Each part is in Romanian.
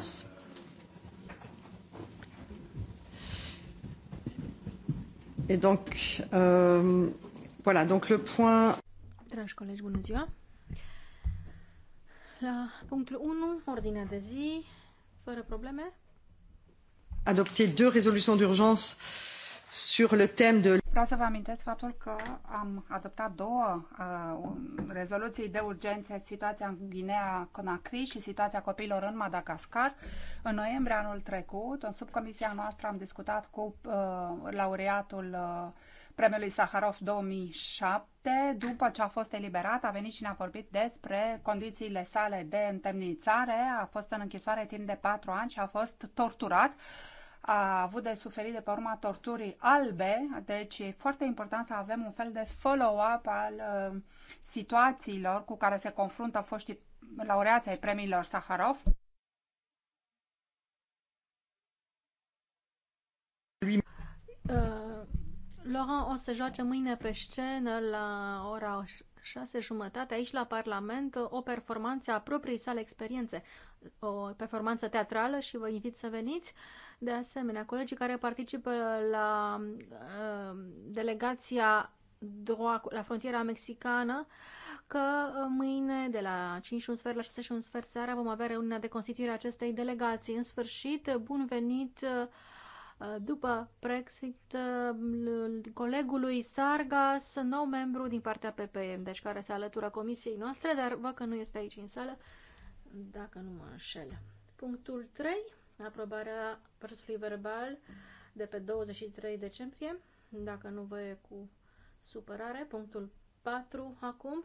else? Et donc, euh, voilà, donc le point... Dragi colegi, bună ziua! La punctul 1, ordinea de zi, fără probleme. Adopter deux résolutions d'urgence euh, sur le thème de... Vreau să vă amintesc faptul că am adoptat două uh, rezoluții de urgență, situația în Guinea-Conakry și situația copiilor în Madagascar. În noiembrie anul trecut, în subcomisia noastră am discutat cu uh, laureatul uh, premiului Saharov 2007. După ce a fost eliberat, a venit și ne-a vorbit despre condițiile sale de întemnițare. A fost în închisoare timp de patru ani și a fost torturat. Uh, a avut de suferit de pe urma torturii albe, deci e foarte important să avem un fel de follow-up al uh, situațiilor cu care se confruntă foștii laureați ai premiilor Saharov. Uh, Laurent o să joace mâine pe scenă la ora șase jumătate aici la Parlament o performanță a propriei sale experiențe, o performanță teatrală și vă invit să veniți. Uh, de asemenea, colegii care participă la uh, delegația la frontiera mexicană, că uh, mâine de la 5 și un sfert la 6 și un sfert seara vom avea reuniunea de constituire a acestei delegații. În sfârșit, bun venit uh, după Brexit uh, colegului Sargas, nou membru din partea PPM, deci care se alătură comisiei noastre, dar văd că nu este aici în sală, dacă nu mă înșel. Punctul 3 aprobarea versului verbal de pe 23 decembrie, dacă nu vă e cu supărare. Punctul 4 acum.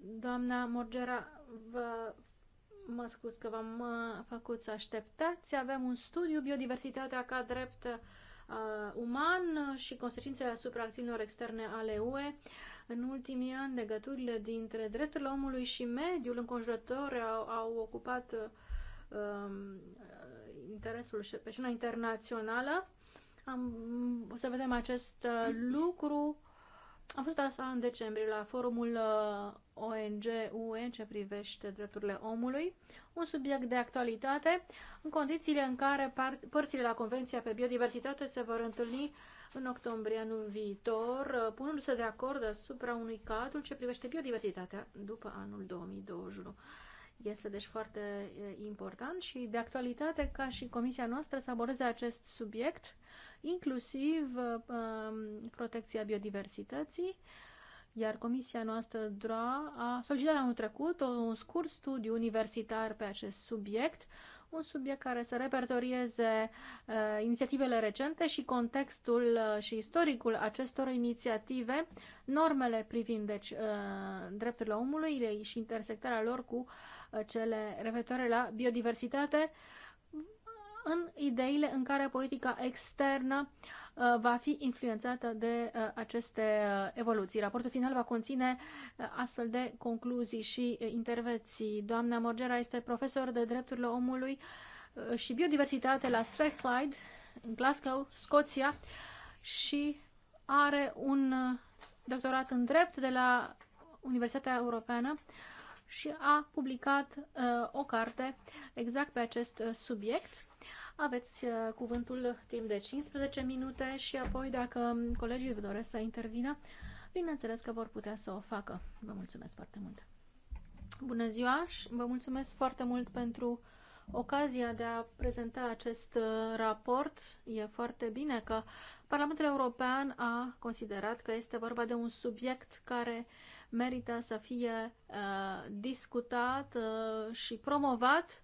Doamna Morgera, vă mă scuz că v-am făcut să așteptați. Avem un studiu, biodiversitatea ca drept uh, uman și consecințele asupra acțiunilor externe ale UE. În ultimii ani, legăturile dintre drepturile omului și mediul înconjurător au, au ocupat uh, interesul pe scena internațională. Am, o să vedem acest uh, lucru. Am fost asta în decembrie la forumul uh, ONG-UE ce privește drepturile omului, un subiect de actualitate, în condițiile în care par- părțile la Convenția pe Biodiversitate se vor întâlni în octombrie anul viitor, uh, punându-se de acord asupra unui cadru ce privește biodiversitatea după anul 2021. Este deci foarte important și de actualitate ca și comisia noastră să abordeze acest subiect, inclusiv uh, um, protecția biodiversității, iar comisia noastră DRA a solicitat anul trecut un scurt studiu universitar pe acest subiect, un subiect care să repertorieze uh, inițiativele recente și contextul uh, și istoricul acestor inițiative, normele privind deci, uh, drepturile omului și intersectarea lor cu Uh, cele referitoare la biodiversitate, în ideile în care politica externă uh, va fi influențată de uh, aceste evoluții. Raportul final va conține astfel de concluzii și intervenții. Doamna Morgera este profesor de drepturile omului și biodiversitate la Strathclyde, în Glasgow, Scoția, și are un doctorat în drept de la Universitatea Europeană și a publicat uh, o carte exact pe acest uh, subiect. Aveți uh, cuvântul timp de 15 minute și apoi, dacă colegii vă doresc să intervină, bineînțeles că vor putea să o facă. Vă mulțumesc foarte mult! Bună ziua și vă mulțumesc foarte mult pentru ocazia de a prezenta acest uh, raport. E foarte bine că Parlamentul European a considerat că este vorba de un subiect care uh, merită să fie uh, discutat uh, și promovat.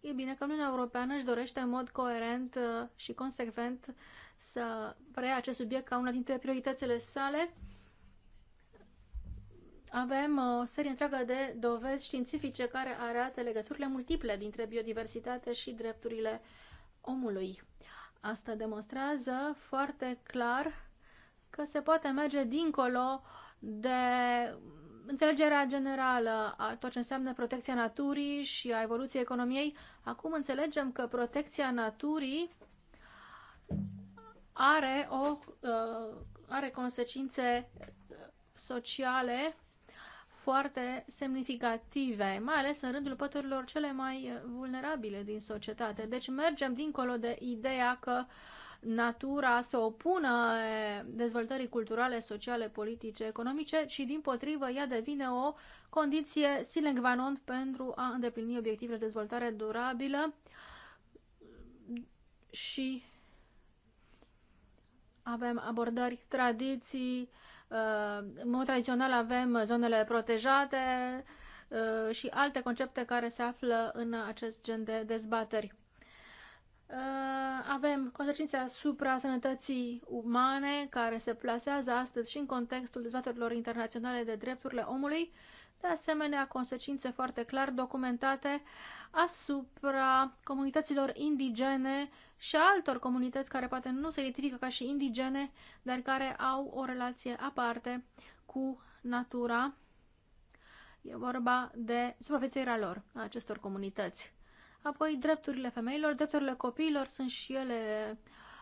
E bine că Uniunea Europeană își dorește în mod coerent uh, și consecvent să preia acest subiect ca una dintre prioritățile sale. Avem uh, o serie întreagă de dovezi științifice care arată legăturile multiple dintre biodiversitate și drepturile omului. Asta demonstrează foarte clar că se poate merge dincolo uh, de înțelegerea generală a tot ce înseamnă protecția naturii și a evoluției economiei, acum înțelegem că protecția naturii are, o, uh, are consecințe sociale foarte semnificative, mai ales în rândul păturilor cele mai vulnerabile din societate. Deci mergem dincolo de ideea că uh, natura să opună eh, dezvoltării culturale, sociale, politice, economice, ci din potrivă ea devine o condiție sine qua non pentru a îndeplini obiectivele de dezvoltare durabilă și avem abordări, tradiții, eh, în mod tradițional avem zonele protejate eh, și alte concepte care se află în acest gen de dezbateri. Uh, avem consecințe asupra sănătății umane care se plasează astăzi și în contextul dezbaterilor internaționale de drepturile omului, de asemenea consecințe foarte clar documentate asupra comunităților indigene și altor comunități care poate nu se identifică ca și indigene, dar care au o relație aparte cu natura. E vorba de supraviețuirea lor, a acestor comunități. Apoi drepturile femeilor, drepturile copiilor sunt și ele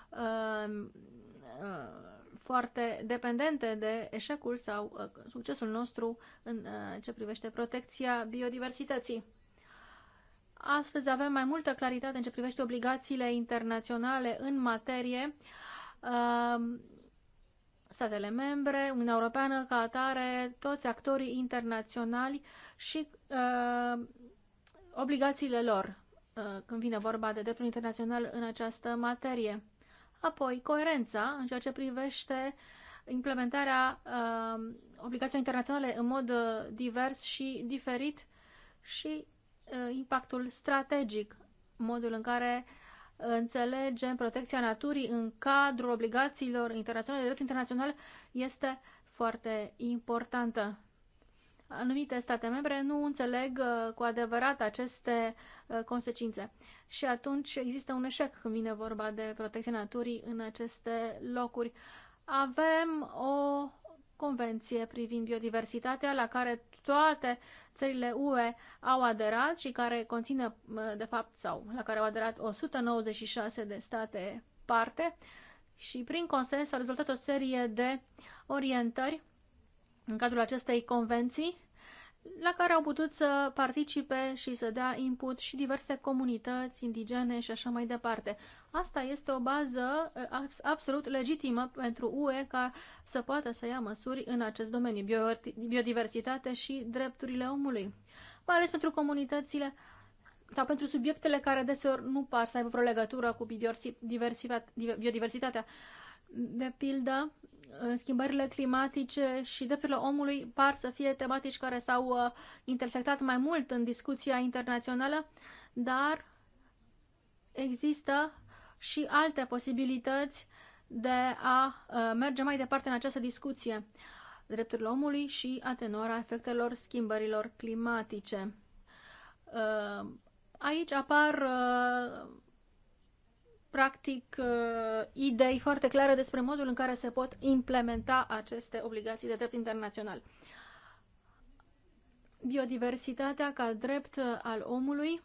uh, uh, foarte dependente de eșecul sau uh, succesul nostru în uh, ce privește protecția biodiversității. Astăzi avem mai multă claritate în ce privește obligațiile internaționale în materie. Uh, statele membre, Uniunea Europeană ca atare, toți actorii internaționali și uh, obligațiile lor Uh, când vine vorba de dreptul internațional în această materie. Apoi, coerența în ceea ce privește implementarea uh, obligațiilor internaționale în mod uh, divers și diferit și uh, impactul strategic, modul în care înțelegem protecția naturii în cadrul obligațiilor internaționale de drept internațional este foarte importantă anumite state membre nu înțeleg uh, cu adevărat aceste uh, consecințe. Și atunci există un eșec când vine vorba de protecția naturii în aceste locuri. Avem o convenție privind biodiversitatea la care toate țările UE au aderat și care conține, uh, de fapt, sau la care au aderat 196 de state parte și prin consens au rezultat o serie de orientări în cadrul acestei convenții, la care au putut să participe și să dea input și diverse comunități indigene și așa mai departe. Asta este o bază eh, absolut legitimă pentru UE ca să poată să ia măsuri în acest domeniu, biodiversitate și drepturile omului, mai ales pentru comunitățile sau pentru subiectele care deseori nu par să aibă vreo legătură cu biodiversitatea. De pildă, schimbările climatice și drepturile omului par să fie tematici care s-au uh, intersectat mai mult în discuția internațională, dar există și alte posibilități de a uh, merge mai departe în această discuție drepturile omului și atenuarea efectelor schimbărilor climatice. Uh, aici apar practic, uh, idei foarte clare despre modul în care se pot implementa aceste obligații de drept internațional. Biodiversitatea ca drept al omului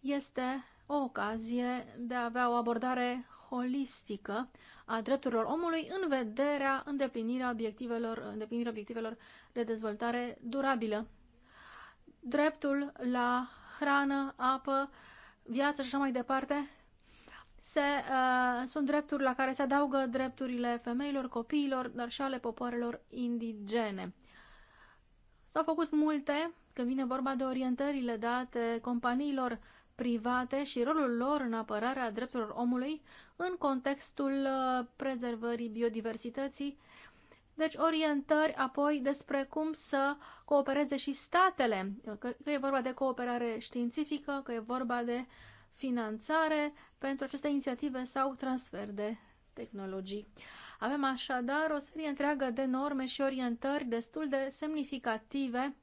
este o ocazie de a avea o abordare holistică a drepturilor omului în vederea îndeplinirea obiectivelor, îndeplinirea obiectivelor de dezvoltare durabilă. Dreptul la hrană, apă, viață și așa mai departe, se, uh, sunt drepturi la care se adaugă drepturile femeilor, copiilor, dar și ale popoarelor indigene. S-au făcut multe când vine vorba de orientările date companiilor private și rolul lor în apărarea drepturilor omului în contextul uh, prezervării biodiversității, deci orientări apoi despre cum să coopereze și statele, că, că e vorba de cooperare științifică, că e vorba de finanțare pentru aceste inițiative sau transfer de tehnologii. Avem așadar o serie întreagă de norme și orientări destul de semnificative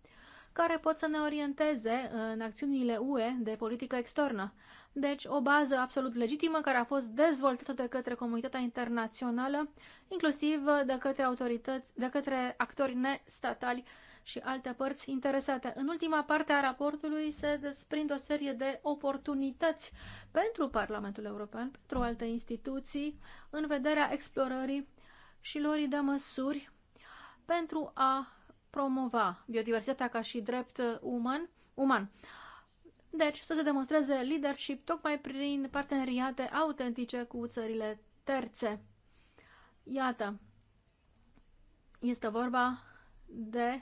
care pot să ne orienteze în acțiunile UE de politică externă. Deci o bază absolut legitimă care a fost dezvoltată de către comunitatea internațională, inclusiv de către autorități, de către actori nestatali și alte părți interesate. În ultima parte a raportului se desprind o serie de oportunități pentru Parlamentul European, pentru alte instituții, în vederea explorării și lorii de măsuri pentru a promova biodiversitatea ca și drept uman. uman deci să se demonstreze leadership tocmai prin parteneriate autentice cu țările terțe. Iată, este vorba de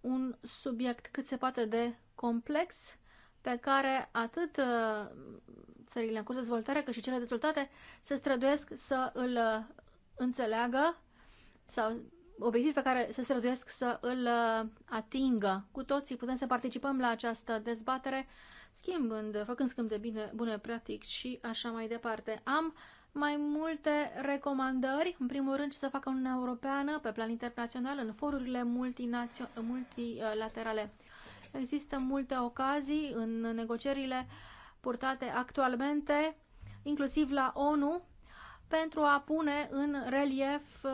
un subiect cât se poate de complex pe care atât uh, țările în curs de dezvoltare cât și cele dezvoltate se străduiesc să îl uh, înțeleagă sau obiectiv pe care se străduiesc să îl uh, atingă. Cu toții putem să participăm la această dezbatere, schimbând, făcând schimb de bine, bune practici și așa mai departe. Am mai multe recomandări, în primul rând ce să facă Uniunea Europeană pe plan internațional, în forurile multilaterale. Există multe ocazii în negocierile purtate actualmente, inclusiv la ONU, pentru a pune în relief uh,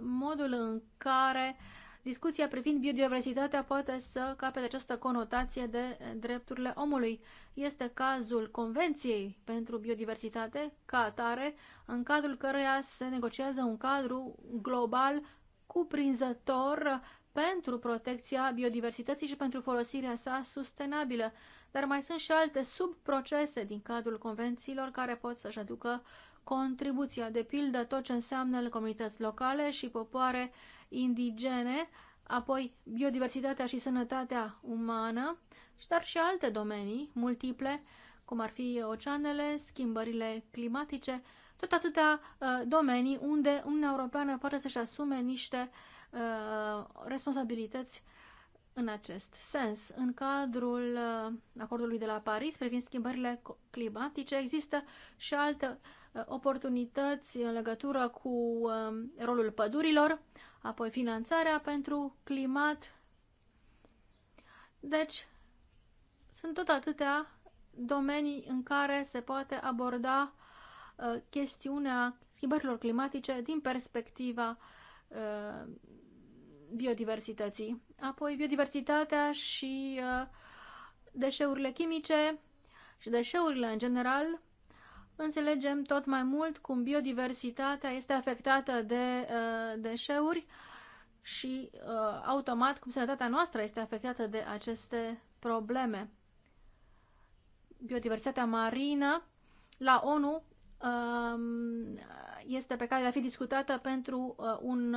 modul în care discuția privind biodiversitatea poate să capete această conotație de drepturile omului. Este cazul Convenției pentru Biodiversitate, ca atare, în cadrul căreia se negociază un cadru global cuprinzător pentru protecția biodiversității și pentru folosirea sa sustenabilă. Dar mai sunt și alte subprocese din cadrul convențiilor care pot să-și aducă contribuția, de pildă tot ce înseamnă comunități locale și popoare indigene, apoi biodiversitatea și sănătatea umană, dar și alte domenii multiple, cum ar fi oceanele, schimbările climatice, tot atâtea uh, domenii unde Uniunea Europeană poate să-și asume niște uh, responsabilități în acest sens. În cadrul uh, acordului de la Paris privind schimbările climatice există și alte uh, oportunități în legătură cu um, rolul pădurilor, apoi finanțarea pentru climat. Deci, sunt tot atâtea domenii în care se poate aborda uh, chestiunea schimbărilor climatice din perspectiva uh, biodiversității. Apoi, biodiversitatea și uh, deșeurile chimice și deșeurile în general înțelegem tot mai mult cum biodiversitatea este afectată de uh, deșeuri și uh, automat cum sănătatea noastră este afectată de aceste probleme. Biodiversitatea marină la ONU um, este pe care de a fi discutată pentru uh, un,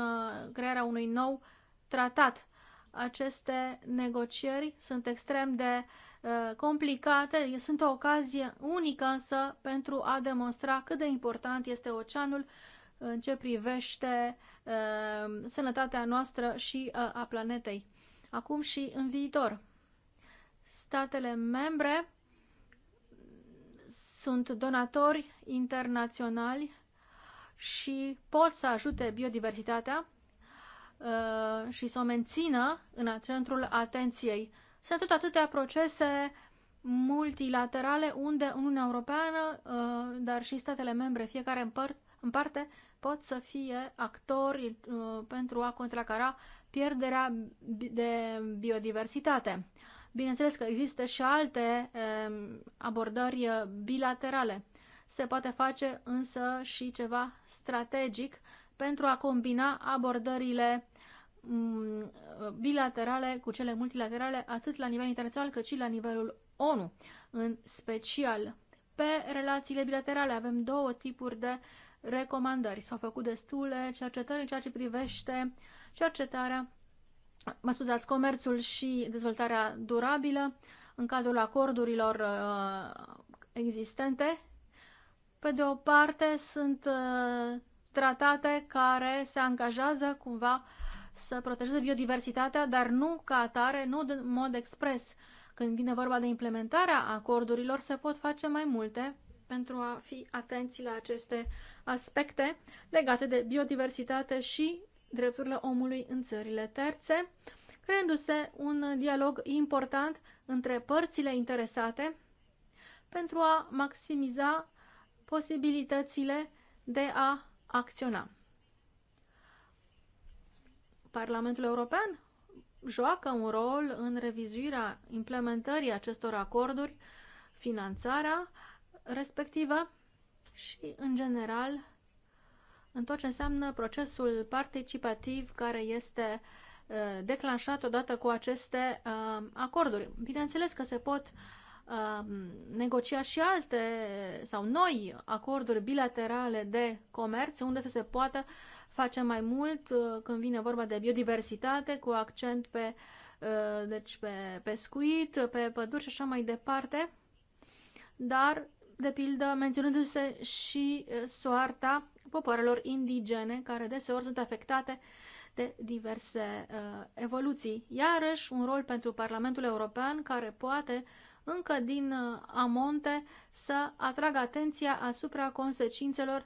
crearea unui nou tratat. Aceste negocieri sunt extrem de uh, Uh, complicate, sunt o ocazie unică însă pentru a demonstra cât de important este oceanul uh, în ce privește uh, sănătatea noastră și a planetei, acum și în viitor. Statele membre sunt donatori internaționali și pot să ajute biodiversitatea și să o mențină în centrul atenției sunt tot atâtea procese multilaterale unde Uniunea Europeană, uh, dar și statele membre, fiecare în, păr- în parte, pot să fie actori uh, pentru a contracara pierderea de biodiversitate. Bineînțeles că există și alte uh, abordări bilaterale. Se poate face însă și ceva strategic pentru a combina abordările Mm, bilaterale cu cele multilaterale, atât la nivel internațional cât și la nivelul ONU, în special. Pe relațiile bilaterale avem două tipuri de recomandări. S-au făcut destule cercetări în ceea ce privește cercetarea, mă scuzați, comerțul și dezvoltarea durabilă în cadrul acordurilor uh, existente. Pe de o parte sunt uh, tratate care se angajează cumva să protejeze biodiversitatea, dar nu ca atare, nu în mod expres. Când vine vorba de implementarea acordurilor, se pot face mai multe pentru a fi atenți la aceste aspecte legate de biodiversitate și drepturile omului în țările terțe, creându-se un dialog important între părțile interesate pentru a maximiza posibilitățile de a acționa. Parlamentul European joacă un rol în revizuirea implementării acestor acorduri, finanțarea respectivă și, în general, în tot ce înseamnă procesul participativ care este uh, declanșat odată cu aceste uh, acorduri. Bineînțeles că se pot uh, negocia și alte sau noi acorduri bilaterale de comerț unde să se poată uh, facem mai mult uh, când vine vorba de biodiversitate, cu accent pe, uh, deci pe pescuit, pe păduri și așa mai departe, dar, de pildă, menționându-se și uh, soarta popoarelor indigene, care deseori sunt afectate de diverse uh, evoluții. Iarăși, un rol pentru Parlamentul European, care poate încă din amonte să atragă atenția asupra consecințelor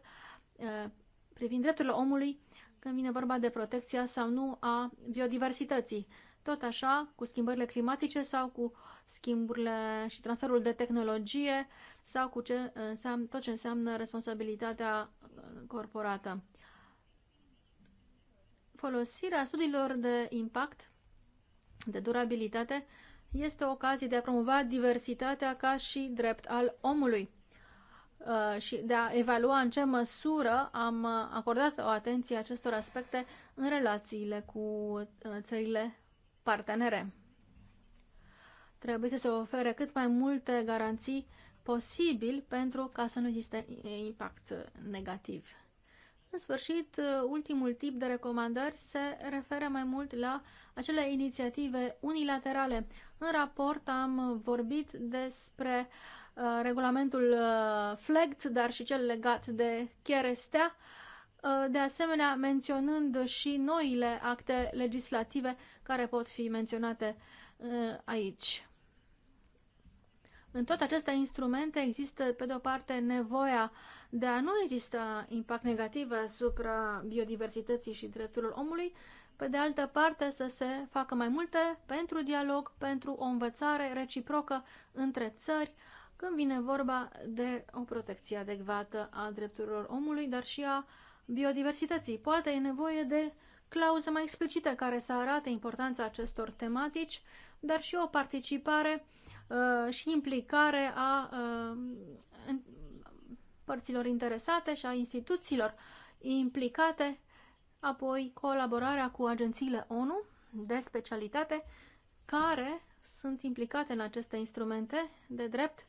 privind drepturile omului când vine vorba de protecția sau nu a biodiversității. Tot așa, cu schimbările climatice sau cu schimburile și transferul de tehnologie sau cu ce înseamnă, tot ce înseamnă responsabilitatea corporată. Folosirea studiilor de impact, de durabilitate, este o ocazie de a promova diversitatea ca și drept al omului. Uh, și de a evalua în ce măsură am uh, acordat o atenție acestor aspecte în relațiile cu uh, țările partenere. Trebuie să se ofere cât mai multe garanții posibil pentru ca să nu existe impact negativ. În sfârșit, ultimul tip de recomandări se referă mai mult la acele inițiative unilaterale. În raport am vorbit despre uh, Uh, regulamentul uh, FLEGT, dar și cel legat de cherestea, uh, de asemenea menționând și noile acte legislative care pot fi menționate aici. În toate aceste instrumente există, pe de o parte, nevoia de a nu exista impact negativ asupra biodiversității și drepturilor omului, pe de altă parte să se facă mai multe pentru dialog, pentru o învățare reciprocă între țări, când vine vorba de o protecție adecvată a drepturilor omului, dar și a biodiversității. Poate e nevoie de clauze mai explicite care să arate importanța acestor tematici, dar și o participare uh, și implicare a uh, părților interesate și a instituțiilor implicate, apoi colaborarea cu agențiile ONU de specialitate care sunt implicate în aceste instrumente de drept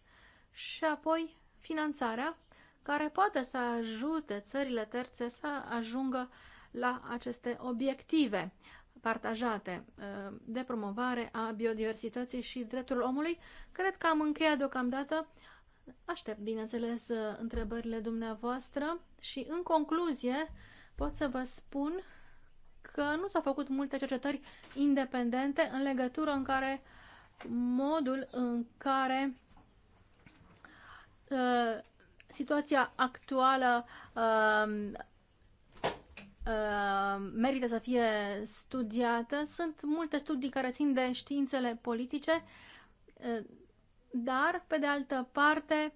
și apoi finanțarea care poate să ajute țările terțe să ajungă la aceste obiective partajate uh, de promovare a biodiversității și dreptul omului. Cred că am încheiat deocamdată. Aștept, bineînțeles, uh, întrebările dumneavoastră și, în concluzie, pot să vă spun că nu s-au făcut multe cercetări independente în legătură în care modul în care Uh, situația actuală uh, uh, merită să fie studiată. Sunt multe studii care țin de științele politice, dar, pe de altă parte,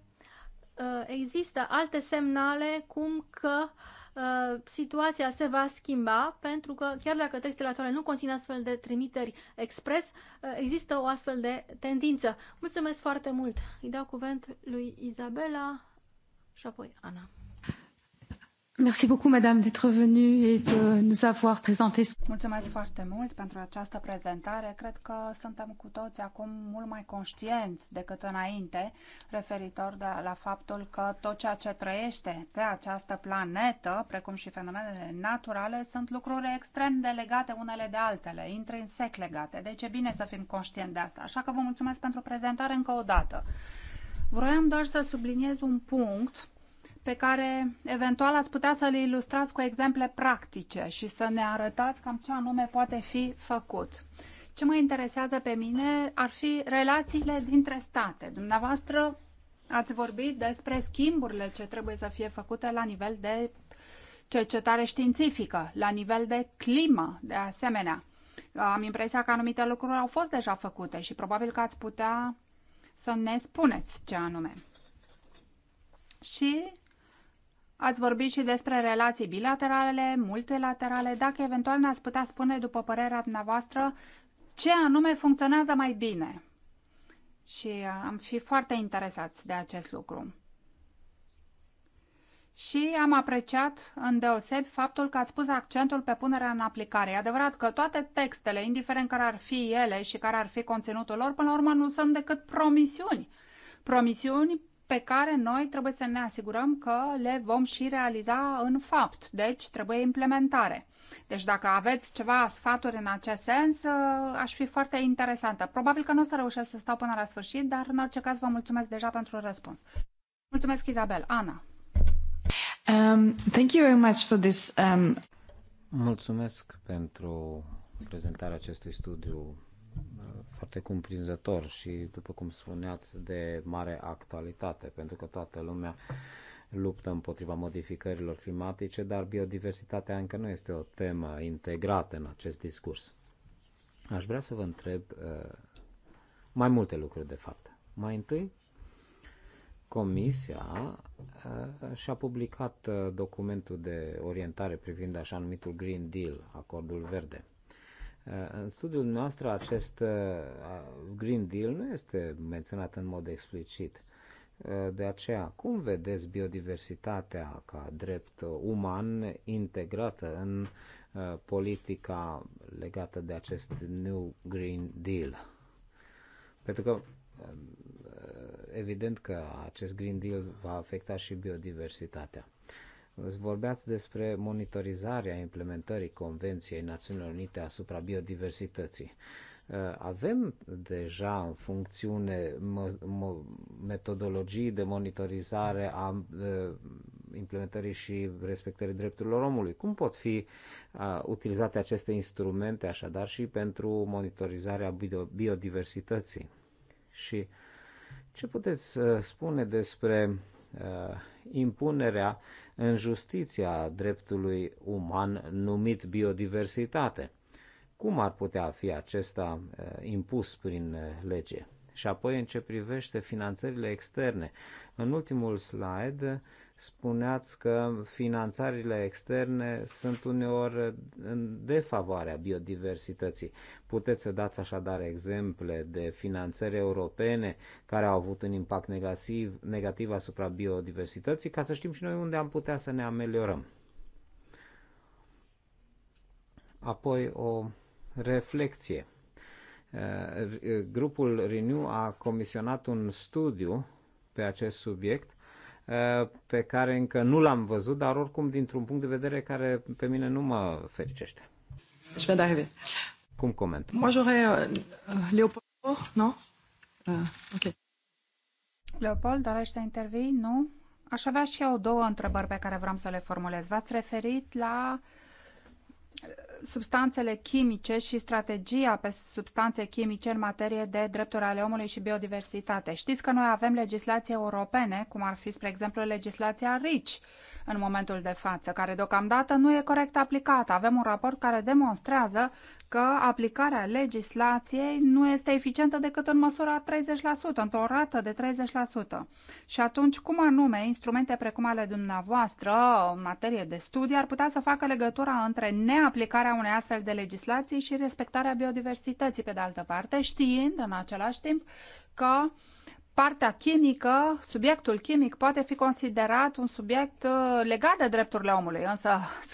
există alte semnale cum că uh, Uh, situația se va schimba pentru că chiar dacă textele actuale nu conțin astfel de trimiteri expres, uh, există o astfel de tendință. Mulțumesc foarte mult! Îi dau cuvânt lui Izabela și apoi Ana. Merci beaucoup, madame, d'être venue et de nous avoir présenté. Mulțumesc foarte mult pentru această prezentare. Cred că suntem cu toți acum mult mai conștienți decât înainte referitor de la faptul că tot ceea ce trăiește pe această planetă, precum și fenomenele naturale, sunt lucruri extrem de legate unele de altele, intrinsec legate. Deci e bine să fim conștienți de asta. Așa că vă mulțumesc pentru prezentare încă o dată. Vroiam doar să subliniez un punct pe care eventual ați putea să le ilustrați cu exemple practice și să ne arătați cam ce anume poate fi făcut. Ce mă interesează pe mine ar fi relațiile dintre state. Dumneavoastră ați vorbit despre schimburile ce trebuie să fie făcute la nivel de cercetare științifică, la nivel de climă, de asemenea. Am impresia că anumite lucruri au fost deja făcute și probabil că ați putea să ne spuneți ce anume. Și Ați vorbit și despre relații bilaterale, multilaterale, dacă eventual ne-ați putea spune, după părerea dumneavoastră, ce anume funcționează mai bine. Și uh, am fi foarte interesați de acest lucru. Și am apreciat îndeoseb faptul că ați pus accentul pe punerea în aplicare. E adevărat că toate textele, indiferent care ar fi ele și care ar fi conținutul lor, până la urmă nu sunt decât promisiuni. Promisiuni pe care noi trebuie să ne asigurăm că le vom și realiza în fapt. Deci trebuie implementare. Deci dacă aveți ceva sfaturi în acest sens, ă, aș fi foarte interesantă. Probabil că nu o să reușesc să stau până la sfârșit, dar în orice caz vă mulțumesc deja pentru răspuns. Mulțumesc, Izabel. Ana. Um, thank you very much for this. Um... Mulțumesc pentru prezentarea acestui studiu uh, foarte cumprinzător și, după cum spuneați, de mare actualitate, pentru că toată lumea luptă împotriva modificărilor climatice, dar biodiversitatea încă nu este o temă integrată în acest discurs. Aș vrea să vă întreb uh, mai multe lucruri, de fapt. Mai întâi, Comisia uh, și-a publicat uh, documentul de orientare privind așa numitul Green Deal, acordul verde. În studiul nostru acest uh, Green Deal nu este menționat în mod explicit. Uh, de aceea, cum vedeți biodiversitatea ca drept uh, uman integrată în politica legată de acest New Green Deal? Pentru că evident că acest Green Deal va afecta și biodiversitatea. Vorbeați despre monitorizarea implementării Convenției Națiunilor Unite asupra biodiversității. Uh, avem deja în funcțiune metodologii de monitorizare a uh, implementării și respectării drepturilor omului. Cum pot fi uh, utilizate aceste instrumente așadar și pentru monitorizarea biodiversității? Și ce puteți spune despre impunerea în justiția dreptului uman numit biodiversitate. Cum ar putea fi acesta eh, impus prin eh, lege? Și apoi în ce privește finanțările externe. În ultimul slide spuneați că finanțările externe sunt uneori în defavoarea biodiversității. Puteți să dați așadar exemple de finanțări europene care au avut un impact negativ, negativ asupra biodiversității ca să știm și noi unde am putea să ne ameliorăm. Apoi o reflexie. Grupul Renew a comisionat un studiu pe acest subiect pe care încă nu l-am văzut, dar oricum dintr-un punct de vedere care pe mine nu mă fericește. Je viens d'arriver. Cum coment? Moi j'aurais euh, uh, Leopoldo, non? Uh, ok. Leopold, dorești să intervii? Nu? Aș avea și eu două întrebări pe care vreau să le formulez. V-ați referit la uh, substanțele chimice și strategia pe substanțe chimice în materie de drepturi ale omului și biodiversitate. Știți că noi avem legislații europene, cum ar fi, spre exemplu, legislația RICI în momentul de față, care deocamdată nu e corect aplicată. Avem un raport care demonstrează că aplicarea legislației nu este eficientă decât în măsura 30%, într-o rată de 30%. Și atunci, cum anume, instrumente precum ale dumneavoastră în materie de studii ar putea să facă legătura între neaplicarea unei astfel de legislații și respectarea biodiversității, pe de altă parte, știind în același timp că uh, partea chimică, subiectul chimic poate fi considerat un subiect uh, legat de drepturile omului, însă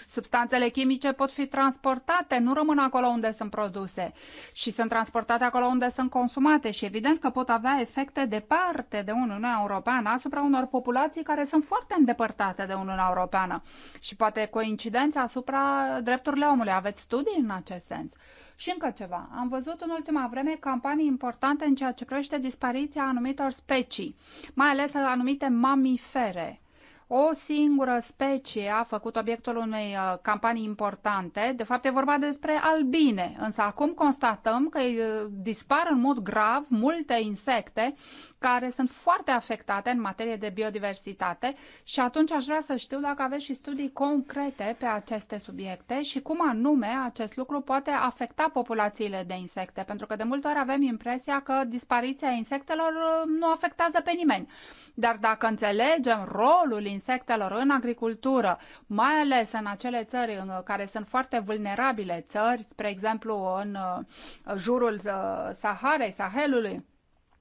substanțele chimice pot fi transportate, nu rămân acolo unde sunt produse și sunt transportate acolo unde sunt consumate și evident că pot avea efecte departe de Uniunea Europeană asupra unor populații care sunt foarte îndepărtate de Uniunea Europeană și poate coincidența asupra drepturile omului. Aveți studii în acest sens? Și încă ceva. Am văzut în ultima vreme campanii importante în ceea ce privește dispariția anumitor specii, mai ales anumite mamifere. O singură specie a făcut obiectul unei uh, campanii importante. De fapt, e vorba despre albine. Însă acum constatăm că uh, dispar în mod grav multe insecte care sunt foarte afectate în materie de biodiversitate și atunci aș vrea să știu dacă aveți și studii concrete pe aceste subiecte și cum anume acest lucru poate afecta populațiile de insecte, pentru că de multe ori avem impresia că dispariția insectelor uh, nu afectează pe nimeni. Dar dacă înțelegem rolul insectelor în agricultură, mai ales în acele țări în care sunt foarte vulnerabile, țări, spre exemplu, în uh, jurul uh, Saharei, Sahelului,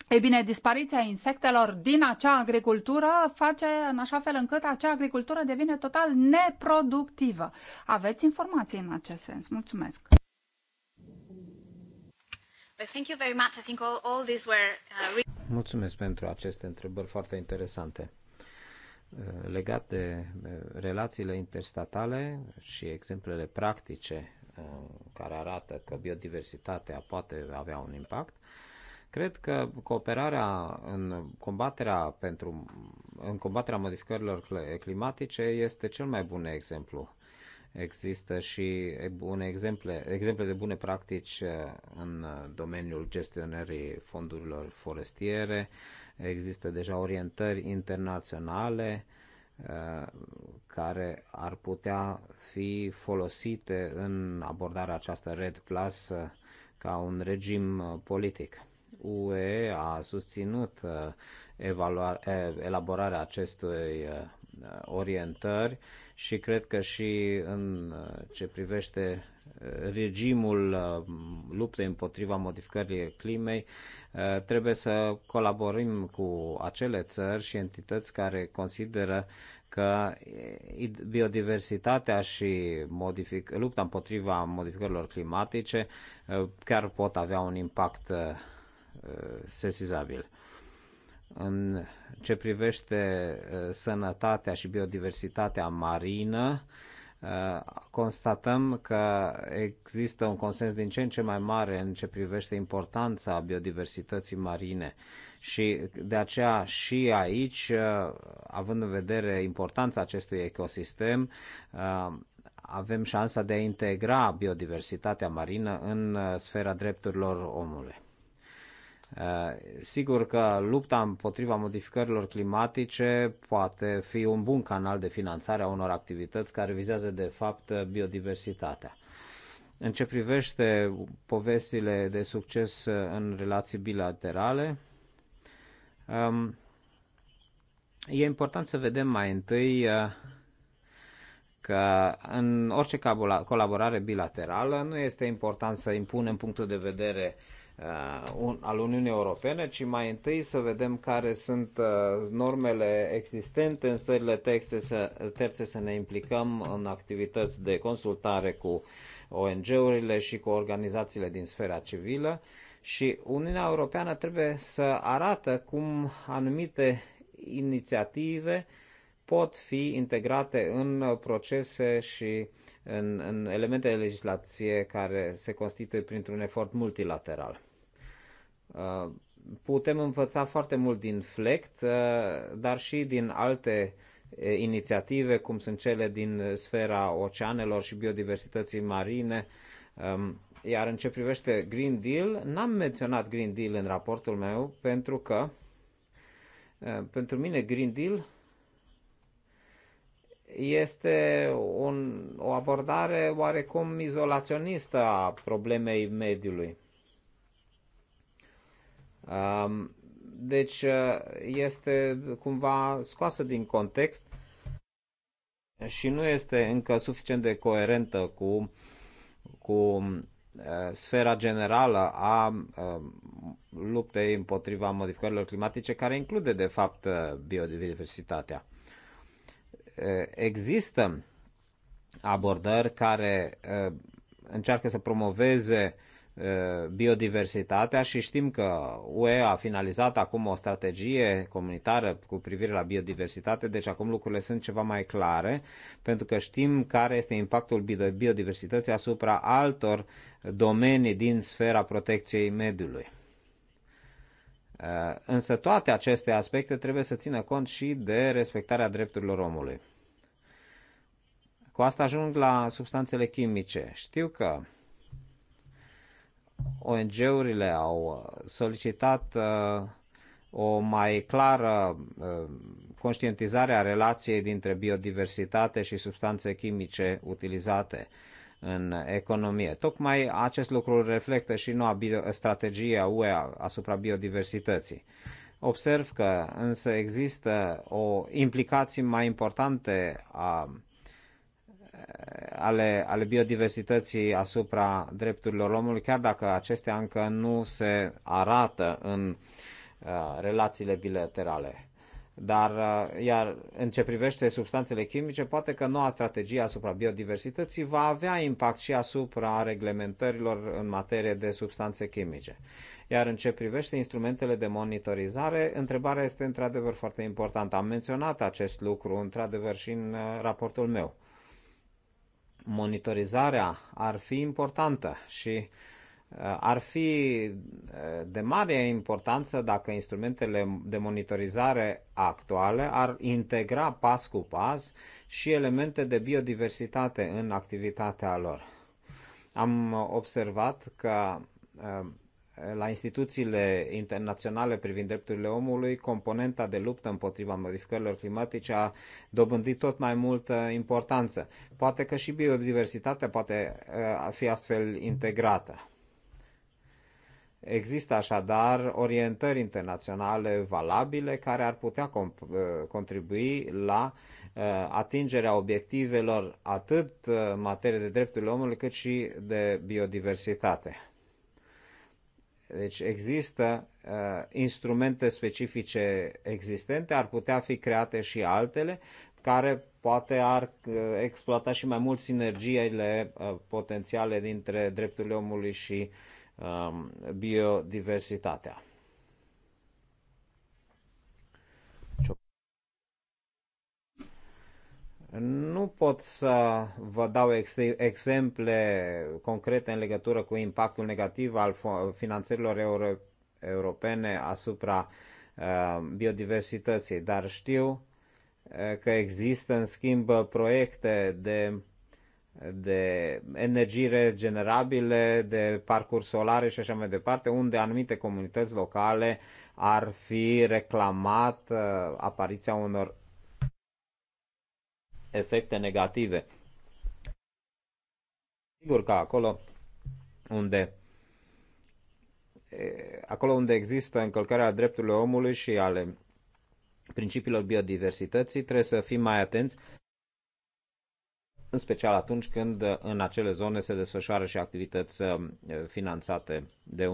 e bine, dispariția insectelor din acea agricultură face în așa fel încât acea agricultură devine total neproductivă. Aveți informații în acest sens. Mulțumesc! Uh, Mulțumesc pentru aceste întrebări foarte interesante legat de relațiile interstatale și exemplele practice uh, care arată că biodiversitatea poate avea un impact, cred că cooperarea în combaterea, pentru, în combaterea modificărilor climatice este cel mai bun exemplu. Există și bune exemple, exemple de bune practici uh, în domeniul gestionării fondurilor forestiere, Există deja orientări internaționale uh, care ar putea fi folosite în abordarea această Red Plus uh, ca un regim uh, politic. UE a susținut elaborarea acestui orientări și cred că și în ce privește regimul uh, luptei împotriva modificării climei, uh, trebuie să colaborăm cu acele țări și entități care consideră că biodiversitatea și modific, lupta împotriva modificărilor climatice uh, chiar pot avea un impact sesizabil. În ce privește sănătatea și biodiversitatea marină, Uh, constatăm că există un consens din ce în ce mai mare în ce privește importanța biodiversității marine și de aceea și aici, uh, având în vedere importanța acestui ecosistem, uh, avem șansa de a integra biodiversitatea marină în sfera drepturilor omului. Eh, sigur că lupta împotriva modificărilor climatice poate fi un bun canal de finanțare a unor activități care vizează de fapt biodiversitatea. În ce privește povestile de succes în relații bilaterale, ehm, e important să vedem mai întâi eh, că în orice colaborare bilaterală nu este important să impunem punctul de vedere uh, Uh, al Uniunii Europene, ci mai întâi să vedem care sunt uh, normele existente în țările terțe să, terțe să ne implicăm în activități de consultare cu ONG-urile și cu organizațiile din sfera civilă și Uniunea Europeană trebuie să arată cum anumite inițiative pot fi integrate în procese și uh, în, în elemente de legislație care se constituie printr-un efort multilateral. Uh, putem învăța foarte mult din FLECT, uh, dar și din alte uh, inițiative, cum sunt cele din sfera oceanelor și biodiversității marine. Um, iar în ce privește Green Deal, n-am menționat Green Deal în raportul meu pentru că pentru mine Green Deal este un, o abordare oarecum izolaționistă a problemei mediului. Deci este cumva scoasă din context și nu este încă suficient de coerentă cu, cu sfera generală a luptei împotriva modificărilor climatice, care include, de fapt, biodiversitatea există abordări care încearcă să promoveze biodiversitatea și știm că UE a finalizat acum o strategie comunitară cu privire la biodiversitate, deci acum lucrurile sunt ceva mai clare, pentru că știm care este impactul biodiversității asupra altor domenii din sfera protecției mediului. Uh, însă toate aceste aspecte trebuie să țină cont și de respectarea drepturilor omului. Cu asta ajung la substanțele chimice. Știu că ONG-urile au solicitat uh, o mai clară uh, conștientizare a relației dintre biodiversitate și substanțe chimice utilizate în economie. Tocmai acest lucru reflectă și noua strategie a UE asupra biodiversității. Observ că însă există o implicații mai importante a, ale, ale biodiversității asupra drepturilor omului, chiar dacă acestea încă nu se arată în uh, relațiile bilaterale. Dar, uh, iar în ce privește substanțele chimice, poate că noua strategie asupra biodiversității va avea impact și asupra reglementărilor în materie de substanțe chimice. Iar în ce privește instrumentele de monitorizare, întrebarea este într-adevăr foarte importantă. Am menționat acest lucru într-adevăr și în uh, raportul meu. Monitorizarea ar fi importantă și uh, Uh, ar fi uh, de mare importanță dacă instrumentele de monitorizare actuale ar integra pas cu pas și elemente de biodiversitate în activitatea lor. Am observat că uh, la instituțiile internaționale privind drepturile omului, componenta de luptă împotriva modificărilor climatice a dobândit tot mai multă importanță. Poate că și biodiversitatea poate fi astfel integrată Există așadar orientări internaționale valabile care ar putea eh, contribui la eh, atingerea obiectivelor atât eh, în materie de drepturile omului cât și de biodiversitate. Deci există uh, instrumente specifice existente, ar putea fi create și altele care poate ar uh, exploata și mai mult sinergiile uh, potențiale dintre drepturile omului și uh, Um, biodiversitatea. Nu pot să vă dau exemple concrete în legătură cu impactul negativ al finanțărilor euro- europene asupra uh, biodiversității, dar știu uh, că există în schimb proiecte de de energii regenerabile, de parcuri solare și așa mai departe, unde anumite comunități locale ar fi reclamat uh, apariția unor efecte negative. Sigur că acolo unde acolo unde există încălcarea drepturilor omului și ale principiilor biodiversității, trebuie să fim mai atenți în special atunci când uh, în acele zone se desfășoară și activități uh, finanțate de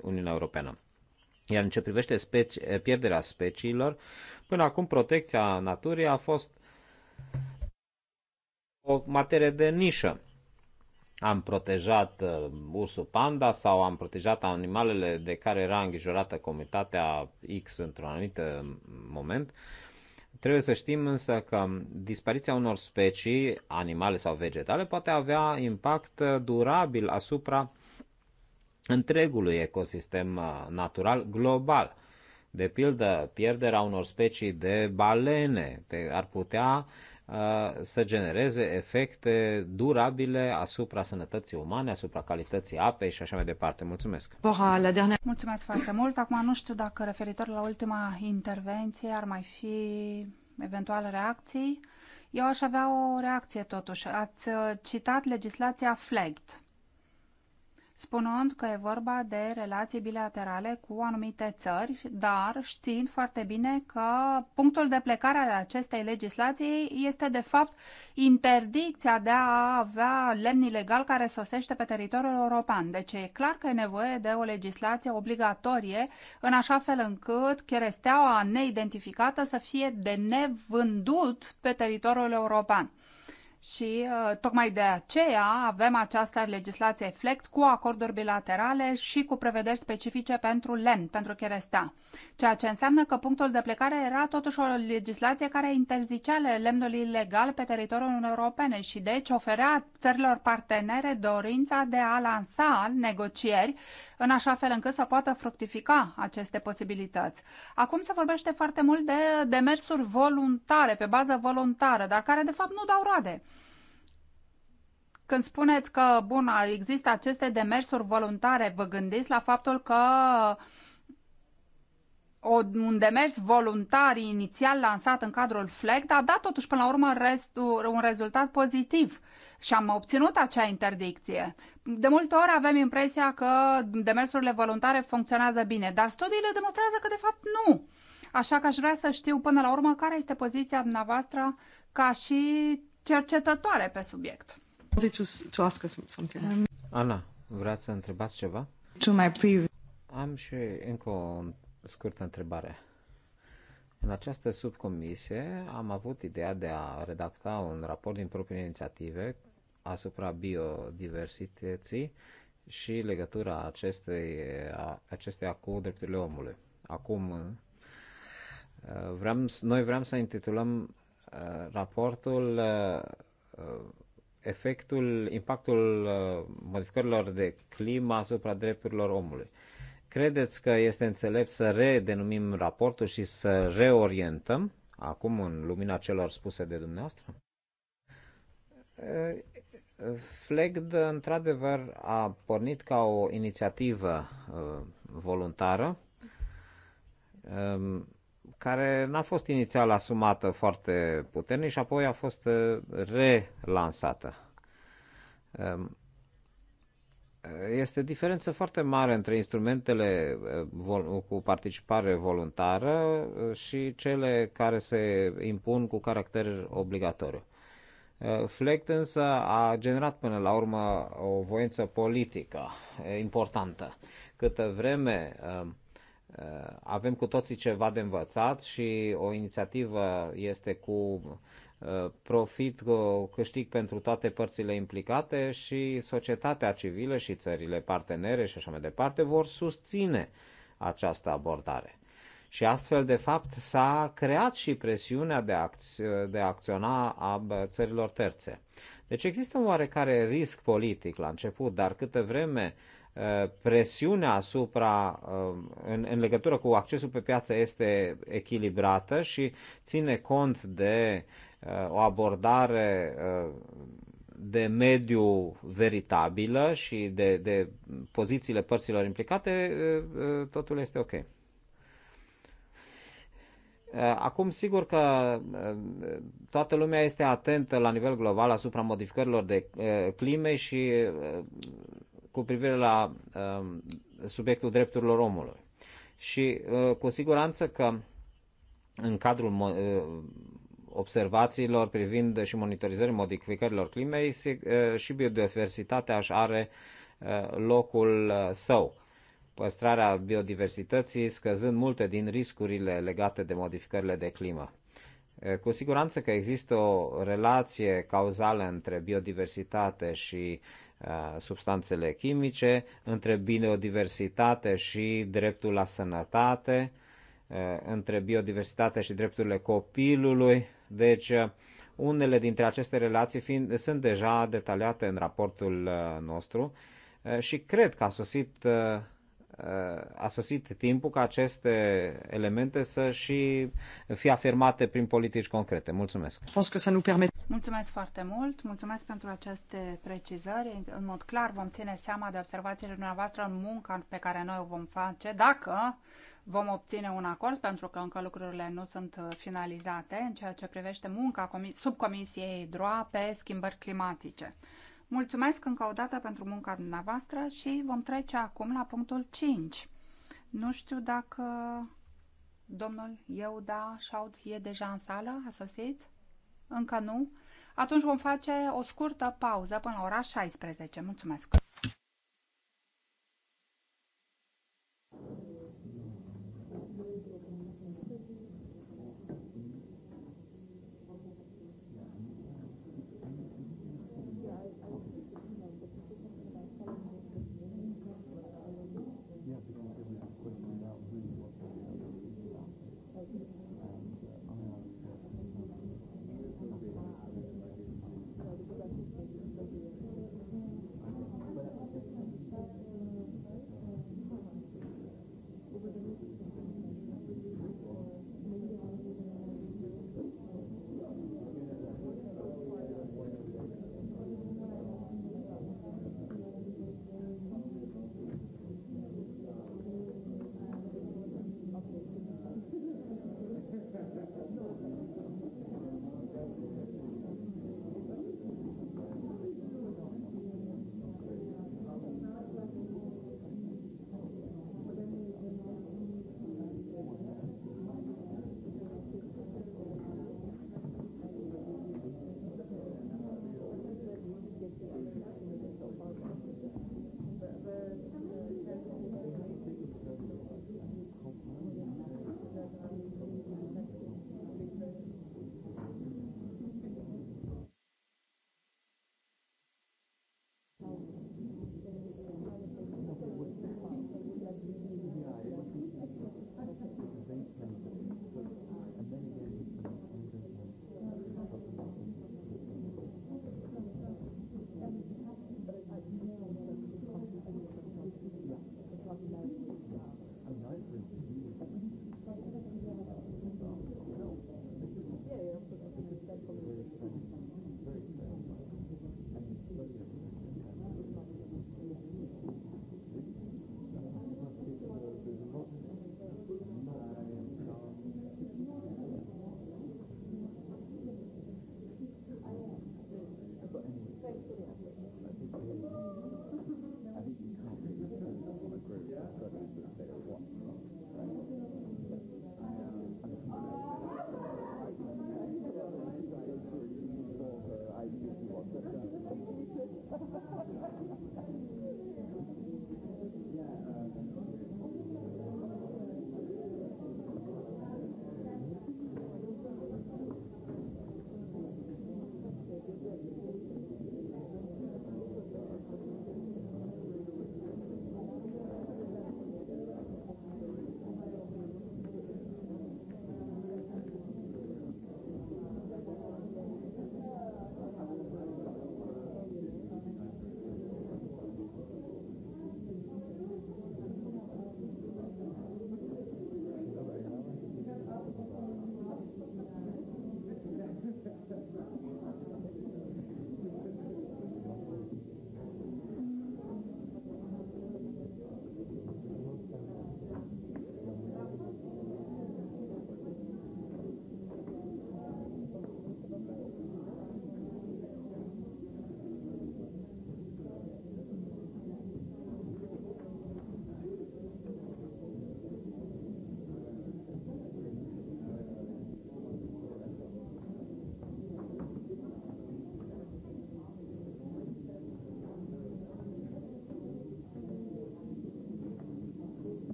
Uniunea Europeană. Iar în ce privește speci- eh, pierderea speciilor, până acum protecția naturii a fost o materie de nișă. Am protejat uh, ursul panda sau am protejat animalele de care era îngrijorată comunitatea X într-un anumit moment, uh, Trebuie să știm însă că dispariția unor specii, animale sau vegetale, poate avea impact uh, durabil asupra întregului ecosistem uh, natural global. De pildă, pierderea unor specii de balene ar putea să genereze efecte durabile asupra sănătății umane, asupra calității apei și așa mai departe. Mulțumesc! Mulțumesc foarte mult! Acum nu știu dacă referitor la ultima intervenție ar mai fi eventual reacții. Eu aș avea o reacție totuși. Ați uh, citat legislația FLEGT spunând că e vorba de relații bilaterale cu anumite țări, dar știind foarte bine că punctul de plecare al acestei legislații este de fapt interdicția de a avea lemn ilegal care sosește pe teritoriul european. Deci e clar că e nevoie de o legislație obligatorie în așa fel încât cheresteaua neidentificată să fie de nevândut pe teritoriul european și uh, tocmai de aceea avem această legislație FLECT cu acorduri bilaterale și cu prevederi specifice pentru lemn, pentru cherestea. Ceea ce înseamnă că punctul de plecare era totuși o legislație care interzicea lemnul ilegal pe teritoriul Uniunii Europene și deci oferea țărilor partenere dorința de a lansa negocieri în așa fel încât să poată fructifica aceste posibilități. Acum se vorbește foarte mult de demersuri voluntare, pe bază voluntară, dar care de fapt nu dau roade. Când spuneți că, bun, există aceste demersuri voluntare, vă gândiți la faptul că o, un demers voluntar inițial lansat în cadrul FLECT a dat totuși până la urmă restul, un rezultat pozitiv și am obținut acea interdicție. De multe ori avem impresia că demersurile voluntare funcționează bine, dar studiile demonstrează că de fapt nu. Așa că aș vrea să știu până la urmă care este poziția dumneavoastră ca și cercetătoare pe subiect. Um, Ana, vreați să întrebați ceva? To my previous... Am și încă o scurtă întrebare. În această subcomisie am avut ideea de a redacta un raport din proprie inițiative asupra biodiversității și legătura acestei, acesteia cu drepturile omului. Acum, uh, vreau, noi vrem să intitulăm uh, raportul uh, efectul, impactul uh, modificărilor de climă asupra drepturilor omului. Credeți că este înțelept să redenumim raportul și să reorientăm acum în lumina celor spuse de dumneavoastră? Uh, FLEGD, într-adevăr, a pornit ca o inițiativă uh, voluntară um, care n-a fost inițial asumată foarte puternic și apoi a fost uh, relansată. Um, este diferență foarte mare între instrumentele uh, cu participare voluntară uh, și cele care se impun cu caracter obligatoriu. FLECT însă a generat până la urmă o voință politică importantă. Câtă vreme um, Uh, avem cu toții ceva de învățat și o inițiativă este cu uh, profit, cu câștig pentru toate părțile implicate și societatea civilă și țările partenere și așa mai departe vor susține această abordare. Și astfel, de fapt, s-a creat și presiunea de, acți- de a acționa a țărilor terțe. Deci există un oarecare risc politic la început, dar câte vreme uh, Eh, presiunea asupra, eh, în, în legătură cu accesul pe piață este echilibrată și ține cont de eh, o abordare de mediu veritabilă și de, de pozițiile părților implicate, totul este ok. Acum, sigur că toată lumea este atentă la nivel global asupra modificărilor de climei și cu privire la um, subiectul drepturilor omului. Și uh, cu siguranță că în cadrul uh, observațiilor privind și monitorizării modificărilor climei uh, și biodiversitatea își are locul său. Păstrarea biodiversității scăzând multe din riscurile legate de modificările de climă. Cu siguranță că există o relație cauzală între biodiversitate și substanțele chimice, între biodiversitate și dreptul la sănătate, între biodiversitate și drepturile copilului. Deci, unele dintre aceste relații fiind, sunt deja detaliate în raportul nostru și cred că a sosit a sosit timpul ca aceste elemente să și fie afirmate prin politici concrete. Mulțumesc! Mulțumesc foarte mult, mulțumesc pentru aceste precizări. În mod clar vom ține seama de observațiile dumneavoastră în munca pe care noi o vom face, dacă vom obține un acord, pentru că încă lucrurile nu sunt finalizate în ceea ce privește munca subcomisiei DROA pe schimbări climatice. Mulțumesc încă o dată pentru munca dumneavoastră și vom trece acum la punctul 5. Nu știu dacă domnul Euda Șaud e deja în sală, a sosit? Încă nu? Atunci vom face o scurtă pauză până la ora 16. Mulțumesc!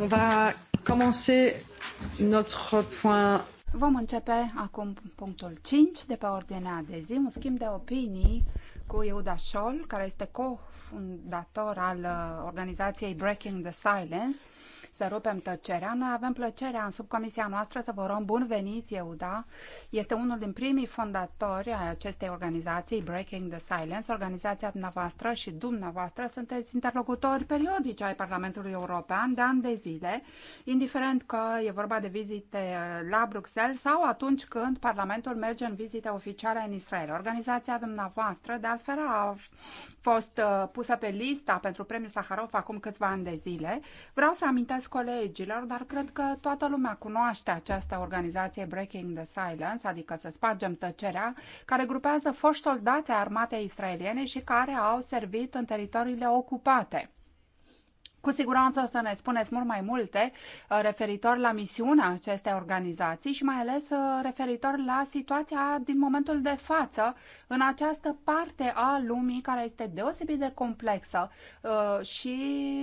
On va commencer notre point. Vom începe acum punctul 5 de pe ordinea de zi, un schimb de opinii cu Euda Scholl, care este cofundator al uh, organizației Breaking the Silence. Să rupem tăcerea. Noi avem plăcerea în subcomisia noastră să vă rom bun venit, Euda. Este unul din primii fondatori ai acestei organizații, Breaking the Silence. Organizația dumneavoastră și dumneavoastră sunteți interlocutori periodici ai Parlamentului European de ani de zile, indiferent că e vorba de vizite uh, la Bruxelles sau atunci când Parlamentul Parlamentul merge în vizită oficială în Israel. Organizația dumneavoastră, de altfel, a fost uh, pusă pe lista pentru premiul Saharov acum câțiva ani de zile. Vreau să amintesc colegilor, dar cred că toată lumea cunoaște această organizație Breaking the Silence, adică să spargem tăcerea, care grupează foști soldați ai armatei israeliene și care au servit în teritoriile ocupate. Cu siguranță să ne spuneți mult mai multe uh, referitor la misiunea acestei organizații și mai ales uh, referitor la situația din momentul de față în această parte a lumii care este deosebit de complexă uh, și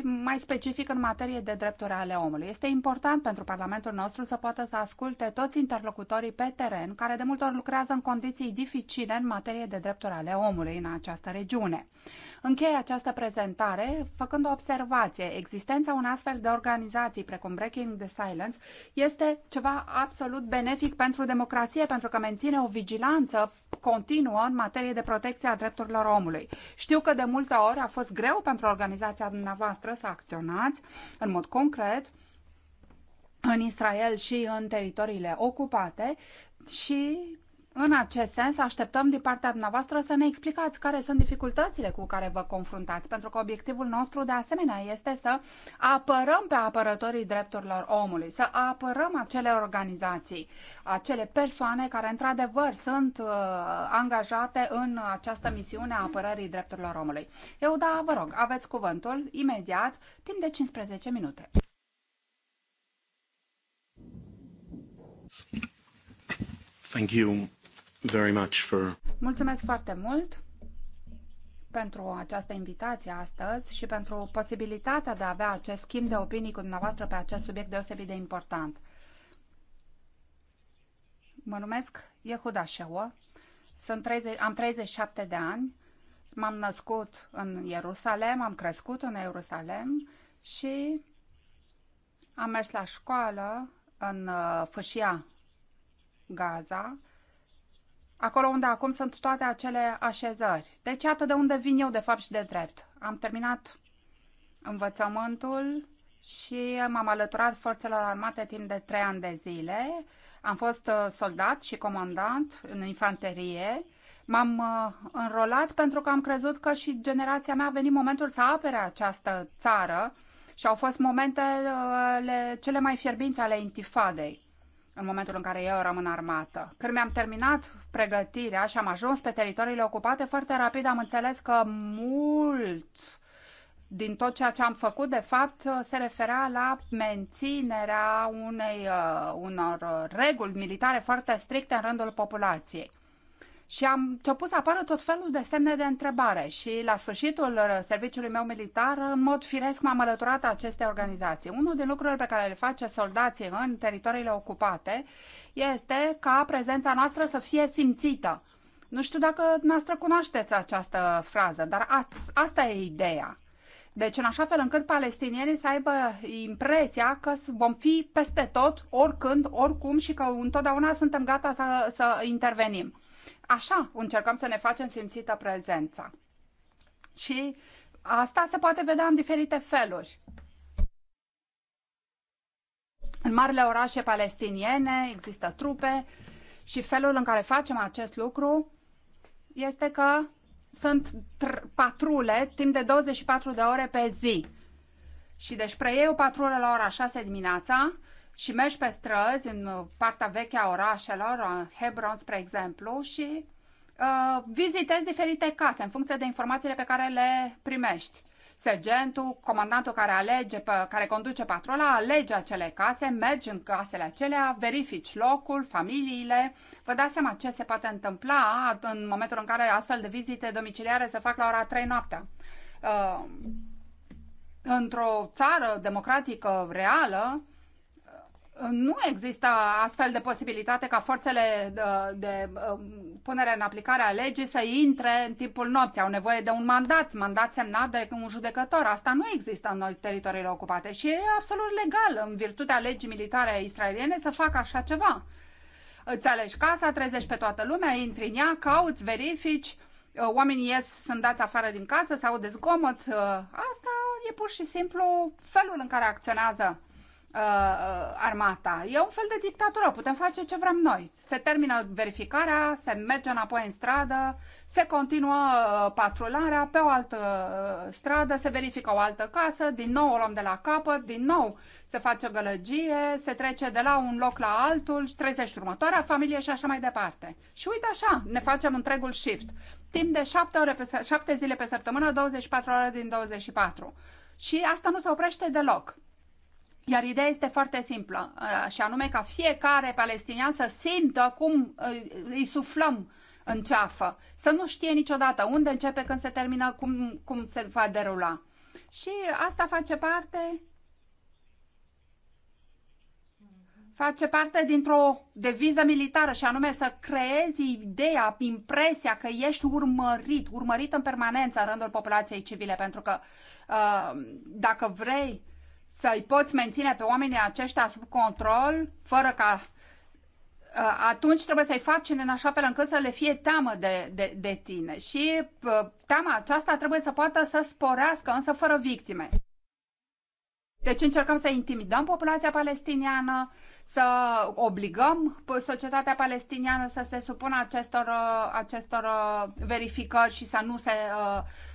mai specific în materie de drepturi ale omului. Este important pentru Parlamentul nostru să poată să asculte toți interlocutorii pe teren care de multe ori lucrează în condiții dificile în materie de drepturi ale omului în această regiune. Încheie această prezentare făcând o observație existența unei astfel de organizații, precum Breaking the Silence, este ceva absolut benefic pentru democrație, pentru că menține o vigilanță continuă în materie de protecție a drepturilor omului. Știu că de multe ori a fost greu pentru organizația dumneavoastră să acționați în mod concret în Israel și în teritoriile ocupate și în acest sens, așteptăm din partea dumneavoastră să ne explicați care sunt dificultățile cu care vă confruntați, pentru că obiectivul nostru, de asemenea, este să apărăm pe apărătorii drepturilor omului, să apărăm acele organizații, acele persoane care, într-adevăr, sunt uh, angajate în această misiune a apărării drepturilor omului. Eu, da, vă rog, aveți cuvântul imediat, timp de 15 minute. Thank you very much for... Mulțumesc foarte mult pentru această invitație astăzi și pentru posibilitatea de a avea acest schimb de opinii cu dumneavoastră pe acest subiect deosebit de important. Mă numesc Yehuda Shewa, sunt 30, am 37 de ani, m-am născut în Ierusalem, am crescut în Ierusalem și am mers la școală în uh, Fâșia Gaza acolo unde acum sunt toate acele așezări. Deci iată de unde vin eu de fapt și de drept. Am terminat învățământul și m-am alăturat forțelor armate timp de trei ani de zile. Am fost uh, soldat și comandant în infanterie. M-am uh, înrolat pentru că am crezut că și generația mea a venit momentul să apere această țară și au fost momentele uh, cele mai fierbinți ale intifadei în momentul în care eu eram în armată. Când mi-am terminat pregătirea și am ajuns pe teritoriile ocupate, foarte rapid am înțeles că mult din tot ceea ce am făcut, de fapt, se referea la menținerea unei, uh, unor reguli militare foarte stricte în rândul populației și am început să apară tot felul de semne de întrebare și la sfârșitul uh, serviciului meu militar, în mod firesc, m-am alăturat aceste organizații. Unul din lucrurile pe care le face soldații în teritoriile ocupate este ca prezența noastră să fie simțită. Nu știu dacă noastră cunoașteți această frază, dar asta e ideea. Deci, în așa fel încât palestinienii să aibă impresia că vom fi peste tot, oricând, oricum și că întotdeauna suntem gata să, să intervenim. Așa încercăm să ne facem simțită prezența. Și asta se poate vedea în diferite feluri. În marile orașe palestiniene există trupe și felul în care facem acest lucru este că sunt patrule timp de 24 de ore pe zi. Și deci preiei o patrulă la ora 6 dimineața și mergi pe străzi în uh, partea veche a orașelor, Hebron, spre exemplu, și uh, vizitezi diferite case în funcție de informațiile pe care le primești. Sergentul, comandantul care, alege, pe, care conduce patrola, alege acele case, mergi în casele acelea, verifici locul, familiile, vă dați seama ce se poate întâmpla în momentul în care astfel de vizite domiciliare se fac la ora 3 noaptea. Uh, într-o țară democratică reală, nu există astfel de posibilitate ca forțele uh, de, de um, punere în aplicare a legii să intre în timpul nopții. Au nevoie de un mandat, mandat semnat de un judecător. Asta nu există în teritoriile ocupate și e absolut legal, în virtutea legii militare israeliene, să facă așa ceva. Îți alegi casa, trezești pe toată lumea, intri în ea, cauți, verifici, uh, oamenii ies, sunt dați afară din casă, sau au dezgomot. Uh, asta e pur și simplu felul în care acționează Uh, uh, armata. E un fel de dictatură, putem face ce vrem noi. Se termină verificarea, se merge înapoi în stradă, se continuă uh, patrularea pe o altă uh, stradă, se verifică o altă casă, din nou o luăm de la capăt, din nou se face gălăgie, se trece de la un loc la altul, 30 următoarea familie și așa mai departe. Și uite așa, ne facem întregul shift. Timp de 7, ore pe, 7 zile pe săptămână, 24 ore din 24. Și asta nu se oprește deloc. Iar ideea este foarte simplă, și anume ca fiecare palestinian să simtă cum îi suflăm în ceafă, să nu știe niciodată unde începe, când se termină, cum, cum se va derula. Și asta face parte face parte dintr-o deviză militară și anume să creezi ideea, impresia că ești urmărit, urmărit în permanență în rândul populației civile, pentru că uh, dacă vrei să-i poți menține pe oamenii aceștia sub control, fără ca uh, atunci trebuie să-i faci în așa fel încât să le fie teamă de, de, de tine. Și uh, teama aceasta trebuie să poată să sporească, însă fără victime. Deci încercăm să intimidăm populația palestiniană, să obligăm societatea palestiniană să se supună acestor, uh, acestor verificări și să nu se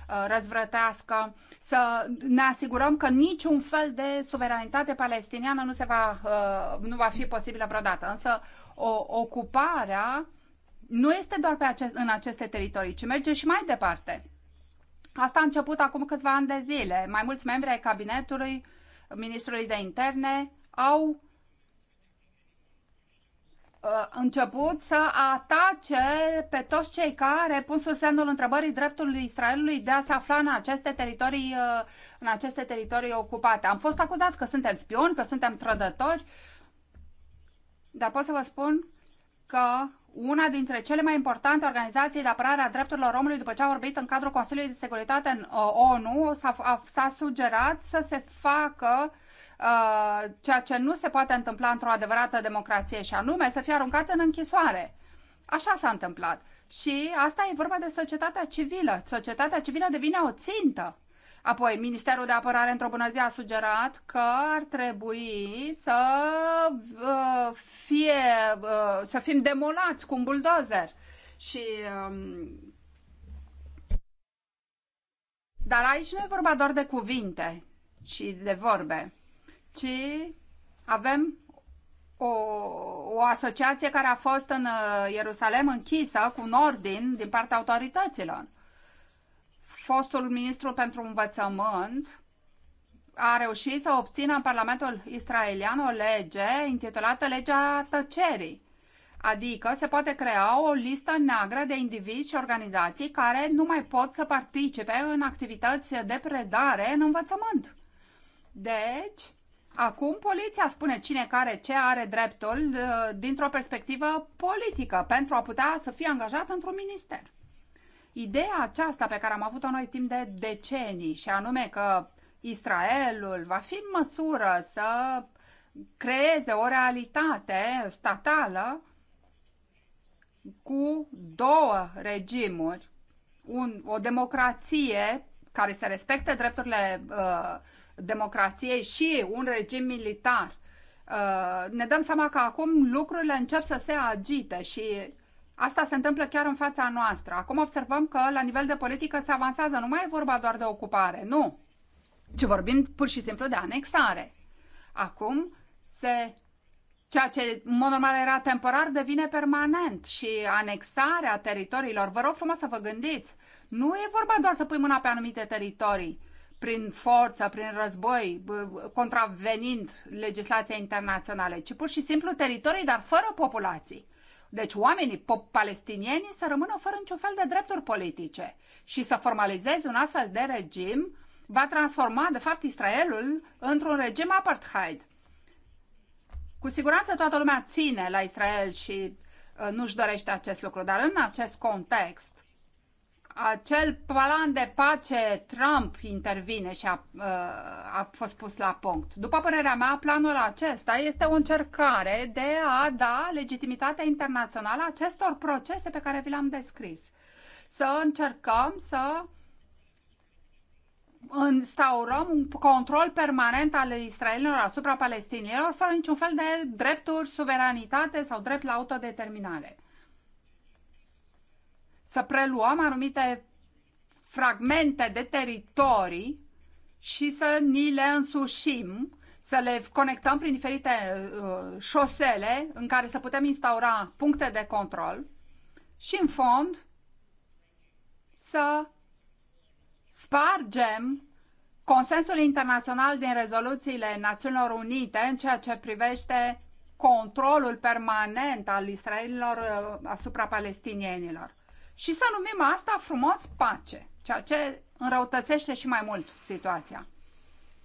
Uh, răzvrătească, să ne asigurăm că niciun fel de suveranitate palestiniană nu, se va, uh, nu va fi posibilă vreodată. Însă o, ocuparea nu este doar pe acest, în aceste teritorii, ci merge și mai departe. Asta a început acum câțiva ani de zile. Mai mulți membri ai cabinetului, ministrului de interne, au început să atace pe toți cei care pun sub semnul întrebării dreptul Israelului de a se afla în aceste teritorii, în aceste teritorii ocupate. Am fost acuzați că suntem spioni, că suntem trădători, dar pot să vă spun că una dintre cele mai importante organizații de apărare a drepturilor omului, după ce a vorbit în cadrul Consiliului de Securitate în uh, ONU, s-a sugerat să se facă Uh, ceea ce nu se poate întâmpla într-o adevărată democrație și anume să fie aruncați în închisoare. Așa s-a întâmplat. Și asta e vorba de societatea civilă. Societatea civilă devine o țintă. Apoi, Ministerul de Apărare într-o bună zi a sugerat că ar trebui să uh, fie, uh, să fim demolați cu un buldozer. Și um, dar aici nu e vorba doar de cuvinte, ci de vorbe ci avem o, o asociație care a fost în uh, Ierusalem închisă cu un ordin din partea autorităților. Fostul ministru pentru învățământ a reușit să obțină în Parlamentul israelian o lege intitulată Legea Tăcerii, adică se poate crea o listă neagră de indivizi și organizații care nu mai pot să participe în activități de predare în învățământ. Deci, Acum poliția spune cine care ce are dreptul uh, dintr-o perspectivă politică pentru a putea să fie angajat într-un minister. Ideea aceasta pe care am avut-o noi timp de decenii și anume că Israelul va fi în măsură să creeze o realitate statală cu două regimuri, un, o democrație care se respecte drepturile uh, democrației și un regim militar, uh, ne dăm seama că acum lucrurile încep să se agite și Asta se întâmplă chiar în fața noastră. Acum observăm că la nivel de politică se avansează, nu mai e vorba doar de ocupare, nu, ci vorbim pur și simplu de anexare. Acum se ceea ce în mod normal era temporar devine permanent și anexarea teritoriilor. Vă rog frumos să vă gândiți, nu e vorba doar să pui mâna pe anumite teritorii, prin forță, prin război, contravenind legislația internațională, ci pur și simplu teritorii, dar fără populații. Deci oamenii palestinieni să rămână fără niciun fel de drepturi politice și să formalizeze un astfel de regim va transforma, de fapt, Israelul într-un regim apartheid. Cu siguranță toată lumea ține la Israel și uh, nu-și dorește acest lucru, dar în acest context acel plan de pace Trump intervine și a, ă, a fost pus la punct. După părerea mea, planul acesta este o încercare de a da legitimitatea internațională acestor procese pe care vi le-am descris. Să încercăm să instaurăm un control permanent al israelilor asupra palestinilor, fără niciun fel de drepturi, suveranitate sau drept la autodeterminare să preluăm anumite fragmente de teritorii și să ni le însușim, să le conectăm prin diferite uh, șosele în care să putem instaura puncte de control și, în fond, să spargem consensul internațional din rezoluțiile Națiunilor Unite în ceea ce privește controlul permanent al israelilor uh, asupra palestinienilor și să numim asta frumos pace, ceea ce înrăutățește și mai mult situația.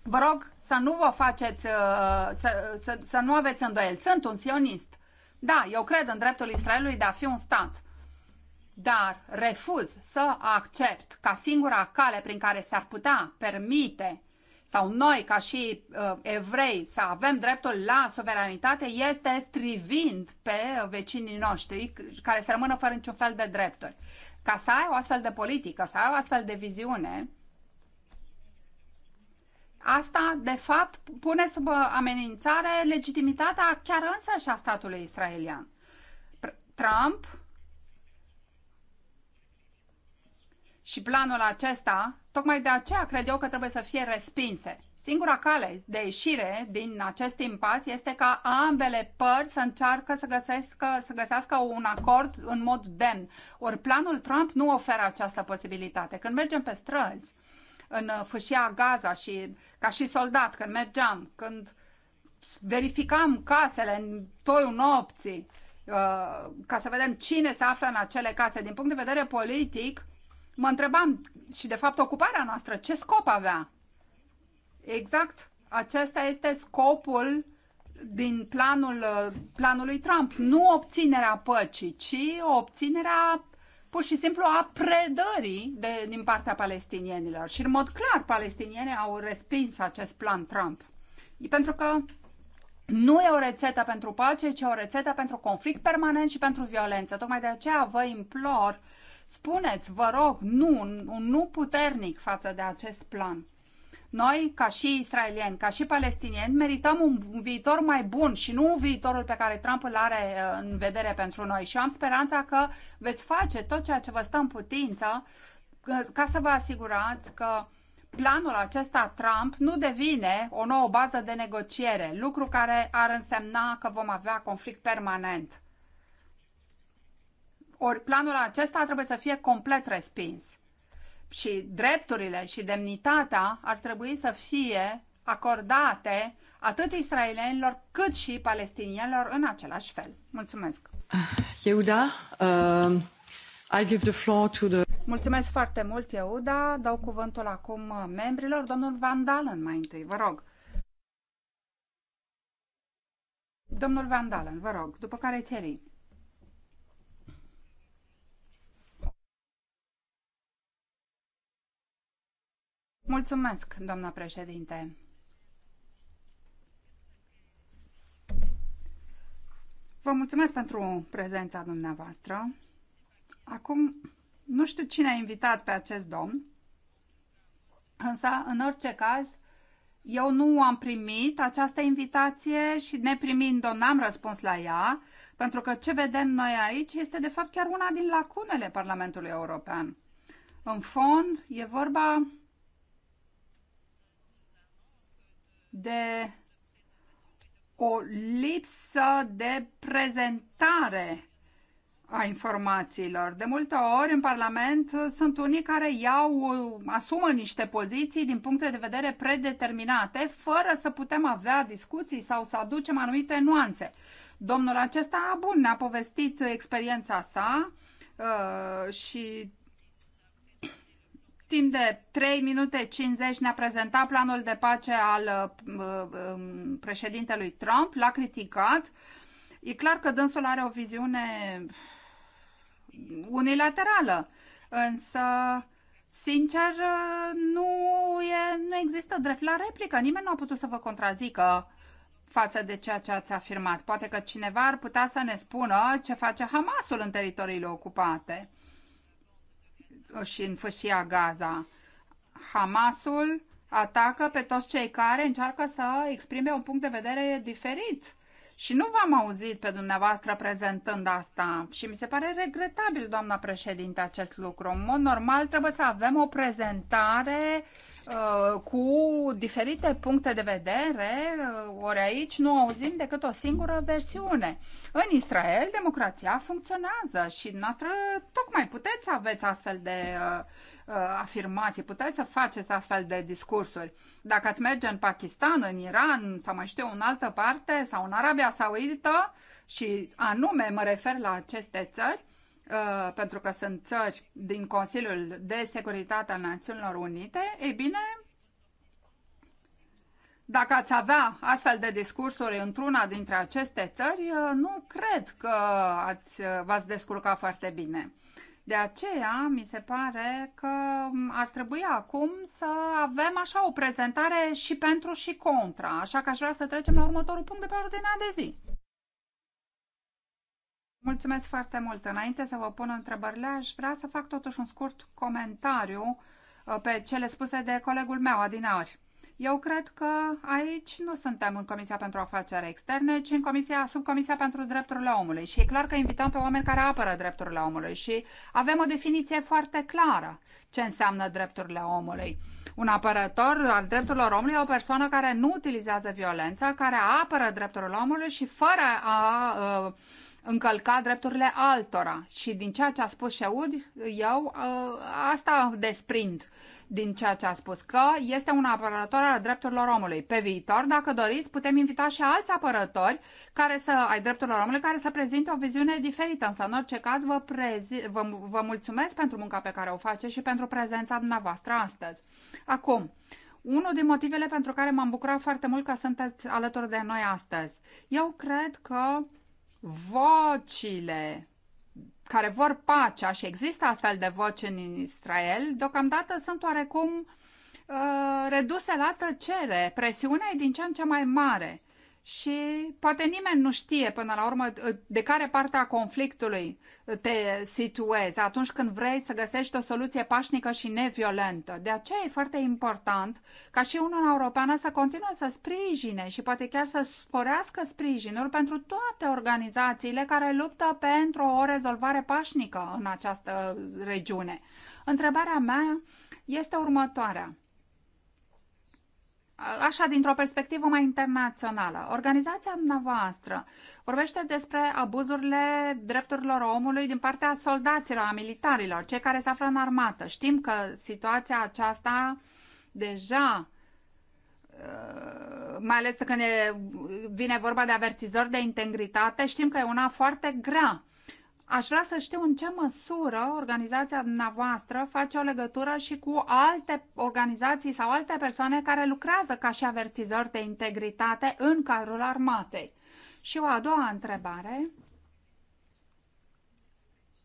Vă rog să nu vă faceți, uh, să, să, să nu aveți îndoieli. Sunt un sionist. Da, eu cred în dreptul Israelului de a fi un stat dar refuz să accept ca singura cale prin care s-ar putea permite sau noi ca și uh, evrei să avem dreptul la suveranitate este strivind pe vecinii noștri care să rămână fără niciun fel de drepturi. Ca să ai o astfel de politică, să ai o astfel de viziune, asta de fapt pune sub amenințare legitimitatea chiar și a statului israelian. Trump Și planul acesta, tocmai de aceea cred eu că trebuie să fie respinse. Singura cale de ieșire din acest impas este ca ambele părți să încearcă să găsească, să găsească un acord în mod demn. Ori planul Trump nu oferă această posibilitate. Când mergem pe străzi, în fâșia Gaza și ca și soldat, când mergeam, când verificam casele în toiul nopții, uh, ca să vedem cine se află în acele case. Din punct de vedere politic, mă întrebam și, de fapt, ocuparea noastră, ce scop avea? Exact, acesta este scopul din planul, uh, planului Trump. Nu obținerea păcii, ci obținerea pur și simplu a predării de, din partea palestinienilor. Și în mod clar, palestinienii au respins acest plan Trump. Pentru că nu e o rețetă pentru pace, ci o rețetă pentru conflict permanent și pentru violență. Tocmai de aceea vă implor uh, Spuneți, vă rog, nu, un nu puternic față de acest plan. Noi, ca și israelieni, ca și palestinieni, merităm un viitor mai bun și nu viitorul pe care Trump îl are uh, în vedere pentru noi. Și eu am speranța că veți face tot ceea ce vă stă în putință ca să vă asigurați că planul acesta Trump nu devine o nouă bază de negociere, lucru care ar însemna că vom avea conflict permanent. Ori planul acesta trebuie să fie complet respins. Și drepturile și demnitatea ar trebui să fie acordate atât israelienilor cât și palestinienilor în același fel. Mulțumesc! Yehuda, uh, I give the floor to the... Mulțumesc foarte mult, Yehuda. Dau cuvântul acum membrilor. Domnul Van Dalen mai întâi, vă rog. Domnul Van Dalen, vă rog, după care Thierry. Mulțumesc, doamna președinte. Vă mulțumesc pentru prezența dumneavoastră. Acum, nu știu cine a invitat pe acest domn, însă, în orice caz, eu nu am primit această invitație și neprimind-o n-am răspuns la ea, pentru că ce vedem noi aici este de fapt chiar una din lacunele Parlamentului European. În fond, e vorba de o lipsă de prezentare a informațiilor. De multe ori în Parlament sunt unii care iau, asumă niște poziții din puncte de vedere predeterminate, fără să putem avea discuții sau să aducem anumite nuanțe. Domnul acesta, bun, ne-a povestit experiența sa uh, și Timp de 3 minute 50 ne-a prezentat planul de pace al uh, um, președintelui Trump, l-a criticat. E clar că dânsul are o viziune unilaterală, însă sincer, nu, e, nu există drept la replică. Nimeni nu a putut să vă contrazică față de ceea ce ați afirmat. Poate că cineva ar putea să ne spună ce face Hamasul în teritoriile ocupate și în Gaza. Hamasul atacă pe toți cei care încearcă să exprime un punct de vedere diferit. Și nu v-am auzit pe dumneavoastră prezentând asta și mi se pare regretabil, doamna președinte, acest lucru. În mod normal trebuie să avem o prezentare uh, Uh, cu diferite puncte de vedere, uh, ori aici nu auzim decât o singură versiune. În Israel, democrația funcționează și noastră tocmai puteți să aveți astfel de uh, uh, afirmații, puteți să faceți astfel de discursuri. Dacă ați merge în Pakistan, în Iran sau mai știu în altă parte sau în Arabia Saudită și anume mă refer la aceste țări, Uh, pentru că sunt țări din Consiliul de Securitate al Națiunilor Unite, e bine, dacă ați avea astfel de discursuri într-una dintre aceste țări, uh, nu cred că ați, uh, v-ați descurca foarte bine. De aceea, mi se pare că um, ar trebui acum să avem așa o prezentare și pentru și contra, așa că aș vrea să trecem la următorul punct de pe ordinea de zi. Mulțumesc foarte mult. Înainte să vă pun întrebările, aș vrea să fac totuși un scurt comentariu uh, pe cele spuse de colegul meu, Adinaori. Eu cred că aici nu suntem în Comisia pentru Afaceri Externe, ci în Comisia, sub comisia pentru Drepturile Omului. Și e clar că invităm pe oameni care apără drepturile omului și avem o definiție foarte clară ce înseamnă drepturile omului. Un apărător al drepturilor omului e o persoană care nu utilizează violența, care apără drepturile omului și fără a, Uh, a încălca drepturile altora. Și din ceea ce a spus și aud, eu ă, asta desprind din ceea ce a spus, că este un apărător al drepturilor omului. Pe viitor, dacă doriți, putem invita și alți apărători care să, ai drepturilor omului care să prezinte o viziune diferită. Însă, în orice caz, vă, prezi, vă, vă mulțumesc pentru munca pe care o faceți și pentru prezența dumneavoastră astăzi. Acum, unul din motivele pentru care m-am bucurat foarte mult că sunteți alături de noi astăzi. Eu cred că vocile care vor pacea și există astfel de voci în Israel, deocamdată sunt oarecum uh, reduse la tăcere. Presiunea e din ce în ce mai mare și poate nimeni nu știe până la urmă uh, de care parte a conflictului te situezi atunci când vrei să găsești o soluție pașnică și neviolentă. De aceea e foarte important ca și Uniunea Europeană să continue să sprijine și poate chiar să sporească sprijinul pentru toate organizațiile care luptă pentru o rezolvare pașnică în această regiune. Întrebarea mea este următoarea. Așa, dintr-o perspectivă mai internațională, organizația noastră vorbește despre abuzurile drepturilor omului din partea soldaților, a militarilor, cei care se află în armată. Știm că situația aceasta deja, uh, mai ales când vine vorba de avertizori de integritate, știm că e una foarte grea Aș vrea să știu în ce măsură organizația dumneavoastră face o legătură și cu alte organizații sau alte persoane care lucrează ca și avertizori de integritate în cadrul armatei. Și o a doua întrebare,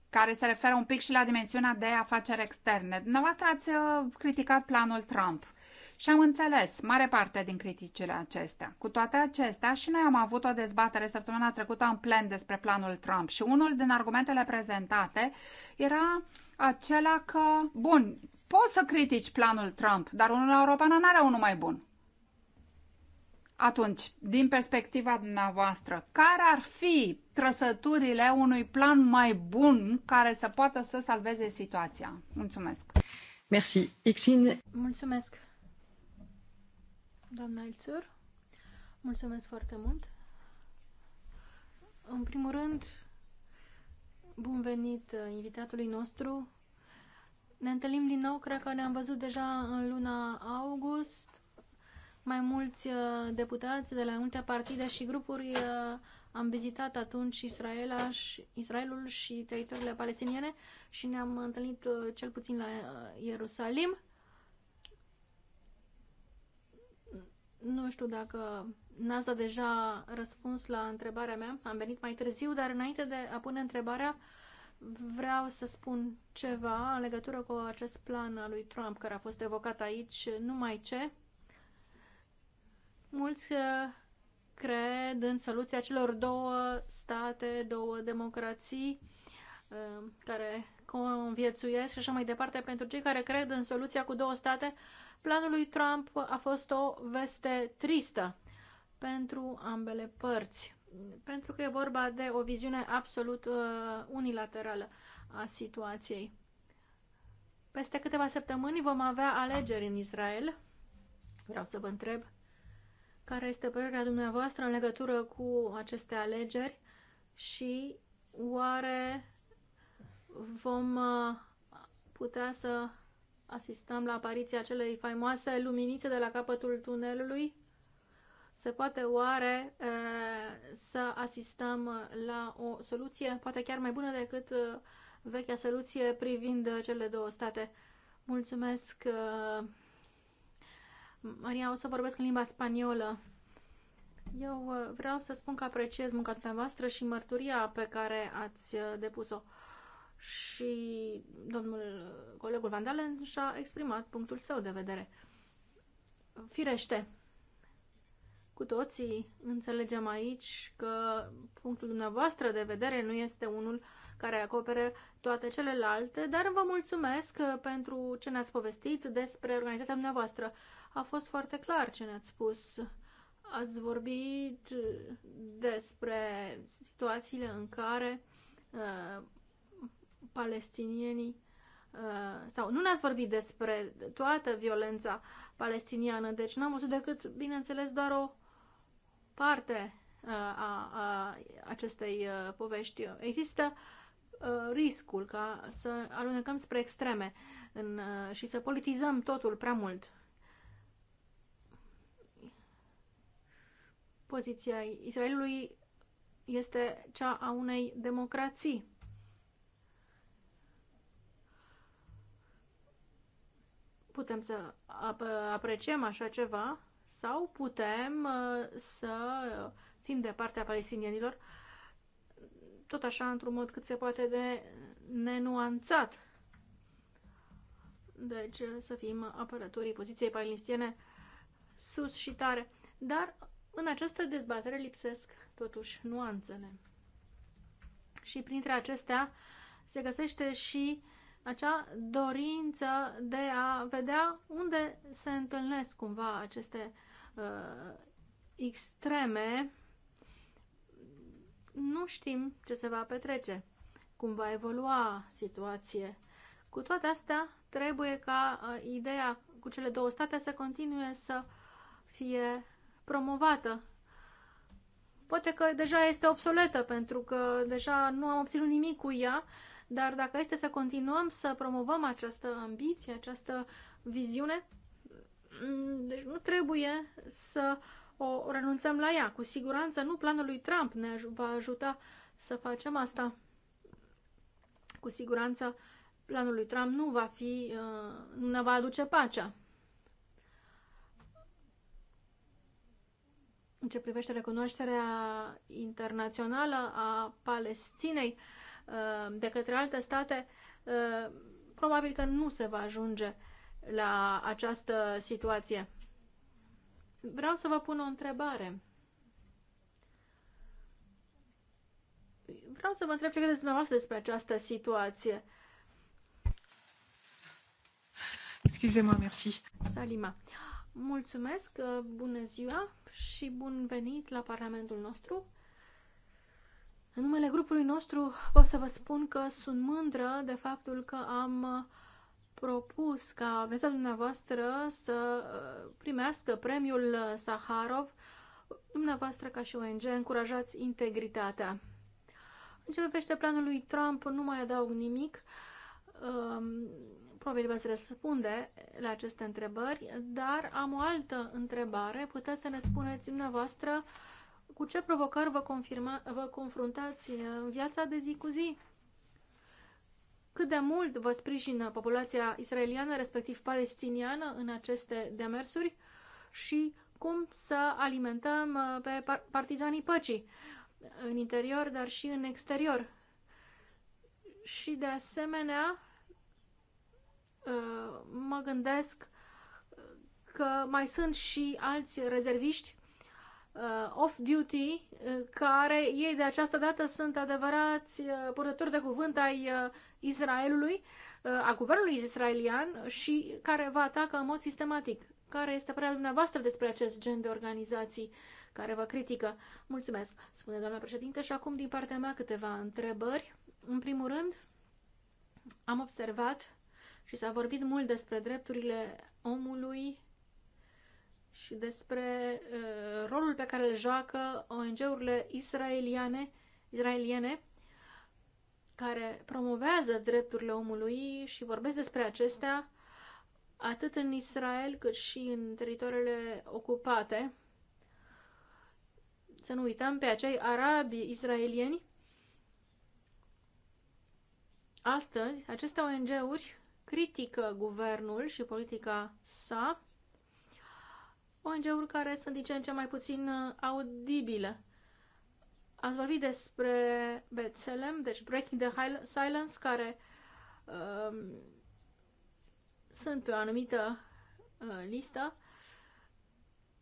care se referă un pic și la dimensiunea de afaceri externe. Dumneavoastră ați uh, criticat planul Trump. Și am înțeles mare parte din criticile acestea. Cu toate acestea, și noi am avut o dezbatere săptămâna trecută în plen despre planul Trump și unul din argumentele prezentate era acela că, bun, poți să critici planul Trump, dar Uniunea Europeană nu are unul mai bun. Atunci, din perspectiva dumneavoastră, care ar fi trăsăturile unui plan mai bun care să poată să salveze situația? Mulțumesc! Merci. Exine. Mulțumesc. Doamna Ilțur, mulțumesc foarte mult. În primul rând, bun venit uh, invitatului nostru. Ne întâlnim din nou, cred că ne-am văzut deja în luna august. Mai mulți uh, deputați de la multe partide și grupuri uh, am vizitat atunci Israela și, Israelul și teritoriile palestiniene și ne-am întâlnit cel puțin la Ierusalim Nu știu dacă n-ați dat deja răspuns la întrebarea mea, am venit mai târziu, dar înainte de a pune întrebarea, vreau să spun ceva în legătură cu acest plan al lui Trump care a fost evocat aici, numai ce. Mulți uh, cred în soluția celor două state, două democrații uh, care conviețuiesc și așa mai departe. Pentru cei care cred în soluția cu două state, Planul lui Trump a fost o veste tristă pentru ambele părți, pentru că e vorba de o viziune absolut uh, unilaterală a situației. Peste câteva săptămâni vom avea alegeri în Israel. Vreau să vă întreb care este părerea dumneavoastră în legătură cu aceste alegeri și oare vom uh, putea să asistăm la apariția acelei faimoase luminițe de la capătul tunelului? Se poate oare e, să asistăm la o soluție, poate chiar mai bună decât vechea soluție privind cele două state? Mulțumesc! Maria, o să vorbesc în limba spaniolă. Eu vreau să spun că apreciez munca dumneavoastră și mărturia pe care ați depus-o și domnul colegul Van Dalen și-a exprimat punctul său de vedere. Firește, cu toții înțelegem aici că punctul dumneavoastră de vedere nu este unul care acopere toate celelalte, dar vă mulțumesc pentru ce ne-ați povestit despre organizația dumneavoastră. A fost foarte clar ce ne-ați spus. Ați vorbit despre situațiile în care uh, palestinienii uh, sau nu ne-ați vorbit despre toată violența palestiniană, deci n-am văzut decât, bineînțeles, doar o parte uh, a, a acestei uh, povești. Există riscul ca să alunecăm spre extreme în, și să politizăm totul prea mult. Poziția Israelului este cea a unei democrații putem să apreciem așa ceva sau putem uh, să fim de partea palestinienilor, tot așa într-un mod cât se poate de nenuanțat. Deci uh, să fim apărătorii poziției palestiniene sus și tare. Dar în această dezbatere lipsesc totuși nuanțele. Și printre acestea se găsește și acea dorință de a vedea unde se întâlnesc cumva aceste uh, extreme. Nu știm ce se va petrece, cum va evolua situație. Cu toate astea, trebuie ca uh, ideea cu cele două state să continue să fie promovată. Poate că deja este obsoletă, pentru că deja nu am obținut nimic cu ea, uh, dar dacă este să continuăm să promovăm această ambiție, această viziune, mm, deci nu trebuie să o renunțăm la ea. Cu siguranță nu planul lui Trump ne va ajuta să facem asta. Cu siguranță planul lui Trump nu va fi, uh, nu ne va aduce pacea. În ce privește recunoașterea internațională a Palestinei, uh, Uh, de către alte state, uh, probabil că nu se va ajunge la această situație. Vreau să vă pun o întrebare. Vreau să vă întreb ce credeți dumneavoastră despre această situație. Excusez-moi, merci. Salima. Mulțumesc, uh, bună ziua și bun venit la Parlamentul nostru. În numele grupului nostru pot să vă spun că sunt mândră de faptul că am uh, propus ca organizația dumneavoastră să uh, primească premiul uh, Saharov. Dumneavoastră, ca și ONG, încurajați integritatea. În ce privește planul lui Trump, nu mai adaug nimic. Um, probabil veți răspunde la aceste întrebări, dar am o altă întrebare. Puteți să ne spuneți dumneavoastră uh, cu ce provocări vă, confirma, vă confruntați uh, în viața de zi cu zi? Cât de mult vă sprijină populația israeliană, respectiv palestiniană, în aceste demersuri și cum să alimentăm uh, pe partizanii păcii uh, în interior, dar și în exterior? Și de asemenea, mă gândesc că mai sunt și alți rezerviști uh, off-duty, uh, care ei de această dată sunt adevărați uh, purători de cuvânt ai uh, Israelului, uh, a guvernului israelian și care vă atacă în mod sistematic. Care este părerea dumneavoastră despre acest gen de organizații care vă critică? Mulțumesc, spune doamna președinte, și acum din partea mea câteva întrebări. În primul rând, am observat și s-a vorbit mult despre drepturile omului și despre uh, rolul pe care îl joacă ONG-urile israeliane, israeliene care promovează drepturile omului și vorbesc despre acestea atât în Israel cât și în teritoriile ocupate. Să nu uităm pe acei arabi israelieni. Astăzi, aceste ONG-uri critică guvernul și politica sa ONG-uri care sunt din ce în ce mai puțin uh, audibile. Ați vorbit despre BCLM, deci Breaking the Silence, care um, sunt pe o anumită uh, listă.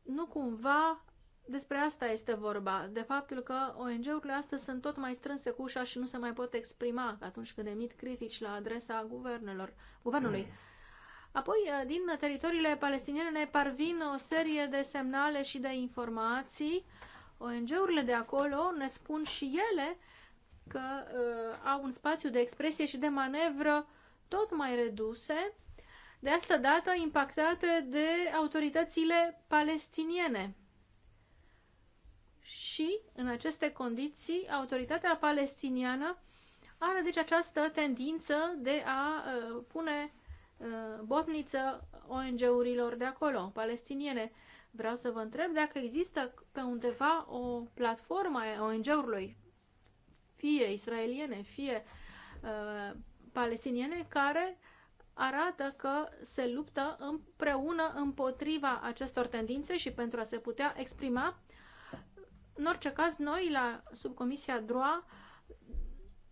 Nu cumva despre asta este vorba, de faptul că ONG-urile astăzi sunt tot mai strânse cu ușa și nu se mai pot exprima atunci când emit critici la adresa guvernelor, guvernului. Mm. Apoi, eh, din teritoriile palestiniene ne parvin o serie de semnale și de informații. ONG-urile de acolo ne spun și ele că uh, au un spațiu de expresie și de manevră tot mai reduse, de asta dată impactate de autoritățile palestiniene. Și, în aceste condiții, autoritatea palestiniană are deci această tendință de a uh, pune Uh, botniță ONG-urilor de acolo, palestiniene. Vreau să vă întreb dacă există pe undeva o platformă a ONG-urilor, fie israeliene, fie uh, palestiniene, care arată că se luptă împreună împotriva acestor tendințe și pentru a se putea exprima. În orice caz, noi la subcomisia DROA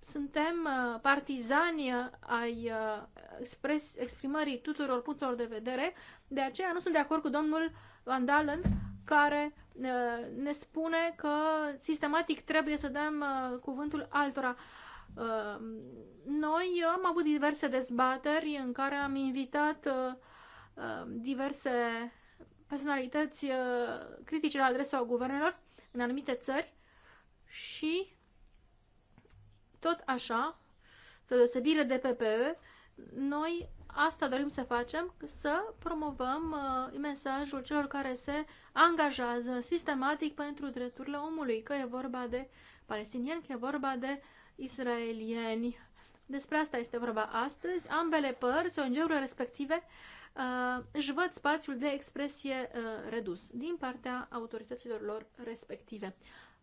suntem uh, partizani uh, ai uh, expres, exprimării tuturor punctelor de vedere, de aceea nu sunt de acord cu domnul Van Dalen, care ne spune că sistematic trebuie să dăm cuvântul altora. Noi am avut diverse dezbateri în care am invitat diverse personalități critice la adresa guvernelor în anumite țări și tot așa, spre deosebire de PPE, noi asta dorim să facem, să promovăm uh, mesajul celor care se angajează sistematic pentru drepturile omului, că e vorba de palestinieni, că e vorba de israelieni. Despre asta este vorba astăzi. Ambele părți, ONG-urile respective, uh, își văd spațiul de expresie uh, redus din partea autorităților lor respective.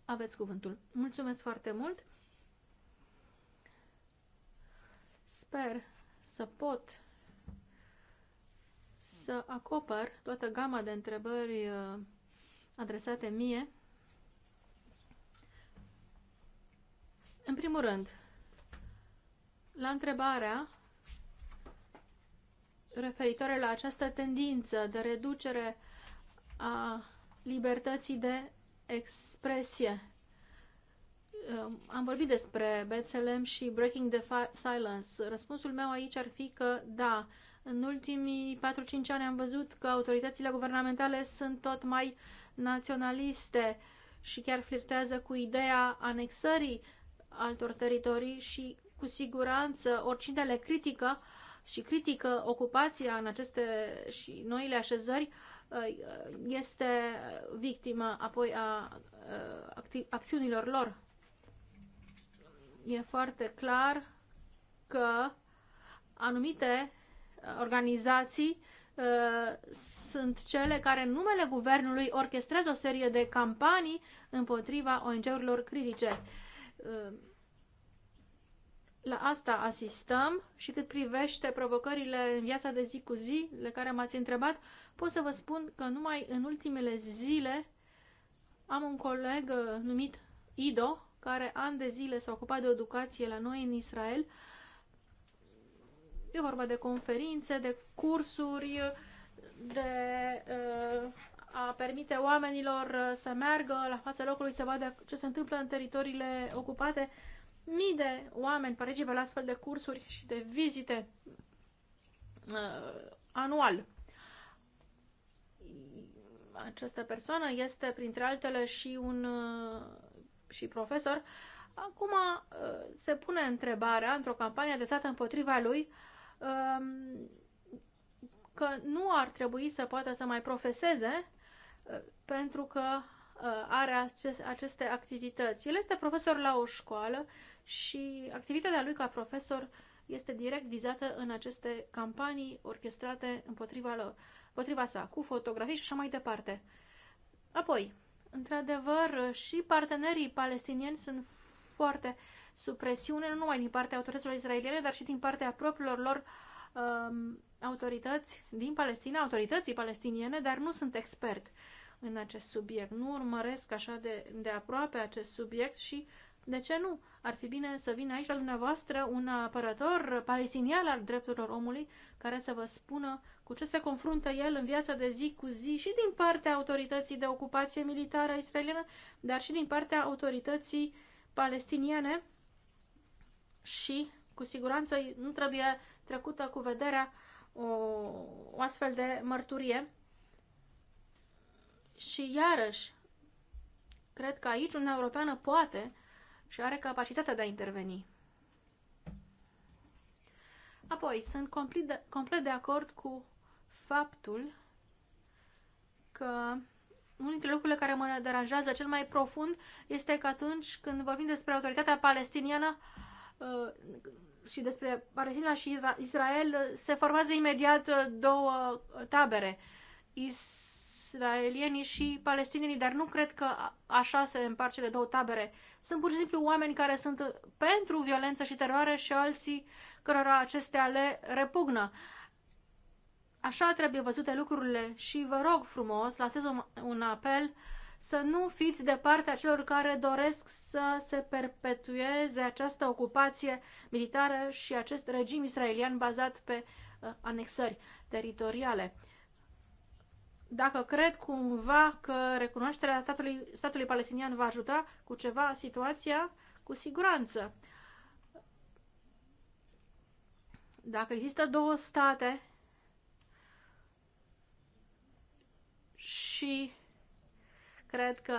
Aveți cuvântul. Mulțumesc foarte mult! sper să pot să acopăr toată gama de întrebări uh, adresate mie. În primul rând, la întrebarea referitoare la această tendință de reducere a libertății de expresie. Um, am vorbit despre Bethlehem și Breaking the Silence. Răspunsul meu aici ar fi că da, în ultimii 4-5 ani am văzut că autoritățile guvernamentale sunt tot mai naționaliste și chiar flirtează cu ideea anexării altor teritorii și cu siguranță oricine le critică și critică ocupația în aceste și noile așezări uh, este victimă apoi a uh, acțiunilor lor e foarte clar că anumite uh, organizații uh, sunt cele care în numele guvernului orchestrează o serie de campanii împotriva ONG-urilor critice. Uh, la asta asistăm și cât privește provocările în viața de zi cu zi, de care m-ați întrebat, pot să vă spun că numai în ultimele zile am un coleg uh, numit Ido, care ani de zile s-a ocupat de educație la noi în Israel. E vorba de conferințe, de cursuri, de uh, a permite oamenilor uh, să meargă la fața locului, să vadă ce se întâmplă în teritoriile ocupate. Mii de oameni participă la astfel de cursuri și de vizite uh, anual. Această persoană este, printre altele, și un uh, și profesor, acum uh, se pune întrebarea, într-o campanie adresată împotriva lui, um, că nu ar trebui să poată să mai profeseze uh, pentru că uh, are aceste activități. El este profesor la o școală și activitatea lui ca profesor este direct vizată în aceste campanii orchestrate împotriva, lor, împotriva sa, cu fotografii și așa mai departe. Apoi, Într-adevăr, și partenerii palestinieni sunt foarte sub presiune, nu numai din partea autorităților israeliene, dar și din partea propriilor lor um, autorități din Palestina, autorității palestiniene, dar nu sunt expert în acest subiect. Nu urmăresc așa de, de aproape acest subiect și de ce nu? Ar fi bine să vină aici la dumneavoastră un apărător palestinian al drepturilor omului care să vă spună cu ce se confruntă el în viața de zi cu zi și din partea autorității de ocupație militară israeliană, dar și din partea autorității palestiniene și cu siguranță nu trebuie trecută cu vederea o, o astfel de mărturie. Și iarăși, cred că aici Uniunea Europeană poate și are capacitatea de a interveni. Apoi, sunt complet de, complet de acord cu faptul că unul dintre lucrurile care mă deranjează cel mai profund este că atunci când vorbim despre autoritatea palestiniană uh, și despre Palestina și Israel, se formează imediat uh, două tabere, israelienii și palestinienii, dar nu cred că așa se împar cele două tabere. Sunt pur și simplu oameni care sunt pentru violență și teroare și alții cărora acestea le repugnă. Așa trebuie văzute lucrurile și vă rog frumos, lasez un, apel să nu fiți de partea celor care doresc să se perpetueze această ocupație militară și acest regim israelian bazat pe uh, anexări teritoriale. Dacă cred cumva că recunoașterea statului, statului palestinian va ajuta cu ceva situația, cu siguranță. Dacă există două state și cred că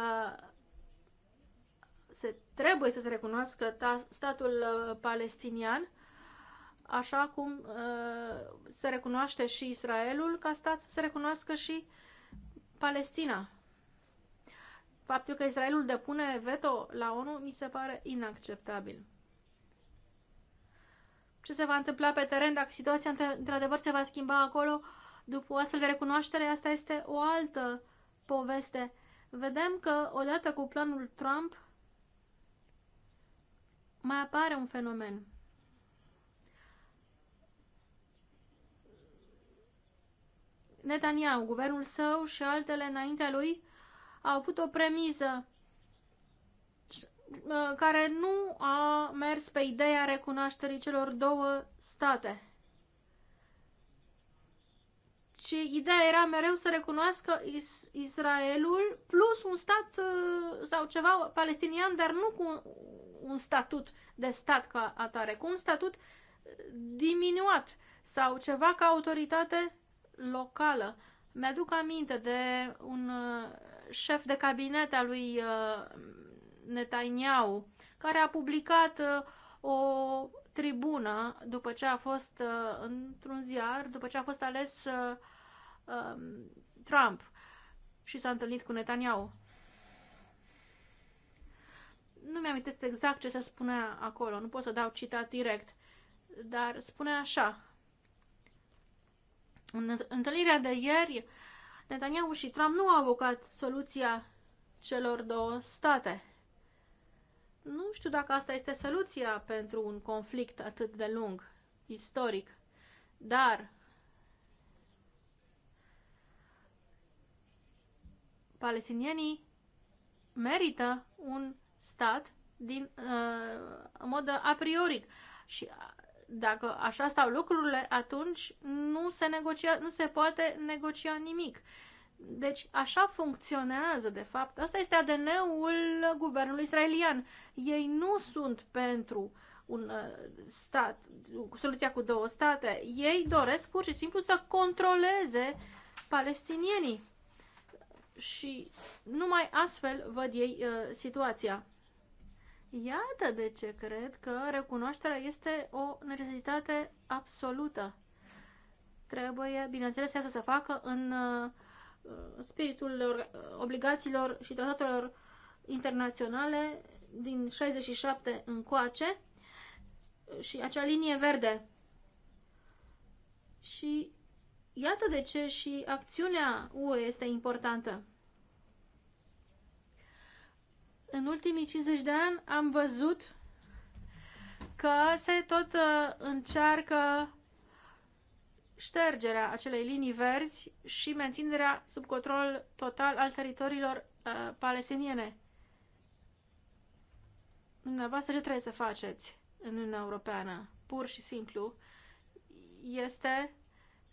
se trebuie să se recunoască statul uh, palestinian, așa cum uh, se recunoaște și Israelul ca stat, se recunoască și Palestina. Faptul că Israelul depune veto la ONU mi se pare inacceptabil. Ce se va întâmpla pe teren dacă situația într-adevăr se va schimba acolo? Uh, după o astfel de recunoaștere, asta este o altă poveste. Vedem că odată cu planul Trump mai apare un fenomen. Netanyahu, guvernul său și altele înaintea lui au avut o premiză uh, care nu a mers pe ideea recunoașterii celor două state. Și ideea era mereu să recunoască is- Israelul plus un stat uh, sau ceva palestinian, dar nu cu un statut de stat ca atare, cu un statut diminuat sau ceva ca autoritate locală. Mi-aduc aminte de un uh, șef de cabinet al lui uh, Netanyahu, care a publicat o tribună după ce a fost într-un ziar, după ce a fost ales um, Trump și s-a întâlnit cu Netanyahu. Nu mi-am exact ce se spunea acolo, nu pot să dau citat direct, dar spune așa. În întâlnirea de ieri, Netanyahu și Trump nu au avocat soluția celor două state. Nu știu dacă asta este soluția pentru un conflict atât de lung, istoric, dar palestinienii merită un stat din uh, mod a priori. Și uh, dacă așa stau lucrurile, atunci nu se, negocia, nu se poate negocia nimic. Deci așa funcționează, de fapt. Asta este ADN-ul guvernului israelian. Ei nu sunt pentru un uh, stat, soluția cu două state. Ei doresc pur și simplu să controleze palestinienii și numai astfel văd ei uh, situația. Iată de ce cred că recunoașterea este o necesitate absolută. Trebuie, bineînțeles, să se facă în uh, spiritul obligațiilor și tratatelor internaționale din 67 încoace și acea linie verde. Și Iată de ce și acțiunea UE este importantă. În ultimii 50 de ani am văzut că se tot uh, încearcă ștergerea acelei linii verzi și menținerea sub control total al teritoriilor uh, palestiniene. Dumneavoastră ce trebuie să faceți în Uniunea Europeană? Pur și simplu este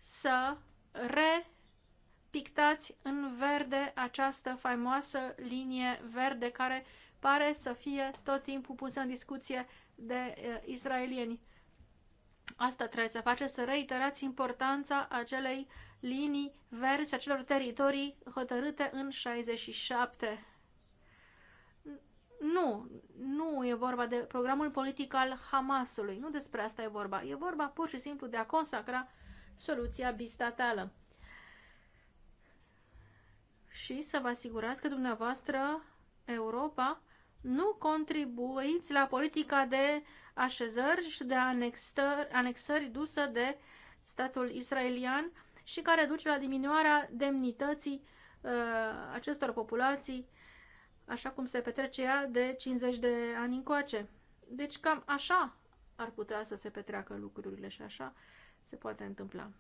să repictați în verde această faimoasă linie verde care pare să fie tot timpul pusă în discuție de eh, israelieni. Asta trebuie să faceți, să reiterați importanța acelei linii verzi, acelor teritorii hotărâte în 67. Nu, nu e vorba de programul politic al Hamasului, nu despre asta e vorba. E vorba pur și simplu de a consacra soluția bistatală. Și să vă asigurați că dumneavoastră, Europa, nu contribuiți la politica de așezări și de anexări, anexări dusă de statul israelian și care duce la diminuarea demnității uh, acestor populații, așa cum se petrece ea de 50 de ani încoace. Deci cam așa ar putea să se petreacă lucrurile și așa se poate întâmpla.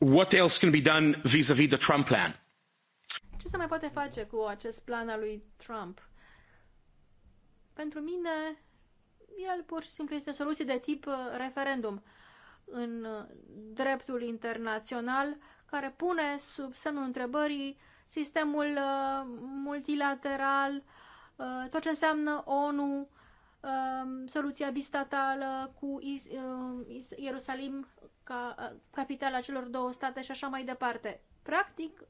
What else can be done vis-a-vis -vis the Trump plan? Ce se mai poate face cu acest plan al lui Trump? Pentru mine, el pur și simplu este soluție de tip uh, referendum în uh, dreptul internațional care pune sub semnul întrebării sistemul uh, multilateral uh, Uh, tot ce înseamnă ONU, um, soluția bistatală cu um, Ierusalim ca uh, capitala celor două state și așa mai departe. Practic,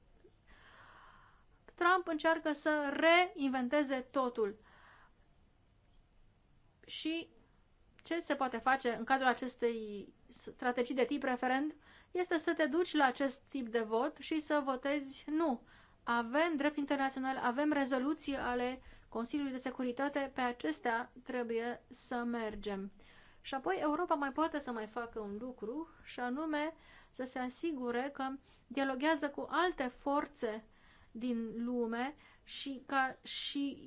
Trump încearcă să reinventeze totul. Și ce se poate face în cadrul acestei strategii de tip referend este să te duci la acest tip de vot și să votezi nu. Avem drept internațional, avem rezoluții ale uh, Consiliului de Securitate, pe acestea trebuie să mergem. Și apoi Europa mai poate să mai facă un lucru și anume să se asigure că dialoghează cu alte forțe din lume și ca și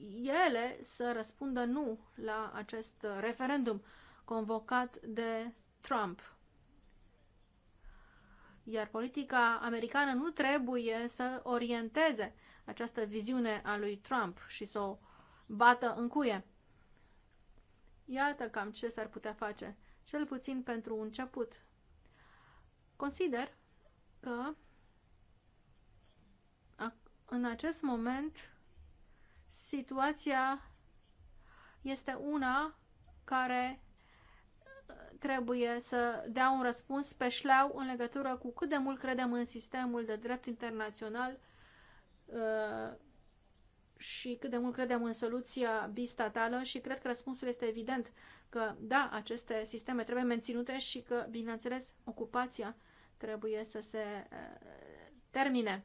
ele să răspundă nu la acest referendum convocat de Trump. Iar politica americană nu trebuie să orienteze această viziune a lui Trump și să o bată în cuie. Iată cam ce s-ar putea face, cel puțin pentru un început. Consider că în acest moment situația este una care uh, trebuie să dea un răspuns pe șleau în legătură cu cât de mult credem în sistemul de drept internațional uh, și cât de mult credem în soluția bistatală și cred că răspunsul este evident că da, aceste sisteme trebuie menținute și că, bineînțeles, ocupația trebuie să se eh, termine.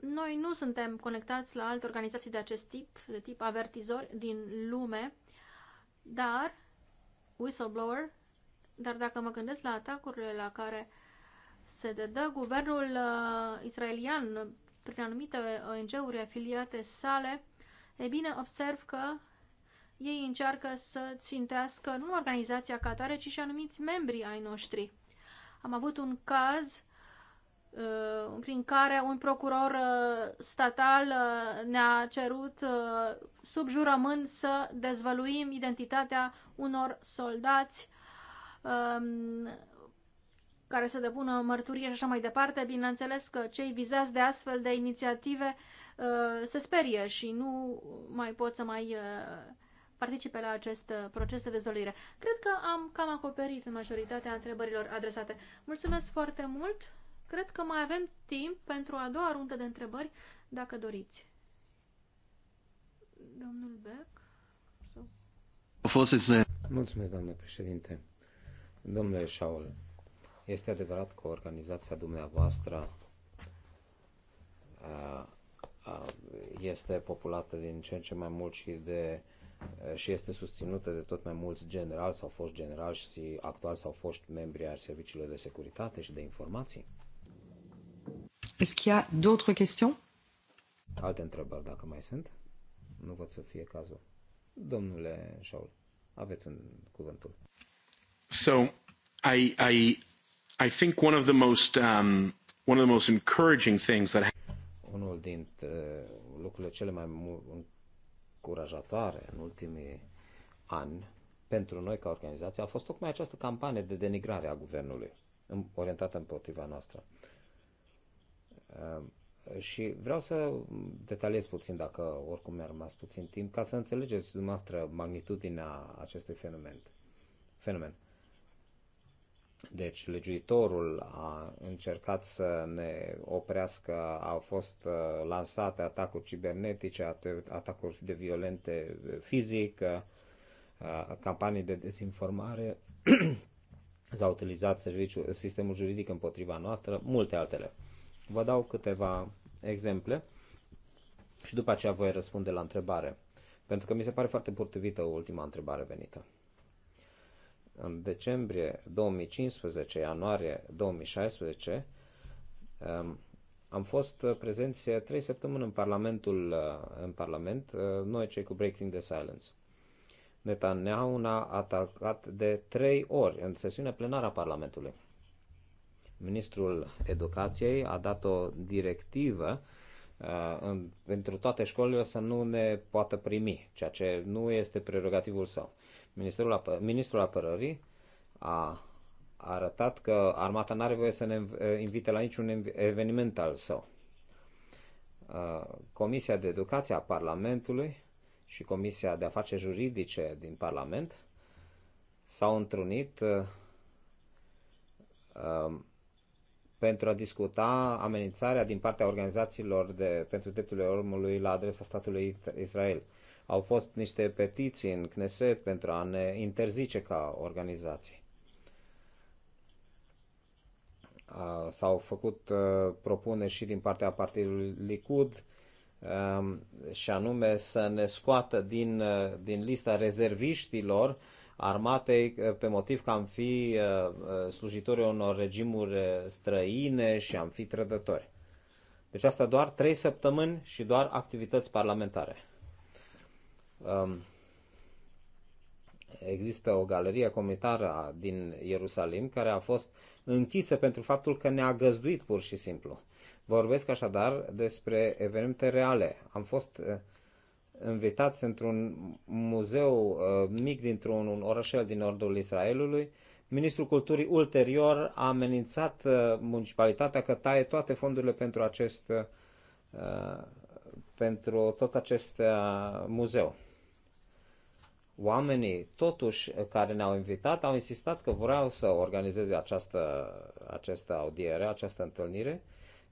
Noi nu suntem conectați la alte organizații de acest tip, de tip avertizori din lume, dar whistleblower, dar dacă mă gândesc la atacurile la care se dedă guvernul uh, israelian prin anumite uh, ONG-uri afiliate sale, e bine, observ că ei încearcă să țintească nu organizația ca tare, ci și anumiți membri ai noștri. Am avut un caz uh, prin care un procuror uh, statal uh, ne-a cerut uh, sub jurământ să dezvăluim identitatea unor soldați um, care să depună mărturie și așa mai departe, bineînțeles că cei vizați de astfel de inițiative uh, se sperie și nu mai pot să mai uh, participe la acest uh, proces de dezvăluire. Cred că am cam acoperit majoritatea întrebărilor adresate. Mulțumesc foarte mult! Cred că mai avem timp pentru a doua rundă de întrebări, dacă doriți. Domnul Beck? Sau... Mulțumesc, doamnă președinte. Domnule Șaul, este adevărat că organizația dumneavoastră este populată din ce în ce mai mult și de și este susținută de tot mai mulți generali sau fost generali și actual sau fost membri ai serviciilor de securitate și de informații. Est-ce qu'il y a d'autres questions? Alte întrebări, dacă mai sunt? Nu văd să fie cazul. Domnule Shaul, aveți în cuvântul. So, I, I, I think one of the most um, one of the most encouraging things that unul dintre uh, lucrurile cele mai încurajatoare în ultimii ani pentru noi ca organizație a fost tocmai această campanie de denigrare a guvernului orientată împotriva noastră. Uh, și vreau să detaliez puțin, dacă oricum mi-a rămas puțin timp, ca să înțelegeți dumneavoastră magnitudinea acestui fenomen. fenomen. Deci legiuitorul a încercat să ne oprească, au fost uh, lansate atacuri cibernetice, atacuri de violente uh, fizic, uh, campanii de dezinformare, s a utilizat serviciul, sistemul juridic împotriva noastră, multe altele. Vă dau câteva exemple și după aceea voi răspunde la întrebare, pentru că mi se pare foarte potrivită ultima întrebare venită în decembrie 2015, ianuarie 2016, um, am fost uh, prezenți uh, trei săptămâni în, parlamentul, uh, în Parlament, noi cei cu Breaking the Silence. Netanyahu ne-a atacat de trei ori în sesiunea plenară a Parlamentului. Ministrul Educației a dat o directivă pentru toate școlile să nu ne poată primi, ceea ce nu este prerogativul său. Ministerul Apă- Ministrul Apărării a arătat că armata nu are voie să ne eh, invite la niciun eveniment al său. Eh, Comisia de Educație a Parlamentului și Comisia de Afaceri Juridice din Parlament s-au întrunit eh, pentru a discuta amenințarea din partea organizațiilor de, pentru drepturile omului la adresa statului Israel. Au fost niște petiții în Knesset pentru a ne interzice ca organizații. S-au făcut uh, propuneri și din partea partidului Likud um, și anume să ne scoată din, uh, din lista rezerviștilor armatei uh, pe motiv că am fi slujitori unor regimuri străine și am fi trădători. Deci asta doar trei săptămâni și doar activități parlamentare. Um, există o galerie comunitară din Ierusalim care a fost închisă pentru faptul că ne-a găzduit pur și simplu. Vorbesc așadar despre evenimente reale. Am fost uh, invitați într-un muzeu uh, mic dintr-un orășel din nordul Israelului. Ministrul Culturii ulterior a amenințat uh, municipalitatea că taie toate fondurile pentru acest pentru tot acest muzeu oamenii totuși care ne-au invitat au insistat că vreau să organizeze această, această audiere, această întâlnire.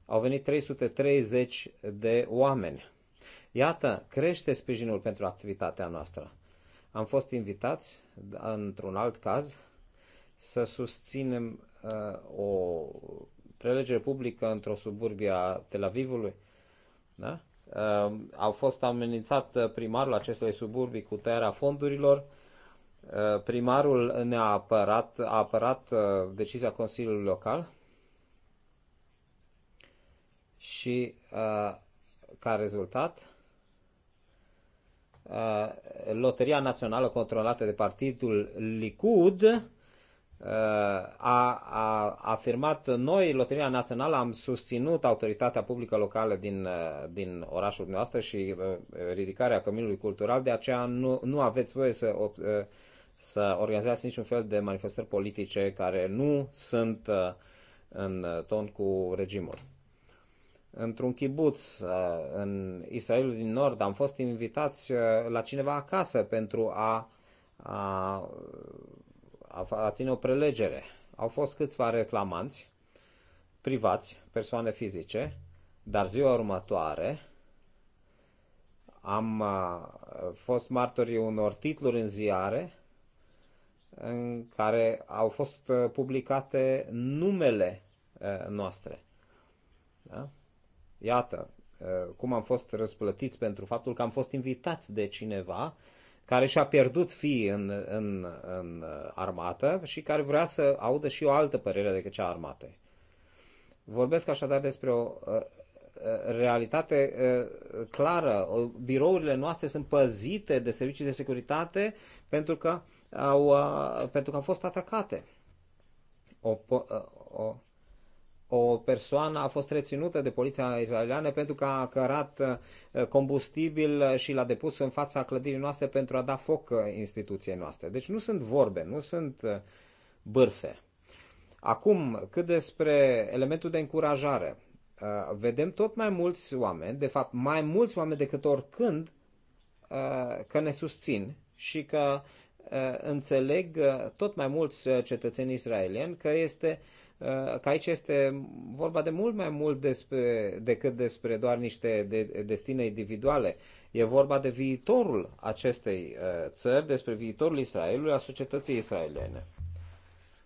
Au venit 330 de oameni. Iată, crește sprijinul pentru activitatea noastră. Am fost invitați, da, într-un alt caz, să susținem uh, o prelegere publică într-o suburbie a Tel Avivului. Da? uh, au fost amenințat eh, primarul acestei suburbii cu tăierea fondurilor. Uh, primarul ne-a apărat, a apărat uh, decizia Consiliului Local și uh, ca rezultat Loteria Națională controlată de partidul Likud a, a afirmat noi, Loteria Națională, am susținut autoritatea publică locală din, uh, din orașul dumneavoastră și uh, ridicarea căminului cultural, de aceea nu, nu aveți voie să, uh, să organizați niciun fel de manifestări politice care nu sunt în ton cu regimul. Într-un kibuț în Israelul din Nord am fost invitați la cineva acasă pentru a, a a ține o prelegere. Au fost câțiva reclamanți privați, persoane fizice, dar ziua următoare am fost martorii unor titluri în ziare în care au fost uh, publicate numele uh, noastre. Da? Iată uh, cum am fost răsplătiți pentru faptul că am fost invitați de cineva care și-a pierdut fii în, în, în armată și care vrea să audă și o altă părere decât cea armatei. Vorbesc așadar despre o uh, uh, realitate uh, clară. Birourile noastre sunt păzite de servicii de securitate pentru că au, pentru că au fost atacate. O, o, o persoană a fost reținută de poliția israeliană pentru că a cărat uh, combustibil și l-a depus în fața clădirii noastre pentru a da foc uh, instituției noastre. Deci nu sunt vorbe, nu sunt uh, bârfe. Acum, cât despre elementul de încurajare, vedem tot mai mulți oameni, de fapt mai mulți oameni decât oricând, că ne susțin și că înțeleg tot mai mulți cetățeni israelieni că este uh, Uh, că aici este vorba de mult mai mult despre, decât despre doar niște de, destine individuale. E vorba de viitorul acestei uh, țări, despre viitorul Israelului, a societății israeliene.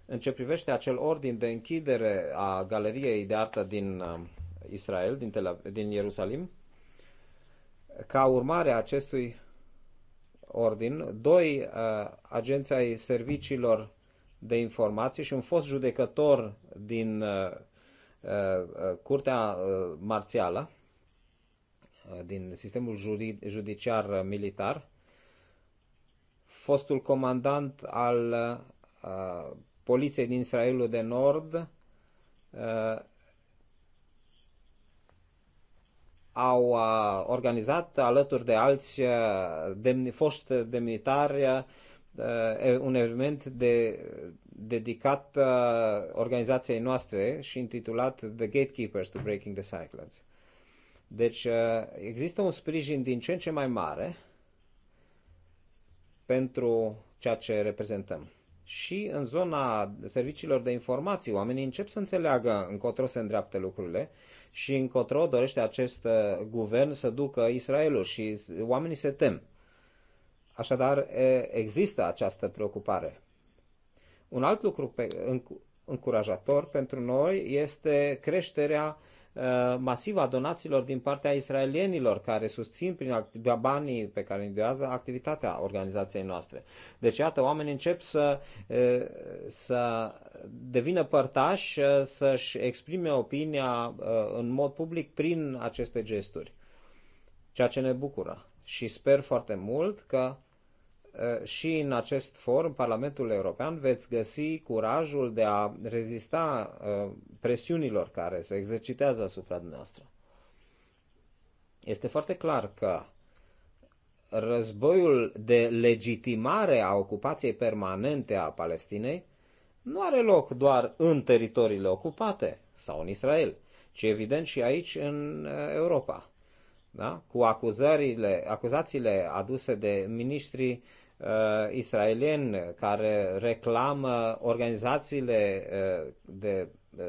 În ce privește acel ordin de închidere a galeriei de artă din uh, Israel, din, Tel, din Ierusalim, ca urmare a acestui ordin, doi uh, agenți ai serviciilor de informații și un fost judecător din uh, uh, uh, curtea marțială, din sistemul judiciar militar, fostul comandant al poliției din Israelul de Nord, au organizat alături de alți demni, foști demnitari Uh, un eveniment de, dedicat uh, organizației noastre și intitulat The Gatekeepers to Breaking the Cycles. Deci uh, există un sprijin din ce în ce mai mare pentru ceea ce reprezentăm. Și în zona serviciilor de informații, oamenii încep să înțeleagă încotro se îndreaptă lucrurile și încotro dorește acest guvern să ducă Israelul și oamenii se tem. Așadar, există această preocupare. Un alt lucru încurajator pentru noi este creșterea masivă a donațiilor din partea israelienilor care susțin prin banii pe care îi dează activitatea organizației noastre. Deci, iată, oamenii încep să, să devină părtași, să-și exprime opinia în mod public prin aceste gesturi, ceea ce ne bucură. Și sper foarte mult că și în acest forum, Parlamentul European, veți găsi curajul de a rezista presiunilor care se exercitează asupra dumneavoastră. Este foarte clar că războiul de legitimare a ocupației permanente a Palestinei nu are loc doar în teritoriile ocupate sau în Israel, ci evident și aici în Europa. Da? Cu acuzările, acuzațiile aduse de ministrii uh, israelieni care reclamă organizațiile uh, de uh,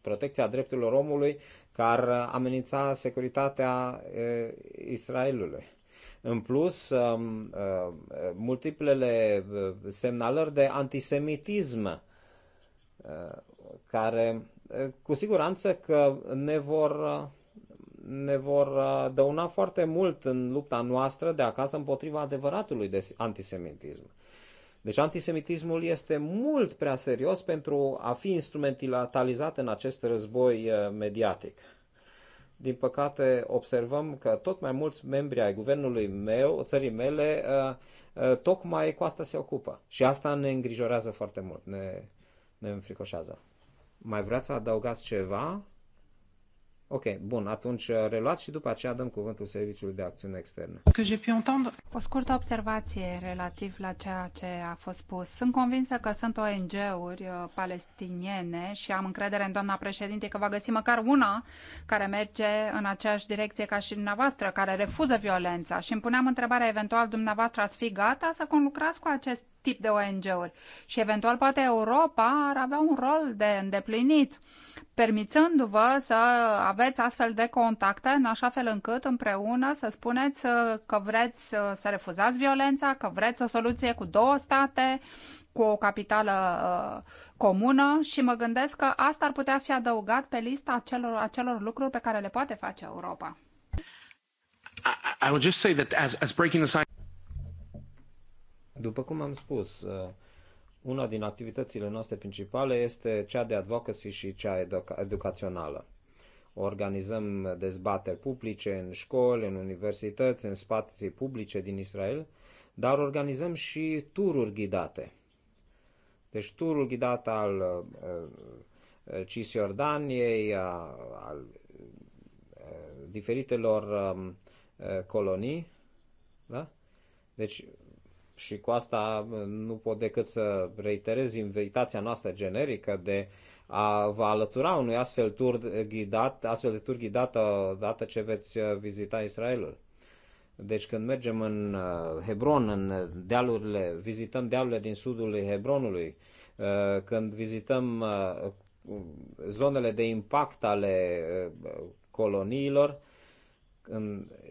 protecție a drepturilor omului care amenința securitatea uh, Israelului. În plus, uh, uh, multiplele uh, semnalări de antisemitism uh, care uh, cu siguranță că ne vor ne vor uh, dăuna foarte mult în lupta noastră de acasă împotriva adevăratului de antisemitism. Deci antisemitismul este mult prea serios pentru a fi instrumentalizat în acest război uh, mediatic. Din păcate, observăm că tot mai mulți membri ai guvernului meu, țării mele, uh, tocmai cu asta se ocupă. Și asta ne îngrijorează foarte mult, ne, ne înfricoșează. Mai vreți să adăugați ceva? Ok, bun, atunci uh, reluați și după aceea dăm cuvântul Serviciului de Acțiune Externă. O scurtă observație relativ la ceea ce a fost spus. Sunt convinsă că sunt ONG-uri uh, palestiniene și am încredere în doamna președinte că va găsi măcar una care merge în aceeași direcție ca și dumneavoastră, care refuză violența. Și îmi puneam întrebarea, eventual dumneavoastră ați fi gata să conlucrați cu acest tip de ONG-uri și eventual poate Europa ar avea un rol de îndeplinit, permițându-vă să aveți astfel de contacte în așa fel încât împreună să spuneți uh, că vreți uh, să refuzați violența, că vreți o soluție cu două state, cu o capitală uh, comună și mă gândesc că asta ar putea fi adăugat pe lista acelor, acelor lucruri pe care le poate face Europa. I, I would just say that as, as breaking the după cum am spus, uh, una din activitățile noastre principale este cea de advocacy și cea educa- educațională. Organizăm dezbateri publice în școli, în universități, în spații publice din Israel, dar organizăm și tururi ghidate. Deci turul ghidat al uh, uh, Cisjordaniei, al diferitelor um, colonii, da? Deci și cu asta uh, nu pot decât să reiterez invitația noastră generică de a vă alătura unui astfel tur ghidat, astfel de tur ghidat dată ce veți uh, vizita Israelul. Deci când mergem în uh, Hebron, în dealurile, vizităm dealurile din sudul Hebronului, când vizităm zonele de impact ale coloniilor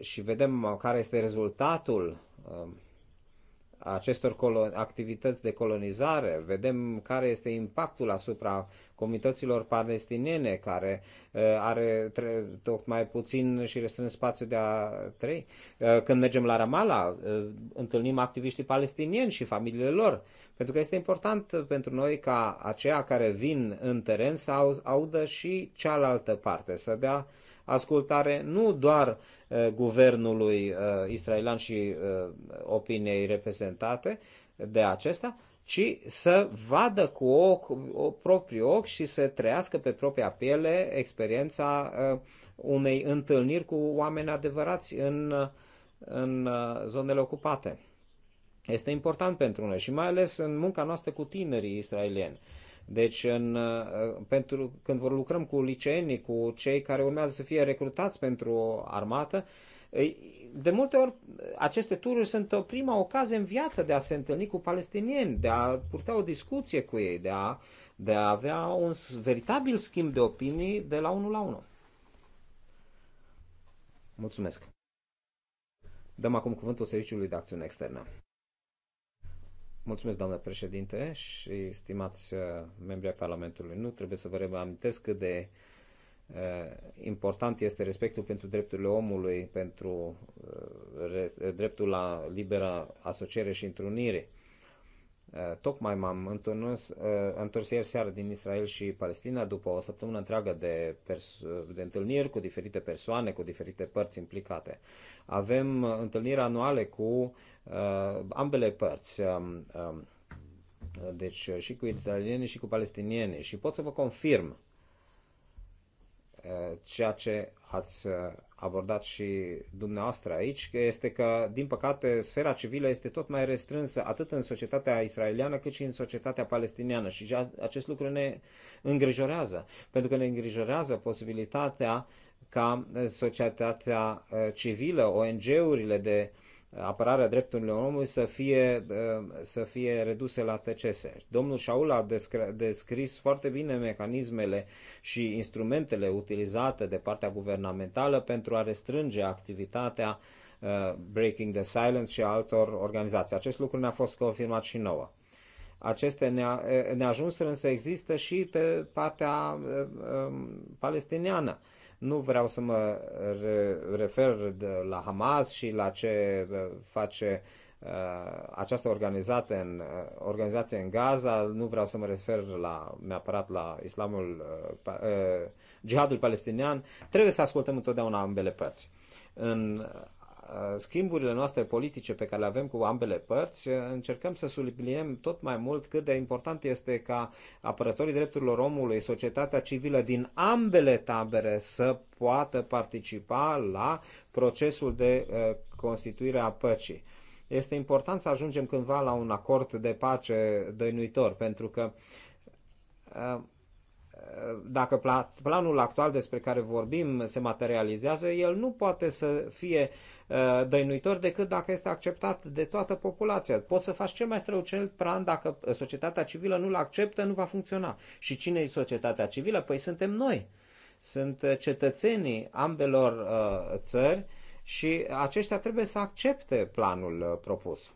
și vedem care este rezultatul acestor activități de colonizare, vedem care este impactul asupra comunităților palestiniene care uh, are tocmai puțin și restrâns spațiu de a trăi. Uh, când mergem la Ramala uh, întâlnim activiștii palestinieni și familiile lor, pentru că este important pentru noi ca aceia care vin în teren să audă și cealaltă parte, să dea ascultare nu doar uh, Uh, guvernului uh, israelian și uh, opiniei reprezentate de acesta, ci să vadă cu ochi, proprii ochi și să trăiască pe propria piele experiența unei întâlniri cu oameni adevărați în, în zonele ocupate. Este important pentru noi și mai ales în munca noastră cu tinerii israelieni deci, în, uh, pentru, când vor lucrăm cu liceenii, cu cei care urmează să fie recrutați pentru armată, de multe ori, aceste tururi sunt o prima ocazie în viață de a se întâlni cu palestinieni, de a purta o discuție cu ei, de a, de a avea un veritabil schimb de opinii de la unul la unul. Mulțumesc! Dăm acum cuvântul Serviciului de Acțiune Externă. Mulțumesc, doamnă președinte și stimați uh, membri ai Parlamentului. Nu trebuie să vă reamintesc cât de uh, important este respectul pentru drepturile omului, pentru uh, dreptul la liberă asociere și întrunire. Tocmai m-am întors, întors ieri seară din Israel și Palestina după o săptămână întreagă de, de întâlniri cu diferite persoane, cu diferite părți implicate. Avem întâlniri anuale cu uh, Uh, ambele părți, um, um, deci uh, și cu israelienii și cu palestinienii. Și pot să vă confirm uh, ceea ce ați abordat și dumneavoastră aici, că este că, din păcate, sfera civilă este tot mai restrânsă atât în societatea israeliană cât și în societatea palestiniană și acest lucru ne îngrijorează, pentru că ne îngrijorează posibilitatea ca societatea civilă, ONG-urile de uh, apărarea drepturilor omului să fie, uh, să fie reduse la TCS. Domnul Șaul a descris foarte bine mecanismele și instrumentele utilizate de partea guvernamentală pentru a restrânge activitatea uh, Breaking the Silence și altor organizații. Acest lucru ne-a fost confirmat și nouă. Aceste neajunsuri uh, însă există și pe partea um, palestiniană nu vreau să mă refer la Hamas și la ce uh, face uh, această organizată în, uh, organizație în Gaza, nu vreau să mă refer la, neapărat la islamul, jihadul palestinian, trebuie să ascultăm întotdeauna ambele părți. În schimburile noastre politice pe care le avem cu ambele părți, încercăm să subliniem tot mai mult cât de important este ca apărătorii drepturilor omului, societatea civilă din ambele tabere să poată participa la procesul de uh, constituire a păcii. Este important să ajungem cândva la un acord de pace dăinuitor, pentru că uh, dacă planul actual despre care vorbim se materializează, el nu poate să fie uh, dăinuitor decât dacă este acceptat de toată populația. Poți să faci cel mai strălucent plan dacă uh, societatea civilă nu-l acceptă, nu va funcționa. Și cine e societatea civilă? Păi suntem noi. Sunt uh, cetățenii ambelor țări și aceștia trebuie să accepte planul propus.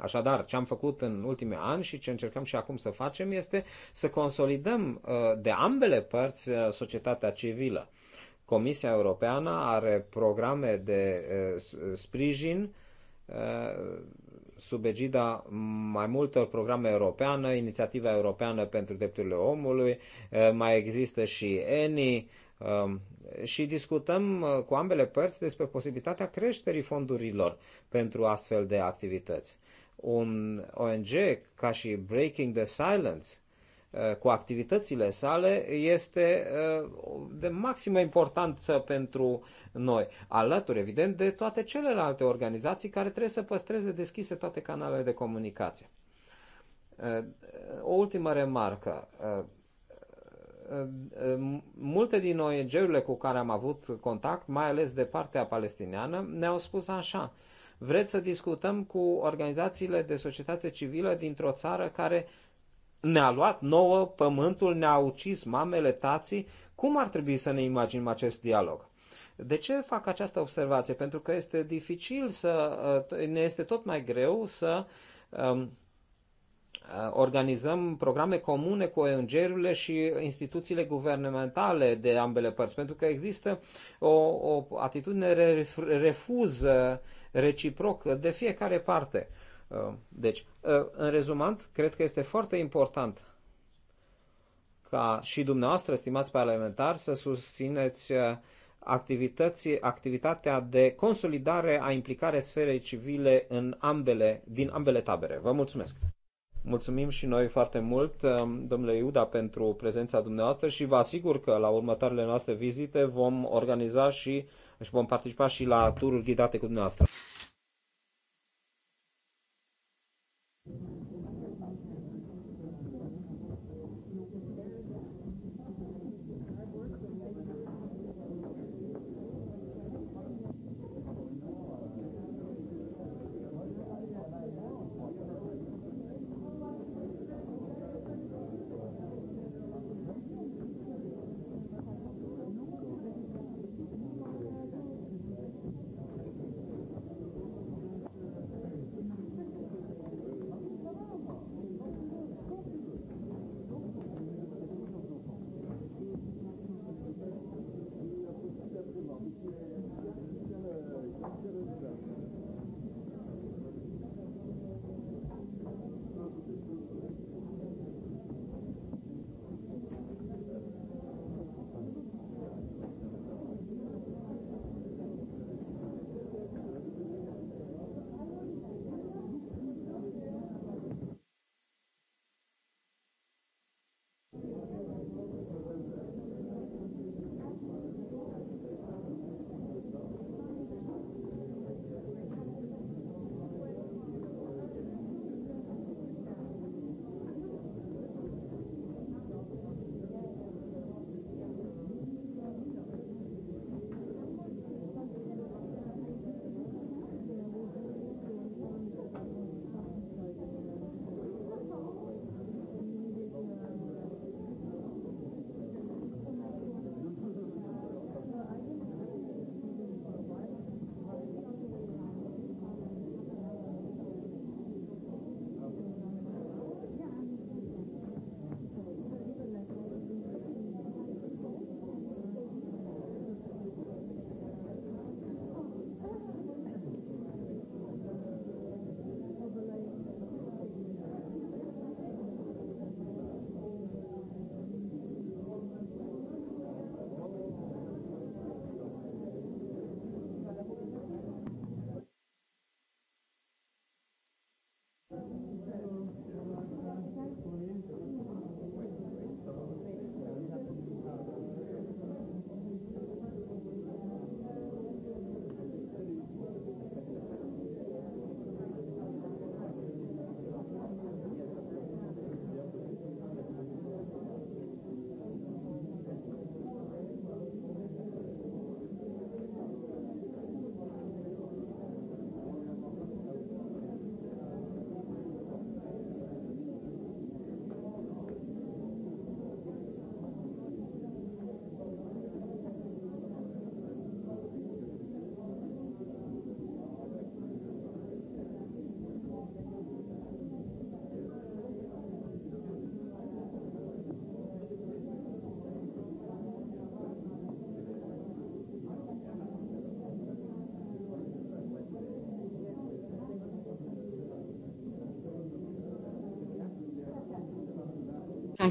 Așadar, ce am făcut în ultimii ani și ce încercăm și acum să facem este să consolidăm uh, de ambele părți uh, societatea civilă. Comisia Europeană are programe de uh, sprijin sub egida mai multor programe europeană, Inițiativa Europeană pentru Drepturile Omului, mai există și ENI, um, și discutăm cu ambele părți despre posibilitatea creșterii fondurilor pentru astfel de activități un ONG ca și Breaking the Silence uh, cu activitățile sale este uh, de maximă importanță pentru noi, alături evident de toate celelalte organizații care trebuie să păstreze deschise toate canalele de comunicație. Uh, o ultimă remarcă. Multe din ONG-urile cu care am avut contact, mai ales de partea palestiniană, ne-au spus așa Vreți să discutăm cu organizațiile de societate civilă dintr-o țară care ne-a luat nouă pământul, ne-a ucis mamele, tații? Cum ar trebui să ne imaginăm acest dialog? De ce fac această observație? Pentru că este dificil să, ne este tot mai greu să um, Uh, organizăm programe comune cu ONG-urile și instituțiile guvernamentale de ambele părți, pentru că există o, o atitudine refuz reciproc de fiecare parte. Uh, deci, uh, în rezumant, cred că este foarte important ca și dumneavoastră, stimați parlamentari, să susțineți activității, activitatea de consolidare a implicare sferei civile în ambele, din ambele tabere. Vă mulțumesc! Mulțumim și noi foarte mult, um, domnule Iuda, pentru prezența dumneavoastră și vă asigur că la următoarele noastre vizite vom organiza și, și vom participa și la tururi ghidate cu dumneavoastră.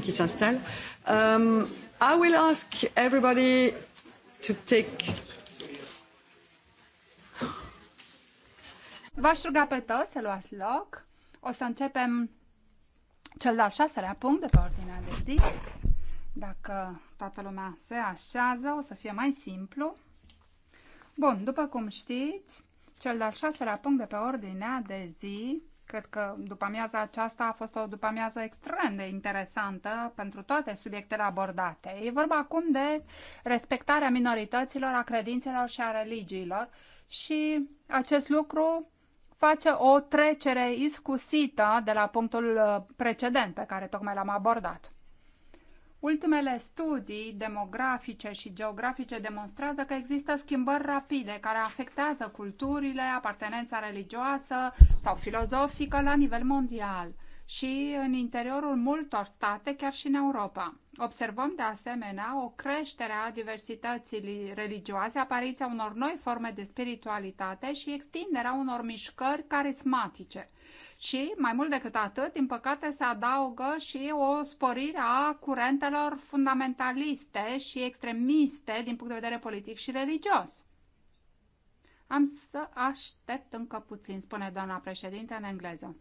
questions qui s'installent. Um, I will ask everybody to take... V-aș ruga pe toți să luați loc. O să începem cel de-al șaselea punct de pe ordinea de zi. Dacă toată lumea se așează, o să fie mai simplu. Bun, după cum știți, cel de-al șaselea punct de pe ordinea de zi Cred că după amiaza aceasta a fost o după amiază extrem de interesantă pentru toate subiectele abordate. E vorba acum de respectarea minorităților, a credințelor și a religiilor și acest lucru face o trecere iscusită de la punctul uh, precedent pe care tocmai l-am abordat. Ultimele studii demografice și geografice demonstrează că există schimbări rapide care afectează culturile, apartenența religioasă sau filozofică la nivel mondial și în interiorul multor state, chiar și în Europa. Observăm de asemenea o creștere a diversității religioase, apariția unor noi forme de spiritualitate și extinderea unor mișcări carismatice – și, mai mult decât atât, din păcate se adaugă și o sporire a curentelor fundamentaliste și extremiste din punct de vedere politic și religios. Am să aștept încă puțin, spune doamna președinte în engleză.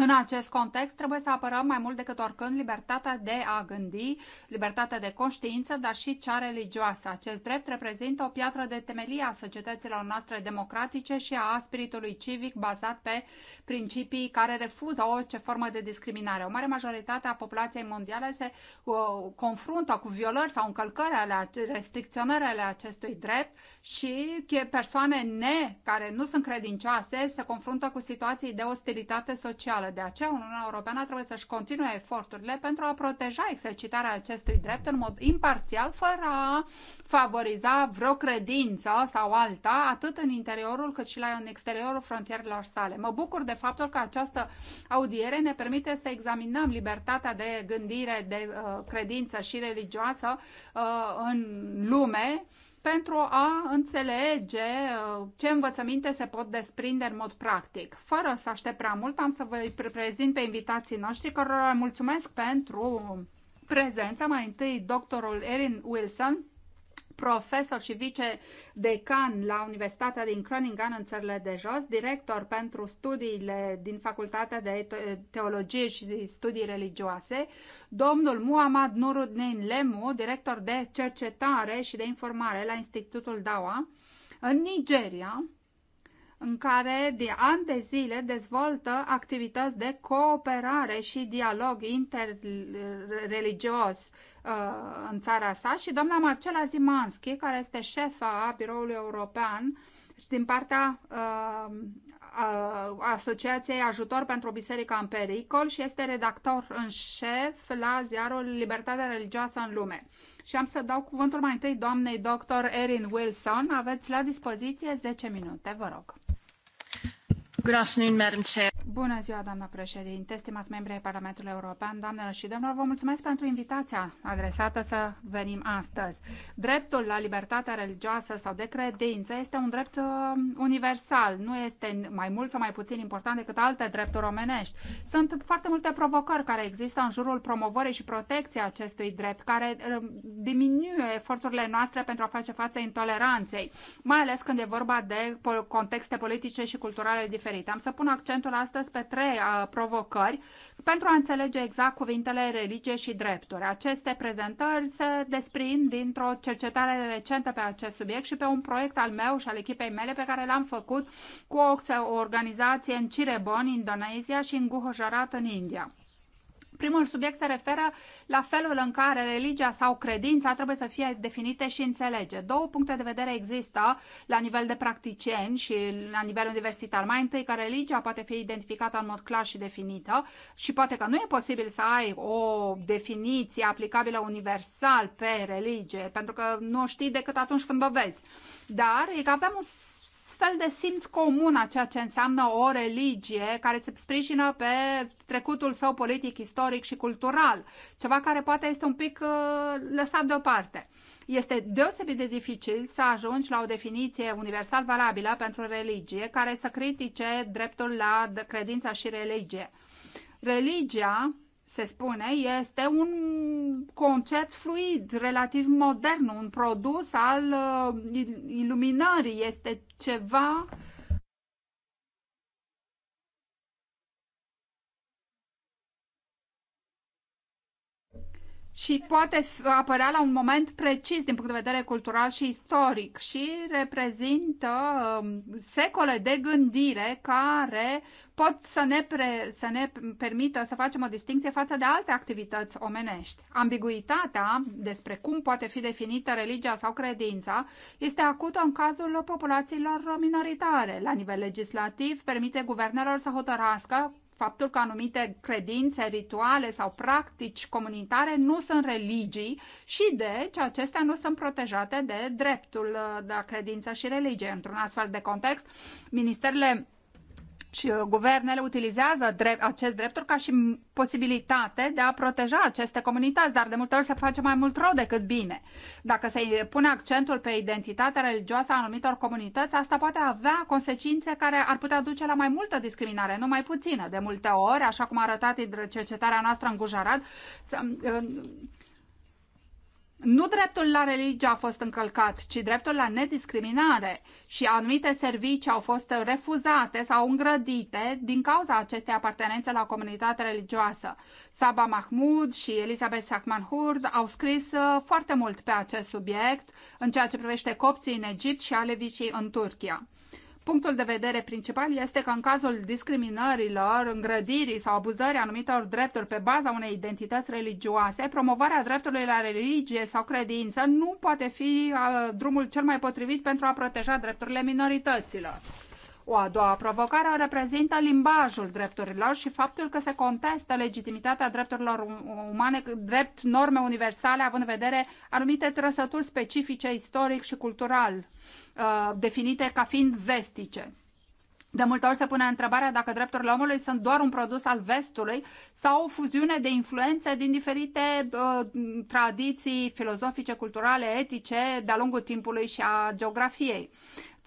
În acest context, trebuie să apărăm mai mult decât oricând libertatea de a gândi, libertatea de conștiință, dar și cea religioasă. Acest drept reprezintă o piatră de temelie a societăților noastre democratice și a spiritului civic bazat pe principii care refuză orice formă de discriminare. O mare majoritate a populației mondiale se uh, confruntă cu violări sau încălcări ale restricționări ale acestui drept și persoane ne, care nu sunt credincioase se confruntă cu situații de ostilitate socială de aceea, Uniunea Europeană trebuie să-și continue eforturile pentru a proteja exercitarea acestui drept în mod imparțial, fără a favoriza vreo credință sau alta, atât în interiorul cât și la în exteriorul frontierelor sale. Mă bucur de faptul că această audiere ne permite să examinăm libertatea de gândire, de uh, credință și religioasă uh, în lume, uh, pentru a înțelege uh, ce învățăminte se pot desprinde în mod practic. Fără să aștept prea mult, am să vă prezint pe invitații noștri, cărora mulțumesc pentru prezența. Mai întâi, doctorul Erin Wilson, profesor și vicedecan la Universitatea din Groningen în țările de jos, director pentru studiile din Facultatea de Teologie și Studii Religioase, domnul Muhammad Nuruddin Lemu, director de cercetare și de informare la Institutul Dawa, în Nigeria, în care de ani de zile dezvoltă activități de cooperare și dialog interreligios uh, în țara sa și doamna Marcela Zimanski, care este șefa Biroului European și din partea uh, uh, Asociației Ajutor pentru Biserica în Pericol și este redactor în șef la ziarul Libertatea Religioasă în Lume. Și am să dau cuvântul mai întâi doamnei doctor Erin Wilson. Aveți la dispoziție 10 minute, vă rog. Good afternoon, Madam Chair. Bună ziua, doamna președinte, stimați membri ai Parlamentului European, doamnelor și domnilor, vă mulțumesc pentru invitația adresată să venim astăzi. Dreptul la libertatea religioasă sau de credință este un drept uh, universal, nu este mai mult sau mai puțin important decât alte drepturi omenești. Sunt foarte multe provocări care există în jurul promovării și protecției acestui drept, care uh, diminuie eforturile noastre pentru a face față intoleranței, mai ales când e vorba de contexte politice și culturale diferite. Am să pun accentul astăzi astăzi pe trei uh, provocări pentru a înțelege exact cuvintele religie și drepturi. Aceste prezentări se desprind dintr-o cercetare recentă pe acest subiect și pe un proiect al meu și al echipei mele pe care l-am făcut cu o organizație în Cirebon, Indonezia și în Guhojarat, în India. Primul subiect se referă la felul în care religia sau credința trebuie să fie definite și înțelege. Două puncte de vedere există la nivel de practicieni și la nivel universitar. Mai întâi că religia poate fi identificată în mod clar și definită și poate că nu e posibil să ai o definiție aplicabilă universal pe religie, pentru că nu o știi decât atunci când o vezi. Dar e că avem un fel de simț comun a ceea ce înseamnă o religie care se sprijină pe trecutul său politic, istoric și cultural, ceva care poate este un pic uh, lăsat deoparte. Este deosebit de dificil să ajungi la o definiție universal valabilă pentru religie care să critique dreptul la credința și religie. Religia se spune, este un concept fluid, relativ modern, un produs al uh, iluminării, este ceva uh, și poate apărea la un moment precis din punct de vedere cultural și istoric și reprezintă um, secole de gândire care pot să ne, pre, să ne permită să facem o distinție față de alte activități omenești. Ambiguitatea despre cum poate fi definită religia sau credința este acută în cazul populațiilor minoritare. La nivel legislativ, permite guvernelor să hotărască faptul că anumite credințe, rituale sau practici comunitare nu sunt religii și deci acestea nu sunt protejate de dreptul uh, de credință și religie. Într-un astfel de context, ministerele deci, uh, guvernele utilizează drept, acest drepturi ca și posibilitate de a proteja aceste comunități, dar de multe ori se face mai mult rău decât bine. Dacă se pune accentul pe identitatea religioasă a anumitor comunități, asta poate avea consecințe care ar putea duce la mai multă discriminare, nu mai puțină. De multe ori, așa cum a arătat cercetarea noastră în Gujarat, nu dreptul la religie a fost încălcat, ci dreptul la nediscriminare și anumite servicii au fost refuzate sau îngrădite din cauza acestei apartenențe la o comunitate religioasă. Saba Mahmud și Elizabeth Sachman Hurd au scris uh, foarte mult pe acest subiect în ceea ce privește copții în Egipt și alevicii în Turcia. Punctul de vedere principal este că în cazul discriminărilor, îngrădirii sau abuzării anumitor drepturi pe baza unei identități religioase, promovarea dreptului la religie sau credință nu poate fi uh, drumul cel mai potrivit pentru a proteja drepturile minorităților. O a doua provocare o reprezintă limbajul drepturilor și faptul că se contestă legitimitatea drepturilor um, um, umane drept norme universale, având în vedere anumite trăsături specifice istoric și cultural, uh, definite ca fiind vestice. De multe ori se pune întrebarea dacă drepturile omului sunt doar un produs al vestului sau o fuziune de influențe din diferite uh, tradiții filozofice, culturale, etice de-a lungul timpului și a geografiei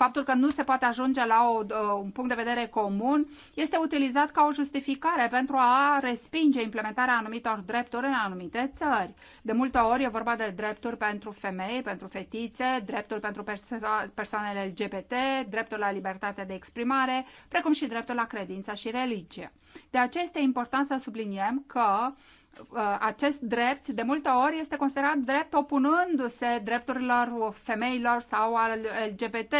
faptul că nu se poate ajunge la o, un punct de vedere comun este utilizat ca o justificare pentru a respinge implementarea anumitor drepturi în anumite țări. De multe ori e vorba de drepturi pentru femei, pentru fetițe, drepturi pentru perso- persoanele LGBT, dreptul la libertate de exprimare, precum și dreptul la credință și religie. De aceea este important să subliniem că uh, Uh, acest drept de multe ori este considerat drept opunându-se drepturilor femeilor sau al LGBT.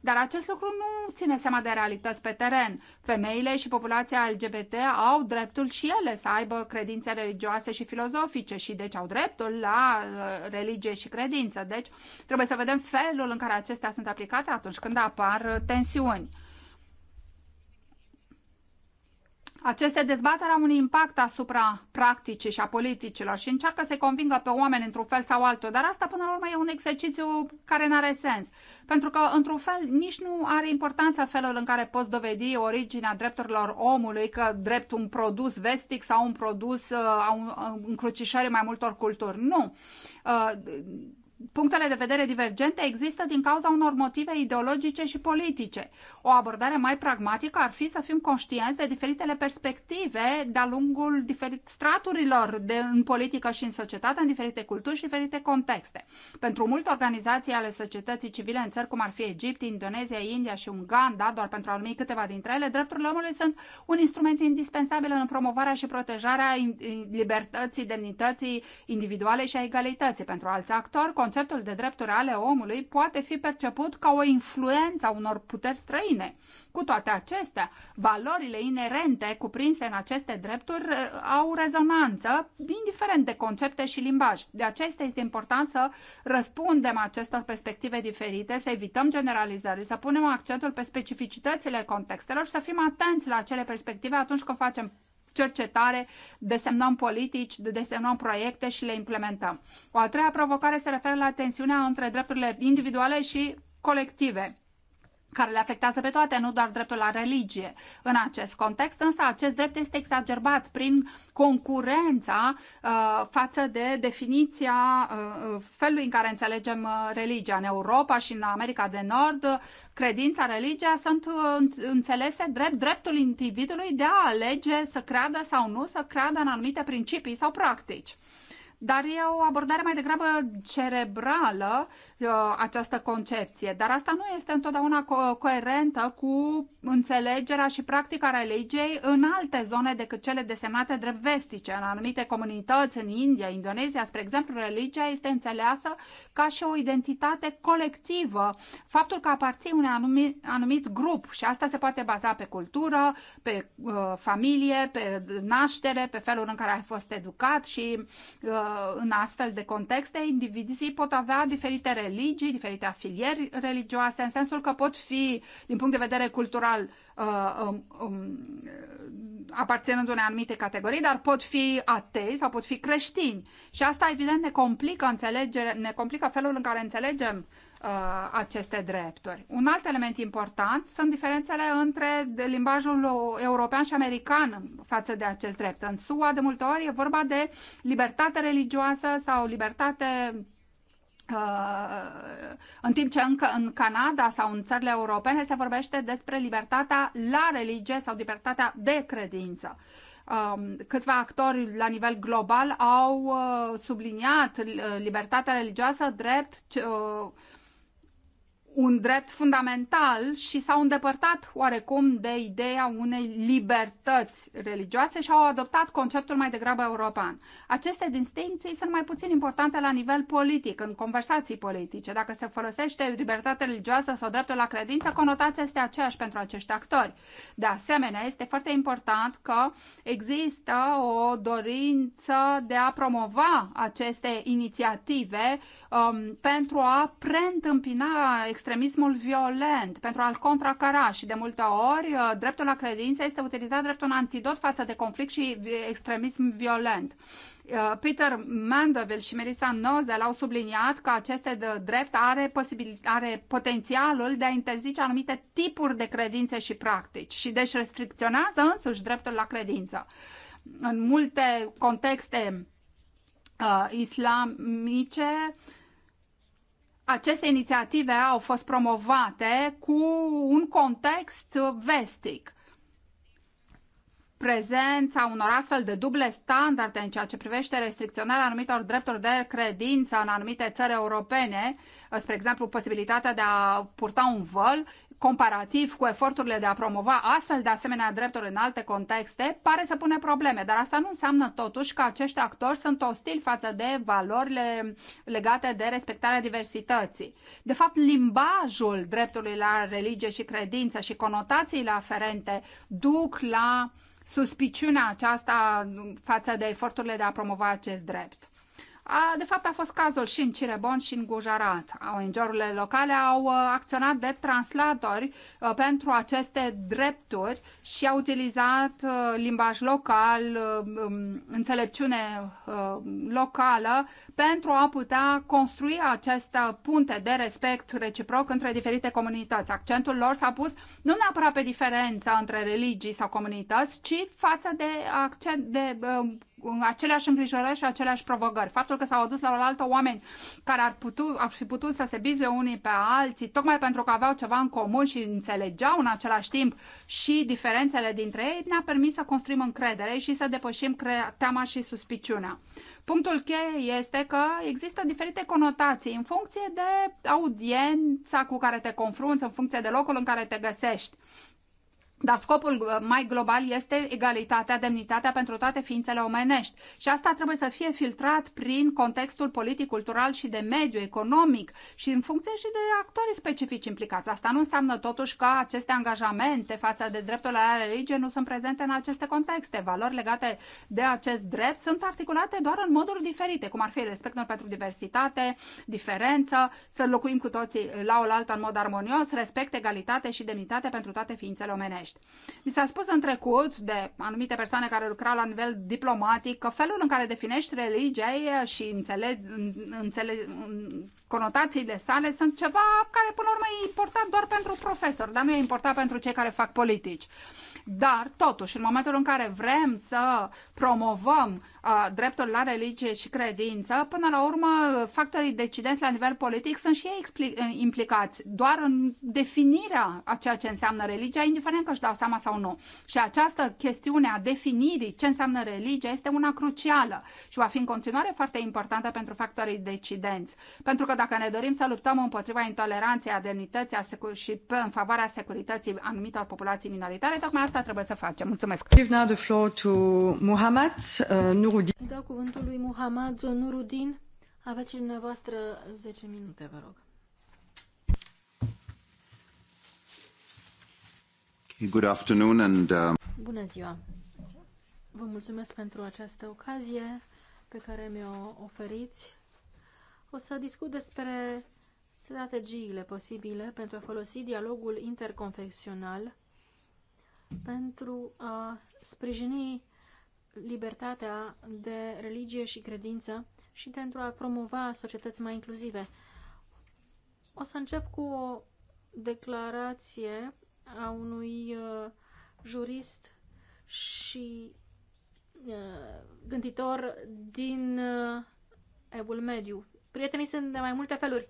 Dar acest lucru nu ține seama de realități pe teren. Femeile și populația LGBT au dreptul și ele să aibă credințe religioase și filozofice și deci au dreptul la uh, religie și credință. Deci trebuie să vedem felul în care acestea sunt aplicate atunci când apar tensiuni. Aceste dezbateri au un impact asupra practicii și a politicilor și încearcă să-i convingă pe oameni într-un fel sau altul, dar asta până la urmă e un exercițiu care nu are sens, pentru că într-un fel nici nu are importanța felul în care poți dovedi originea drepturilor omului, că drept un produs vestic sau un produs uh, a încrucișării mai multor culturi. Nu! Uh, punctele de vedere divergente există din cauza unor motive ideologice și politice. O abordare mai pragmatică ar fi să fim conștienți de diferitele perspective de-a lungul diferit straturilor de, în politică și în societate, în diferite culturi și diferite contexte. Pentru multe organizații ale societății civile în țări cum ar fi Egipt, Indonezia, India și Uganda, doar pentru a numi câteva dintre ele, drepturile omului sunt un instrument indispensabil în promovarea și protejarea libertății, demnității individuale și a egalității. Pentru alți actori, conceptul de drepturi ale omului poate fi perceput ca o influență a unor puteri străine. Cu toate acestea, valorile inerente cuprinse în aceste drepturi uh, au rezonanță, indiferent de concepte și limbaj. De aceea este important să răspundem acestor perspective diferite, să evităm generalizări, să punem accentul pe specificitățile contextelor și să fim atenți la acele perspective atunci când facem cercetare, desemnăm politici, desemnăm proiecte și le implementăm. O a treia provocare se referă la tensiunea între drepturile individuale și colective care le afectează pe toate, nu doar dreptul la religie. În acest context, însă, acest drept este exagerbat prin concurența uh, față de definiția uh, uh felului în care înțelegem uh, religia. În Europa și în America de Nord, uh, credința, religia sunt uh, înțelese drept dreptul individului de a alege să creadă sau nu, să creadă în anumite principii sau practici dar e o abordare mai degrabă cerebrală uh, această concepție. Dar asta nu este întotdeauna co- coerentă cu înțelegerea și practica religiei în alte zone decât cele desemnate drept vestice. În anumite comunități, în India, Indonezia, spre exemplu, religia este înțeleasă ca și o identitate colectivă. Faptul că aparții unui anumit, anumit grup și asta se poate baza pe cultură, pe uh, familie, pe naștere, pe felul în care ai fost educat și uh, Uh, în astfel de contexte, indivizii pot avea diferite religii, diferite afilieri religioase, în sensul că pot fi, din punct de vedere cultural, uh, um, um, aparținând unei anumite categorii, dar pot fi atei sau pot fi creștini. Și asta, evident, ne complică, înțelegere, ne complică felul în care înțelegem Uh, aceste drepturi. Un alt element important sunt diferențele între limbajul european și american față de acest drept. În SUA, de multe ori, e vorba de libertate religioasă sau libertate uh, în timp ce încă în Canada sau în țările europene se vorbește despre libertatea la religie sau libertatea de credință. Um, câțiva actori la nivel global au uh, subliniat libertatea religioasă drept un drept fundamental și s-au îndepărtat oarecum de ideea unei libertăți religioase și au adoptat conceptul mai degrabă european. Aceste distinții sunt mai puțin importante la nivel politic, în conversații politice. Dacă se folosește libertate religioasă sau dreptul la credință, conotația este aceeași pentru acești actori. De asemenea, este foarte important că există o dorință de a promova aceste inițiative um, pentru a preîntâmpina extremismul violent, pentru a-l contracara și de multe ori uh, dreptul la credință este utilizat drept un antidot față de conflict și extremism violent. Uh, Peter Mandeville și Melissa Nozel au subliniat că aceste de drept are, posibil, are potențialul de a interzice anumite tipuri de credințe și practici și deci restricționează însuși dreptul la credință. În multe contexte uh, islamice, uh, aceste inițiative au fost promovate cu un context vestic. Prezența unor astfel de duble standarde în ceea ce privește restricționarea anumitor drepturi de credință în anumite țări europene, spre exemplu posibilitatea de a purta un văl, comparativ cu eforturile de a promova astfel de asemenea drepturi în alte contexte, pare să pune probleme, dar asta nu înseamnă totuși că acești actori sunt ostili față de valorile legate de respectarea diversității. De fapt, limbajul dreptului la religie și credință și conotațiile aferente duc la suspiciunea aceasta față de eforturile de a promova acest drept. A, de fapt, a fost cazul și în Cirebon și în Gujarat. ONG-urile locale au uh, acționat de translatori uh, pentru aceste drepturi și au utilizat uh, limbaj local, um, înțelepciune locală pentru a putea construi acest punte de respect reciproc între diferite comunități. Accentul lor s-a pus nu neapărat pe diferența între religii sau comunități, ci față de accent de um, aceleași îngrijorări și aceleași provocări. Faptul că s-au adus la oaltă oameni care ar, putu, ar fi putut să se bizuie unii pe alții, tocmai pentru că aveau ceva în comun și înțelegeau în același timp și diferențele dintre ei, ne-a permis să construim încredere și să depășim teama și suspiciunea. Punctul cheie este că există diferite conotații în funcție de audiența cu care te confrunți, în funcție de locul în care te găsești. Dar scopul uh, mai global este egalitatea, demnitatea pentru toate ființele omenești. Și asta trebuie să fie filtrat prin contextul politic, cultural și de mediu, economic și în funcție și de actorii specifici implicați. Asta nu înseamnă totuși că aceste angajamente față de dreptul la religie nu sunt prezente în aceste contexte. Valori legate de acest drept sunt articulate doar în moduri diferite, cum ar fi respectul pentru diversitate, diferență, să locuim cu toții la oaltă în mod armonios, respect, egalitate și demnitate pentru toate ființele omenești. București. Mi s-a spus în trecut de anumite persoane care lucrau la nivel diplomatic că felul în care definești religia și înțele, înțele, conotațiile sale sunt ceva care până la urmă e important doar pentru profesori, dar nu e important pentru cei care fac politici. Dar, totuși, în momentul în care vrem să promovăm uh, dreptul la religie și credință, până la urmă, factorii decidenți la nivel politic sunt și ei uh, implicați, doar în definirea a ceea ce înseamnă religia, indiferent că își dau seama sau nu. Și această chestiune a definirii ce înseamnă religia este una crucială și va fi în continuare foarte importantă pentru factorii decidenți. Pentru că dacă ne dorim să luptăm împotriva intoleranței, a demnității a și în favoarea securității anumitor populații minoritare, tocmai asta Asta trebuie să facem. Mulțumesc. Now the floor to Muhammad uh, Nuruddin. Dau cuvântul lui Muhammad Nuruddin. Aveți și dumneavoastră 10 minute, vă rog. Good afternoon and, uh... Bună ziua! Vă mulțumesc pentru această ocazie pe care mi-o oferiți. O să discut despre strategiile posibile pentru a folosi dialogul interconfesional pentru a sprijini libertatea de religie și credință și pentru a promova societăți mai inclusive. O să încep cu o declarație a unui uh, jurist și uh, gânditor din uh, Evul Mediu. Prietenii sunt de mai multe feluri.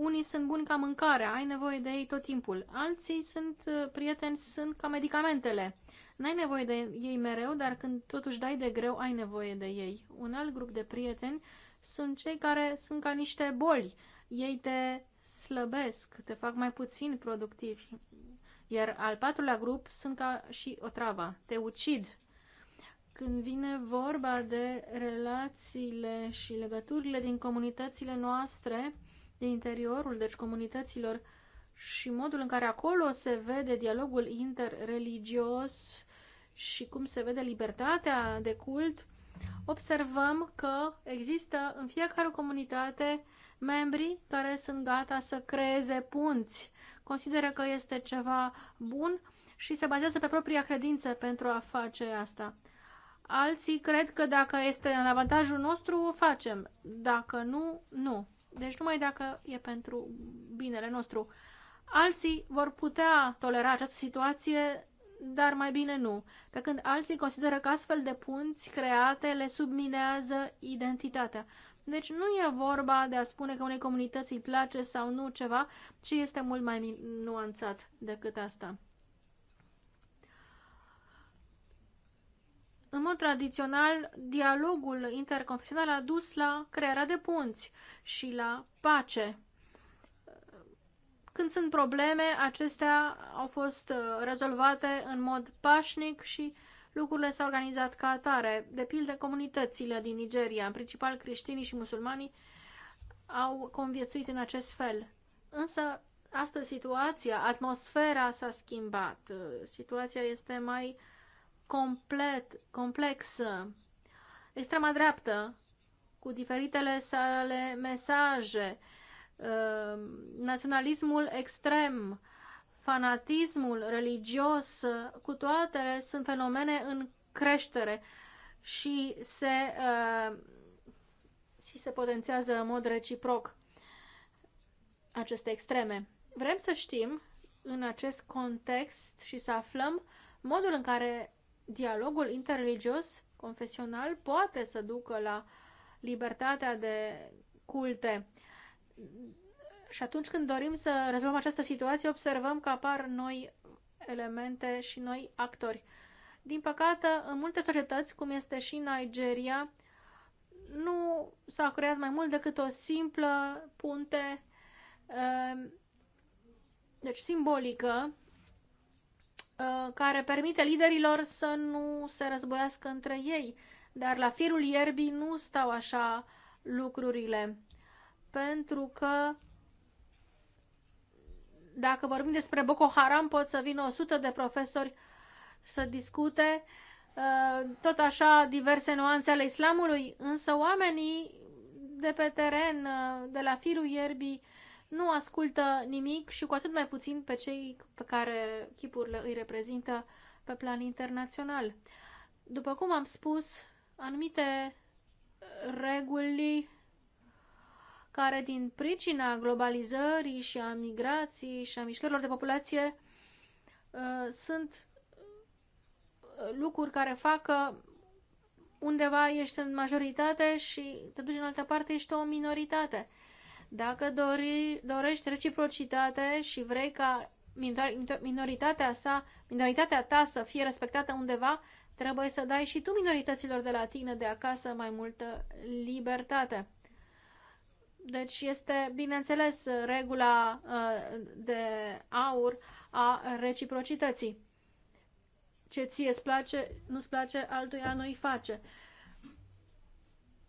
Unii sunt buni ca mâncarea, ai nevoie de ei tot timpul. Alții sunt uh, prieteni, sunt ca medicamentele. N-ai nevoie de ei mereu, dar când totuși dai de greu, ai nevoie de ei. Un alt grup de prieteni sunt cei care sunt ca niște boli. Ei te slăbesc, te fac mai puțin productiv. Iar al patrulea grup sunt ca și o travă, te ucid. Când vine vorba de relațiile și legăturile din comunitățile noastre, de interiorul, deci comunităților și modul în care acolo se vede dialogul interreligios și cum se vede libertatea de cult, observăm că există în fiecare comunitate membrii care sunt gata să creeze punți. Consideră că este ceva bun și se bazează pe propria credință pentru a face asta. Alții cred că dacă este în avantajul nostru, o facem. Dacă nu, nu. Deci numai dacă e pentru binele nostru. Alții vor putea tolera această situație, dar mai bine nu, pe când alții consideră că astfel de punți create le subminează identitatea. Deci nu e vorba de a spune că unei comunități îi place sau nu ceva, ci este mult mai nuanțat decât asta. În mod tradițional, dialogul interconfesional a dus la crearea de punți și la pace. Când sunt probleme, acestea au fost uh, rezolvate în mod pașnic și lucrurile s-au organizat ca atare. De pildă, comunitățile din Nigeria, în principal creștinii și musulmanii, au conviețuit în acest fel. Însă, astăzi situația, atmosfera s-a schimbat. Uh, situația este mai uh, complet, complex, extrema dreaptă, cu diferitele sale mesaje, uh, naționalismul extrem, fanatismul religios, cu toate sunt fenomene în creștere și se, uh, și se potențează în mod reciproc aceste extreme. Vrem să știm în acest context și să aflăm modul în care dialogul interreligios, confesional, poate să ducă la libertatea de culte. Și atunci când dorim să rezolvăm această situație, observăm că apar noi elemente și noi actori. Din păcate, în multe societăți, cum este și Nigeria, nu s-a creat mai mult decât o simplă punte, ehm, deci simbolică, Uh, care permite liderilor să nu se războiască între ei. Dar la firul ierbii nu stau așa lucrurile. Pentru că dacă vorbim despre Boko Haram, pot să vină 100 de profesori să discute uh, tot așa diverse nuanțe ale islamului, însă oamenii de pe teren, uh, de la firul ierbii, nu ascultă nimic și cu atât mai puțin pe cei pe care chipurile îi reprezintă pe plan internațional. După cum am spus, anumite reguli care din pricina globalizării și a migrației și a mișcărilor de populație uh, sunt uh, lucruri care fac că undeva ești în majoritate și te duci în altă parte, ești o minoritate. Dacă dori, dorești reciprocitate și vrei ca minoritatea, sa, minoritatea ta să fie respectată undeva, trebuie să dai și tu minorităților de la tine de acasă mai multă libertate. Deci este, bineînțeles, regula uh, de aur a reciprocității. Ce ție îți place, nu-ți place, altuia nu-i face.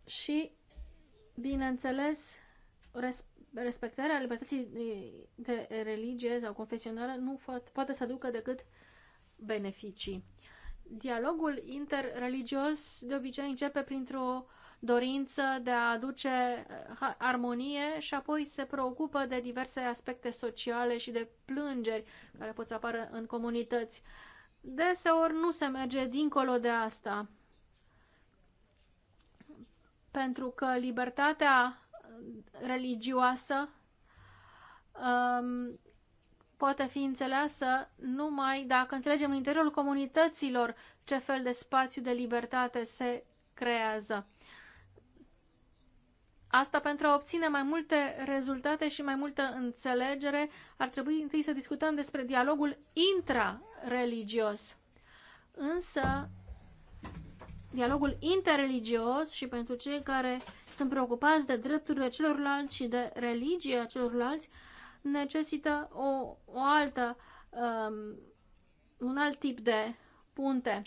Și, bineînțeles, respectarea libertății de religie sau confesională nu poate să aducă decât beneficii. Dialogul interreligios de obicei începe printr-o dorință de a aduce armonie și apoi se preocupă de diverse aspecte sociale și de plângeri care pot să apară în comunități. Deseori nu se merge dincolo de asta, pentru că libertatea religioasă um, poate fi înțeleasă numai dacă înțelegem în interiorul comunităților ce fel de spațiu de libertate se creează. Asta pentru a obține mai multe rezultate și mai multă înțelegere, ar trebui întâi să discutăm despre dialogul intrareligios. Însă, dialogul interreligios și pentru cei care sunt preocupați de drepturile celorlalți și de religia celorlalți, necesită o, o altă, um, un alt tip de punte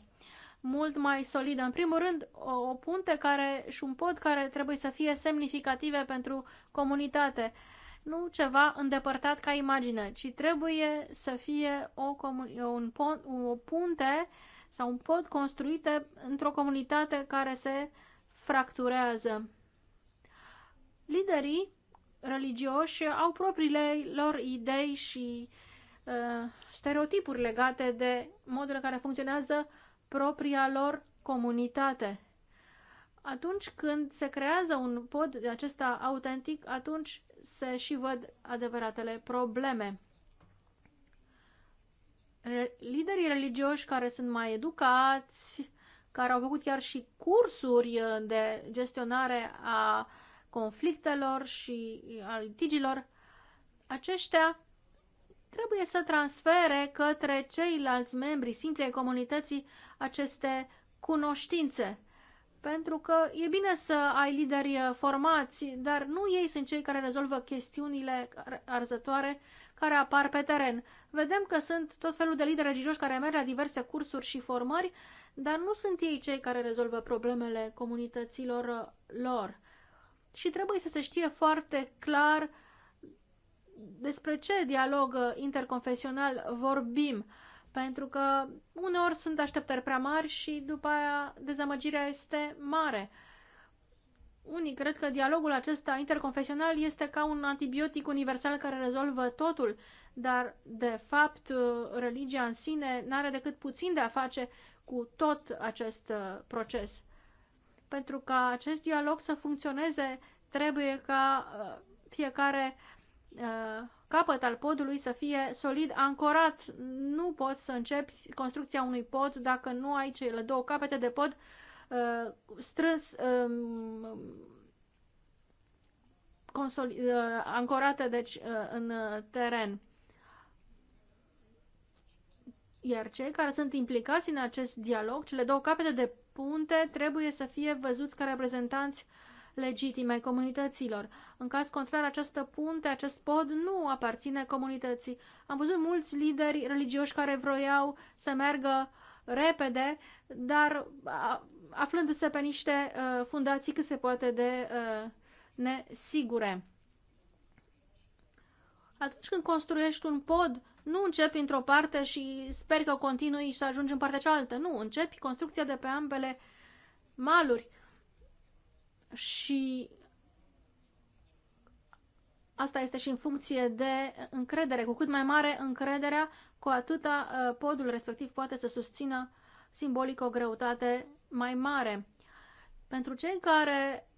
mult mai solidă. În primul rând, o punte care, și un pod care trebuie să fie semnificative pentru comunitate. Nu ceva îndepărtat ca imagine, ci trebuie să fie o, un pon, o punte uh, sau un pod construite într-o comunitate care se fracturează. Liderii religioși au propriile lor idei și uh, stereotipuri legate de modul în care funcționează propria lor comunitate. Atunci când se creează un pod de acesta autentic, atunci se și văd adevăratele probleme liderii religioși care sunt mai educați, care au făcut chiar și cursuri uh, de gestionare a conflictelor și uh, a litigilor, aceștia trebuie să transfere către ceilalți membri simplei comunității aceste cunoștințe. Pentru că e bine să ai lideri uh, formați, dar nu ei sunt cei care rezolvă chestiunile arzătoare care apar pe teren. Vedem că sunt tot felul de lideri religioși care merg la diverse cursuri și formări, dar nu sunt ei cei care rezolvă problemele comunităților uh, lor. Și trebuie să se știe foarte clar despre ce dialog uh, interconfesional vorbim, pentru că uneori sunt așteptări prea mari și după aia dezamăgirea este mare. Unii cred că dialogul acesta interconfesional este ca un antibiotic universal care rezolvă totul, dar, de fapt, religia în sine n-are decât puțin de a face cu tot acest uh, proces. Pentru ca acest dialog să funcționeze, trebuie ca uh, fiecare uh, capăt al podului să fie solid ancorat. Nu poți să începi construcția unui pod dacă nu ai cele două capete de pod Uh, strâns um, uh, ancorată deci, uh, în teren. Iar cei care sunt implicați în acest dialog, cele două capete de punte, trebuie să fie văzuți ca reprezentanți legitime ai comunităților. În caz contrar, această punte, acest pod, nu aparține comunității. Am văzut mulți lideri religioși care vroiau să meargă repede, dar aflându-se pe niște uh, fundații cât se poate de uh, nesigure. Atunci când construiești un pod, nu începi într-o parte și speri că continui și să ajungi în partea cealaltă. Nu, începi construcția de pe ambele maluri. Și asta este și în funcție de încredere. Cu cât mai mare încrederea, cu atâta uh, podul respectiv poate să susțină simbolic o greutate mai mare. Pentru cei care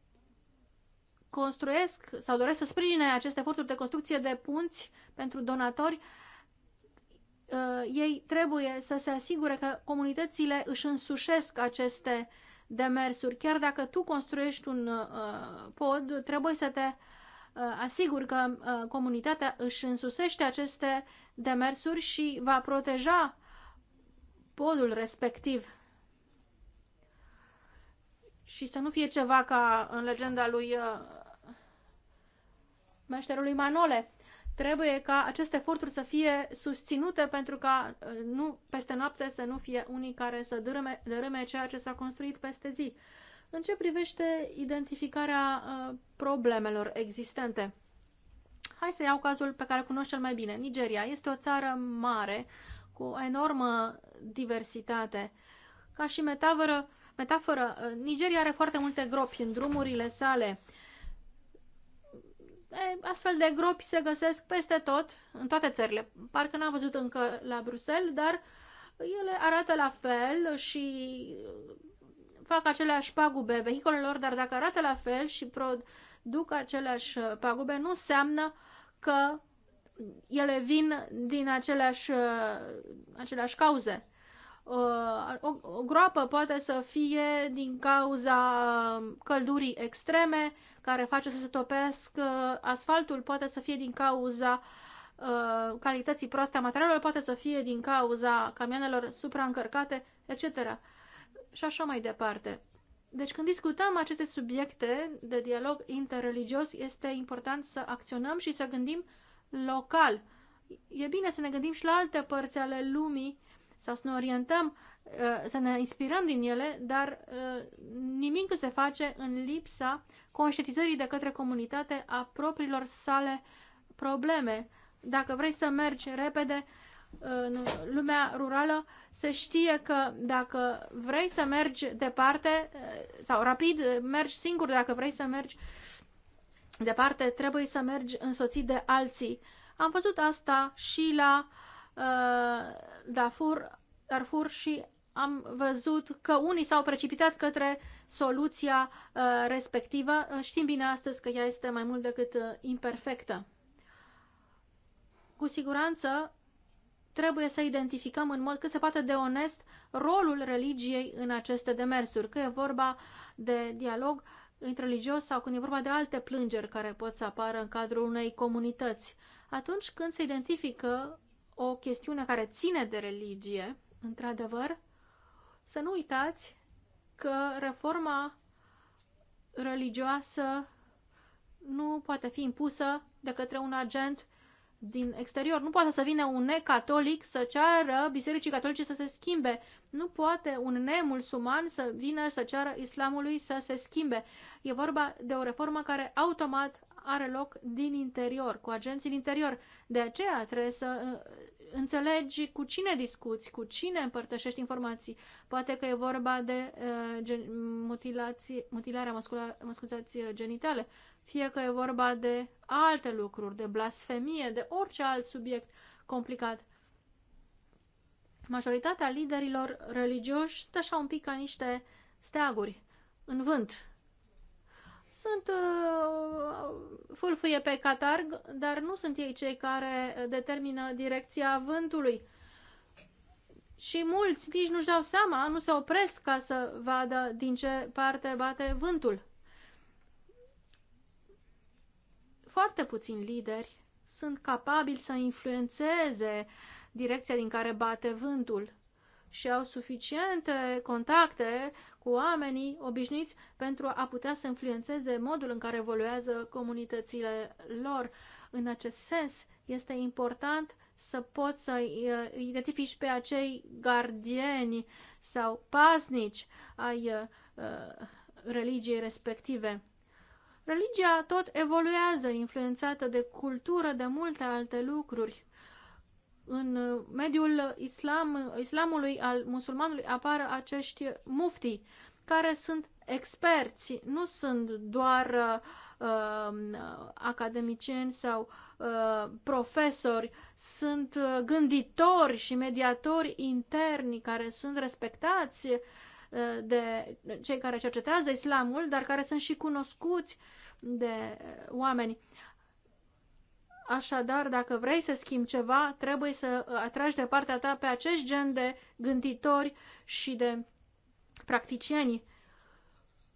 construiesc sau doresc să sprijine aceste eforturi de construcție de punți pentru donatori, uh, ei trebuie să se asigure că comunitățile își însușesc aceste demersuri. Chiar dacă tu construiești un uh, pod, trebuie să te uh, asiguri că comunitatea își însusește aceste demersuri și va proteja podul respectiv și să nu fie ceva ca în legenda lui uh, meșterului Manole. Trebuie ca aceste eforturi să fie susținute pentru ca uh, nu, peste noapte să nu fie unii care să dărâme, dărâme ceea ce s-a construit peste zi. În ce privește identificarea uh, problemelor existente? Hai să iau cazul pe care îl cunosc cel mai bine. Nigeria este o țară mare cu o enormă diversitate. Ca și metaforă, metaforă, uh, Nigeria are foarte multe gropi în drumurile sale. Astfel de gropi se găsesc peste tot, în toate țările. Parcă n-am văzut încă la Bruxelles, dar ele arată la fel și uh, fac aceleași pagube vehiculelor, dar dacă arată la fel și produc aceleași uh, pagube, nu înseamnă că ele vin din aceleași, aceleași cauze. Uh, o, o groapă poate să fie din cauza căldurii extreme care face să se topesc asfaltul, poate să fie din cauza uh, calității proaste a materialelor, poate să fie din cauza camioanelor supraîncărcate, etc. Și așa mai departe. Deci când discutăm aceste subiecte de dialog interreligios, este important să acționăm și să gândim local. E bine să ne gândim și la alte părți ale lumii sau să ne orientăm, uh, să ne inspirăm din ele, dar uh, nimic nu se face în lipsa conștientizării de către comunitate a propriilor sale probleme. Dacă vrei să mergi repede uh, în lumea rurală, se știe că dacă vrei să mergi departe sau rapid, mergi singur, dacă vrei să mergi departe, trebuie să mergi însoțit de alții. Am văzut asta și la uh, Darfur, Darfur și am văzut că unii s-au precipitat către soluția uh, respectivă. Uh, știm bine astăzi că ea este mai mult decât uh, imperfectă. Cu siguranță trebuie să identificăm în mod cât se poate de onest rolul religiei în aceste demersuri, că e vorba de dialog interreligios sau când e vorba de alte plângeri care pot să apară în cadrul unei comunități. Atunci când se identifică o chestiune care ține de religie, într-adevăr, să nu uitați că reforma religioasă nu poate fi impusă de către un agent din exterior. Nu poate să vină un necatolic să ceară Bisericii Catolice să se schimbe. Nu poate un nemulsuman să vină să ceară islamului să se schimbe. E vorba de o reformă care automat are loc din interior, cu agenții din interior. De aceea trebuie să uh, înțelegi cu cine discuți, cu cine împărtășești informații. Poate că e vorba de uh, gen, mutilarea măscula, uh, genitale, fie că e vorba de alte lucruri, de blasfemie, de orice alt subiect complicat. Majoritatea liderilor religioși stă așa un pic ca niște steaguri în vânt sunt uh, fulfuie pe catarg, dar nu sunt ei cei care determină direcția vântului. Și mulți nici nu-și dau seama, nu se opresc ca să vadă din ce parte bate vântul. Foarte puțini lideri sunt capabili să influențeze direcția din care bate vântul și au suficiente contacte cu oamenii obișnuiți pentru a putea să influențeze modul în care evoluează comunitățile lor. În acest sens, este important să poți să uh, identifici pe acei gardieni sau paznici ai uh, religiei respective. Religia tot evoluează, influențată de cultură, de multe alte lucruri în uh, mediul islam, islamului, al musulmanului, apar acești mufti, care sunt experți, nu sunt doar uh, um, academicieni sau uh, profesori, sunt uh, gânditori și mediatori interni care sunt respectați uh, de cei care cercetează islamul, dar care sunt și cunoscuți de oameni. Așadar, dacă vrei să schimbi ceva, trebuie să uh, atragi de partea ta pe acest gen de gânditori și de practicieni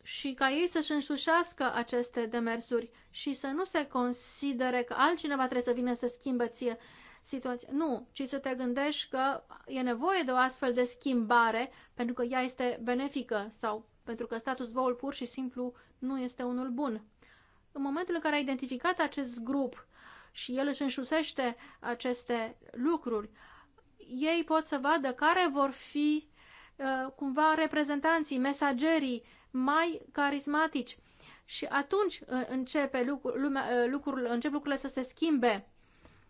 și ca ei să-și însușească aceste demersuri și să nu se considere că altcineva trebuie să vină să schimbe ție situația. Nu, ci să te gândești că e nevoie de o astfel de schimbare pentru că ea este benefică sau pentru că status quo pur și simplu nu este unul bun. În momentul în care ai identificat acest grup și el își înșusește aceste lucruri. Ei pot să vadă care vor fi uh, cumva reprezentanții, mesagerii mai carismatici. Și atunci uh, începe lucrul, lumea, uh, lucrul, încep lucrurile să se schimbe.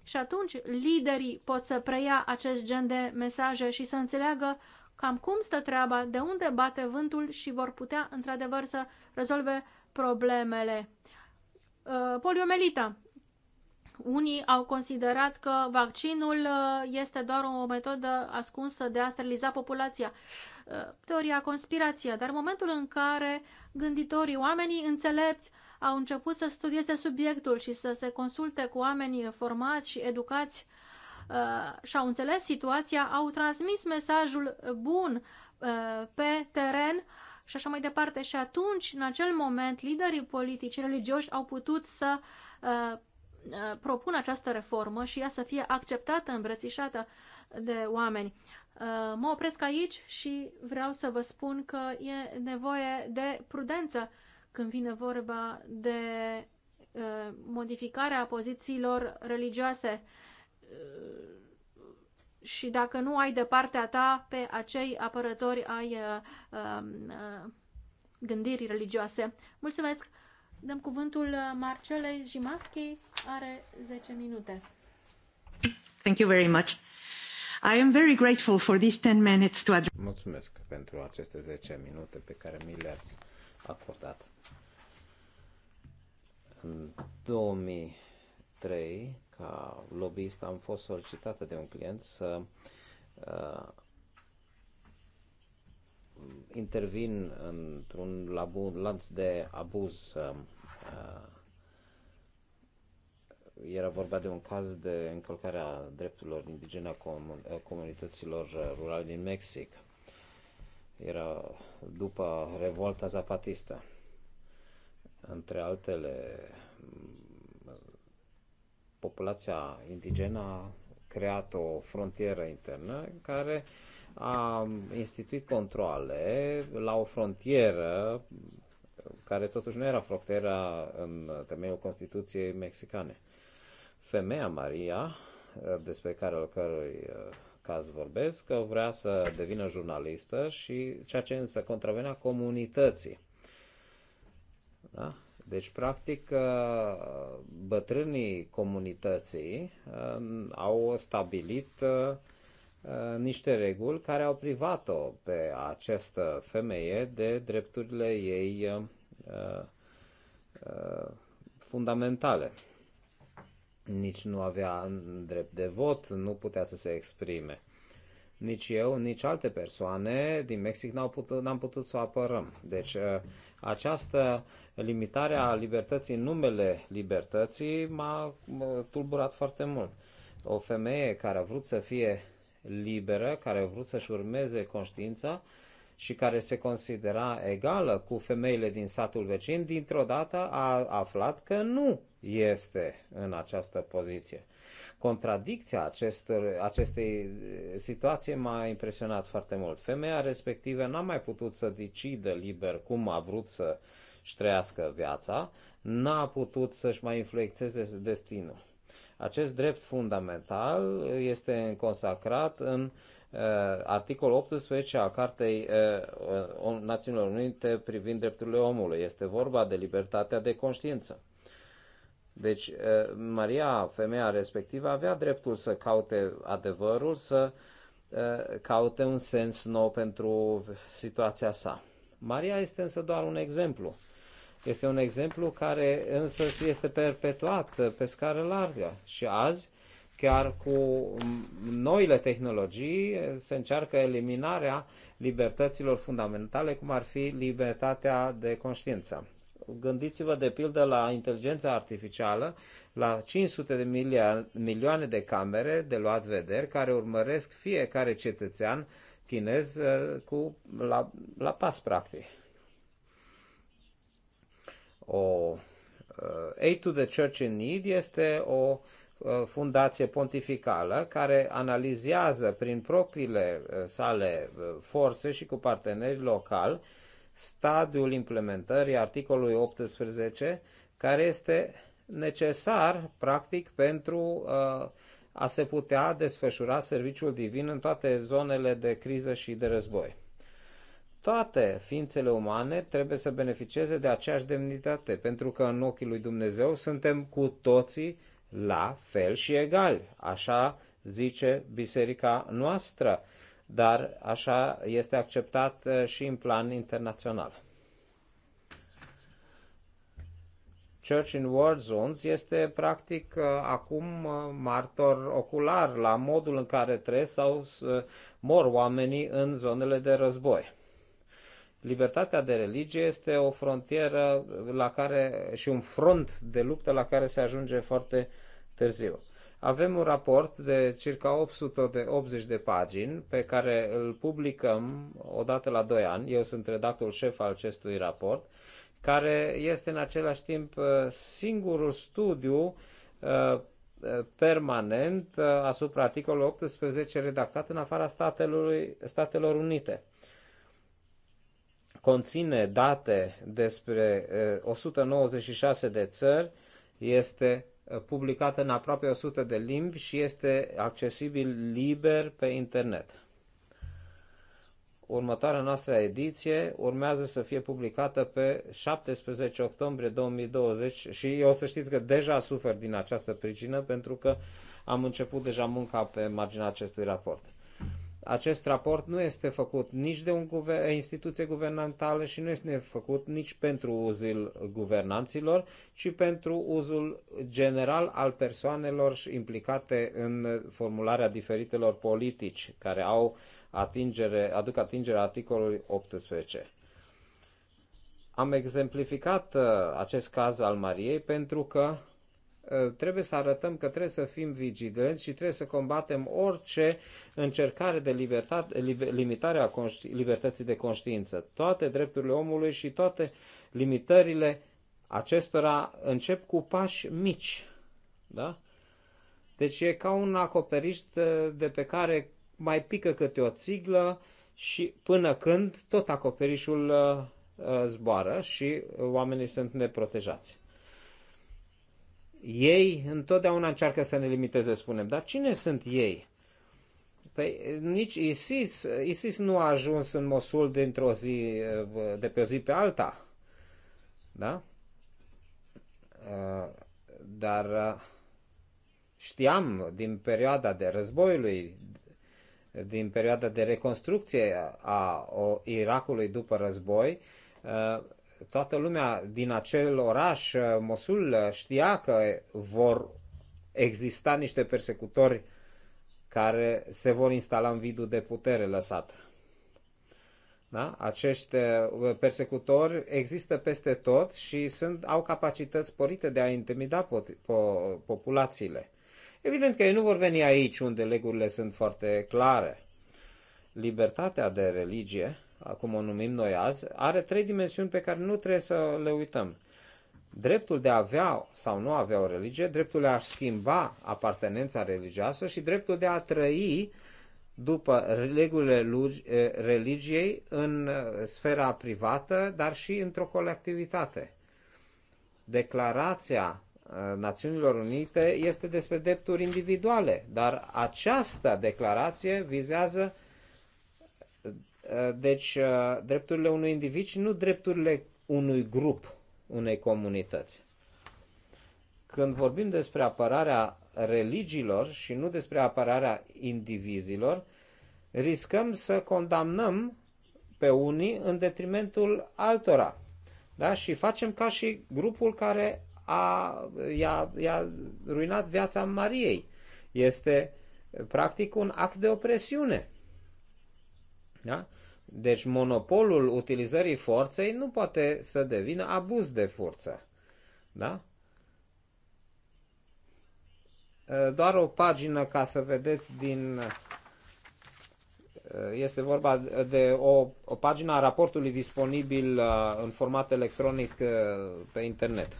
Și atunci liderii pot să preia acest gen de mesaje și să înțeleagă cam cum stă treaba, de unde bate vântul și vor putea într-adevăr să rezolve problemele. Poliomelita unii au considerat că vaccinul uh, este doar o metodă ascunsă de a steriliza populația. Uh, teoria conspirație, dar momentul în care gânditorii, oamenii înțelepți, au început să studieze subiectul și să se consulte cu oamenii formați și educați uh, și au înțeles situația, au transmis mesajul bun pe teren și așa mai departe. Și atunci, în acel moment, liderii politici religioși au putut să Uh, propun această reformă și ea să fie acceptată, îmbrățișată de oameni. Uh, mă opresc aici și vreau să vă spun că e nevoie de prudență când vine vorba de uh, modificarea pozițiilor religioase și dacă nu ai de partea ta pe acei apărători ai gândirii religioase. Mulțumesc! Dăm cuvântul uh, Marcelei Jimaschi, are 10 minute. Thank you very much. I am very grateful for these 10 minutes to address... Mulțumesc pentru aceste 10 minute pe care mi le-ați acordat. În 2003, ca lobbyist, am fost solicitată de un client să uh, intervin într-un lanț de abuz. Um, uh, era vorba de un caz de încălcare a drepturilor indigene a comunităților uh, rurale din Mexic. Era după revolta zapatistă. Între altele, populația indigenă a creat o frontieră internă în care uh, a instituit controle la o frontieră care totuși nu era frontiera în temeiul Constituției mexicane. Femeia Maria, despre care al cărui uh, caz vorbesc, că vrea să devină jurnalistă și ceea ce însă contravenea comunității. Da? Deci, practic, uh, bătrânii comunității um, au stabilit uh, Uh, niște reguli care au privat-o pe această femeie de drepturile ei uh, uh, fundamentale. Nici nu avea drept de vot, nu putea să se exprime. Nici eu, nici alte persoane din Mexic n-am putut, n-am putut să o apărăm. Deci această limitare a libertății în numele libertății m-a tulburat foarte mult. O femeie care a vrut să fie liberă, care a vrut să-și urmeze conștiința și care se considera egală cu femeile din satul vecin, dintr-o dată a aflat că nu este în această poziție. Contradicția acestor, acestei situații m-a impresionat foarte mult. Femeia respectivă n-a mai putut să decidă liber cum a vrut să-și trăiască viața, n-a putut să-și mai influențeze destinul acest drept fundamental este consacrat în uh, articolul 18 al Cartei uh, uh, Națiunilor Unite privind drepturile omului. Este vorba de libertatea de conștiință. Deci, Maria, femeia respectivă, avea dreptul să caute adevărul, să caute un sens nou pentru situația sa. Maria este însă doar un exemplu este un exemplu care însă este perpetuat pe scară largă și azi, chiar cu noile tehnologii, se încearcă eliminarea libertăților fundamentale, cum ar fi libertatea de conștiință. Gândiți-vă de pildă la inteligența artificială, la 500 de milioane de camere de luat vederi care urmăresc fiecare cetățean chinez uh, cu, la, la pas, practic o uh, Aid to the Church in Need este o uh, fundație pontificală care analizează prin propriile uh, sale forțe și cu parteneri locali stadiul implementării articolului 18 care este necesar practic pentru a se putea desfășura serviciul divin în toate zonele de criză și de război toate ființele umane trebuie să beneficieze de aceeași demnitate, pentru că în ochii lui Dumnezeu suntem cu toții la fel și egali. Așa zice biserica noastră, dar așa este acceptat și în plan internațional. Church in War Zones este practic acum martor ocular la modul în care trăiesc sau mor oamenii în zonele de război. Libertatea de religie este o frontieră la care, și un front de luptă la care se ajunge foarte târziu. Avem un raport de circa 880 de pagini pe care îl publicăm odată la 2 ani. Eu sunt redactorul șef al acestui raport, care este în același timp uh, singurul studiu uh, permanent uh, asupra articolului 18 redactat în afara Statelor Unite conține date despre 196 eh, de țări, este eh, publicată în aproape 100 de limbi și este accesibil liber pe internet. Următoarea noastră ediție urmează să fie publicată pe 17 octombrie 2020 și eu să știți că deja sufer din această pricină pentru că am început deja munca pe marginea acestui raport. Acest raport nu este făcut nici de un guver- instituție guvernamentală și nu este făcut nici pentru uzul guvernanților, ci pentru uzul general al persoanelor implicate în formularea diferitelor politici care au atingere, aduc atingerea articolului 18. Am exemplificat uh, acest caz al Mariei pentru că Eh, trebuie să arătăm că trebuie să fim vigilenți și trebuie să combatem orice încercare de libertate, limitare a libertății de conștiință. Toate drepturile omului și toate limitările acestora încep cu pași mici. Da? Deci e ca un acoperiș de, pe care mai pică câte o țiglă și până când tot acoperișul eh, zboară și oamenii sunt neprotejați. Ei întotdeauna încearcă să ne limiteze, spunem. Dar cine sunt ei? Păi nici ISIS, ISIS nu a ajuns în Mosul dintr-o zi, de pe o zi pe alta. Da? Uh, dar uh, știam din perioada de războiului, din perioada de reconstrucție a Irakului după război, uh, toată lumea din acel oraș, uh, Mosul, uh, știa că vor exista niște persecutori care se vor instala în vidul de putere lăsat. Da? Acești uh, persecutori există peste tot și sunt, au capacități sporite de a intimida po- po- populațiile. Evident că ei nu vor veni aici unde legurile sunt foarte clare. Libertatea de religie cum o numim noi azi, are trei dimensiuni pe care nu trebuie să le uităm. Dreptul de a avea sau nu avea o religie, dreptul de a schimba apartenența religioasă și dreptul de a trăi după regulile religiei în sfera privată, dar și într-o colectivitate. Declarația Națiunilor Unite este despre drepturi individuale, dar această declarație vizează Uh, deci, uh, drepturile unui individ și nu drepturile unui grup, unei comunități. Când vorbim despre apărarea religiilor și nu despre apărarea indivizilor, riscăm să condamnăm pe unii în detrimentul altora. Da? Și facem ca și grupul care a, i-a, i-a ruinat viața Mariei. Este practic un act de opresiune. Da? Deci monopolul utilizării forței nu poate să devină abuz de forță. Da? Ă, doar o pagină ca să vedeți din... Ă, este vorba de o, o pagină a raportului disponibil ă, în format electronic pe internet.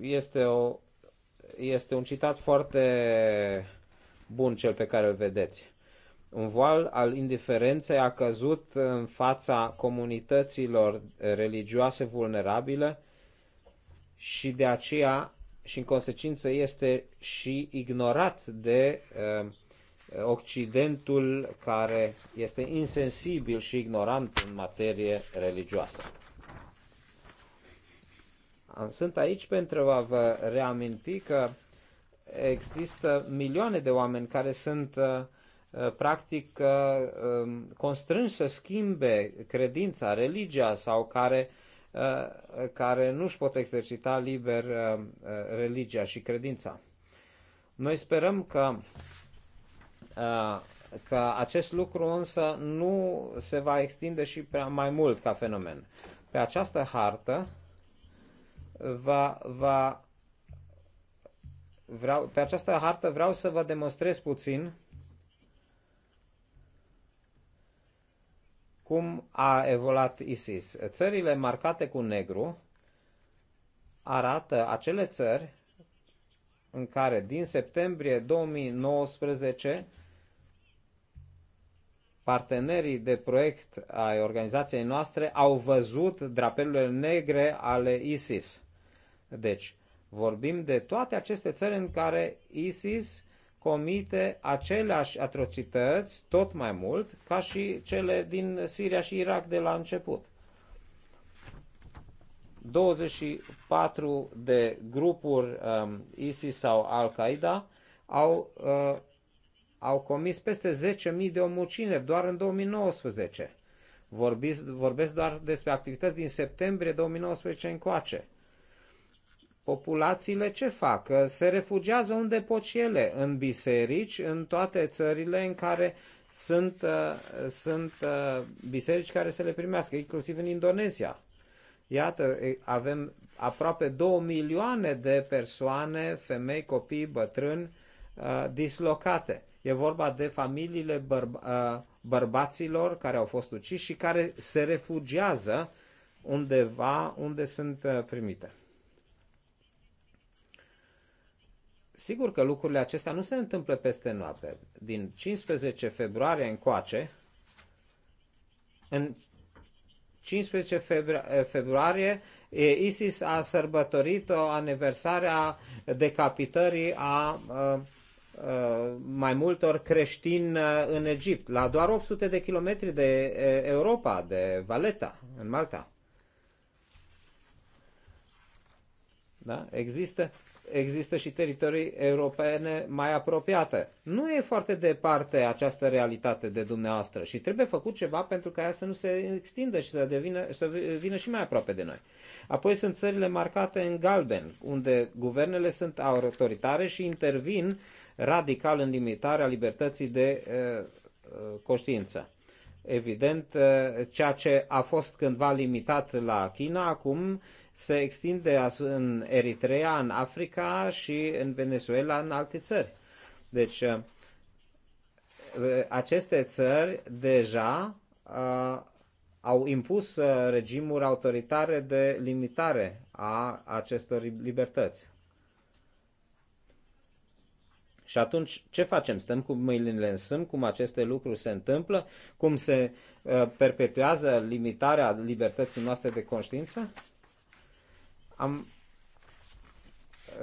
Este o, este un citat foarte bun cel pe care îl vedeți. Un val al indiferenței a căzut în fața comunităților religioase vulnerabile și de aceea și în consecință este și ignorat de uh, Occidentul care este insensibil și ignorant în materie religioasă. Sunt aici pentru a vă reaminti că există milioane de oameni care sunt uh, uh, practic uh, um, constrânși să schimbe credința, religia sau care, care nu își pot exercita liber religia și credința. Noi sperăm că, că acest lucru însă nu se va extinde și prea mai mult ca fenomen. Pe această hartă va, va vreau, pe această hartă vreau să vă demonstrez puțin cum a evoluat ISIS. Țările marcate cu negru arată acele țări în care din septembrie 2019 partenerii de proiect ai organizației noastre au văzut drapelurile negre ale ISIS. Deci, vorbim de toate aceste țări în care ISIS comite aceleași atrocități, tot mai mult, ca și cele din Siria și Irak de la început. 24 de grupuri um, ISIS sau Al-Qaeda au, uh, au comis peste 10.000 de omucineri doar în 2019. Vorbesc, vorbesc doar despre activități din septembrie 2019 încoace populațiile ce fac? Se refugiază unde pot și ele, în biserici, în toate țările în care sunt, uh, sunt uh, biserici care să le primească, inclusiv în Indonezia. Iată, avem aproape 2 milioane de persoane, femei, copii, bătrâni, uh, dislocate. E vorba de familiile bărba, bărbaților care au fost uciși și care se refugiază undeva unde sunt primite. Sigur că lucrurile acestea nu se întâmplă peste noapte. Din 15 februarie încoace, în 15 eh, februarie, eh, ISIS a sărbătorit o aniversare a decapitării a eh, mai multor creștini în Egipt, la doar 800 de kilometri de Europa, de Valeta, în Malta. Da? Există există și teritorii europene mai apropiate. Nu e foarte departe această realitate de dumneavoastră și trebuie făcut ceva pentru ca ea să nu se extindă și să, devină, să vină și mai aproape de noi. Apoi sunt țările marcate în galben, unde guvernele sunt autoritare și intervin radical în limitarea libertății de eh, eh, conștiință. Evident, eh, ceea ce a fost cândva limitat la China, acum uh, se extinde în Eritrea, în Africa și în Venezuela, în alte țări. Deci, uh, aceste țări deja uh, au impus uh, regimuri autoritare de limitare a acestor libertăți. Și atunci ce facem? Stăm cu mâinile în sân, cum aceste lucruri se întâmplă, cum se uh, perpetuează limitarea libertății noastre de conștiință? Am,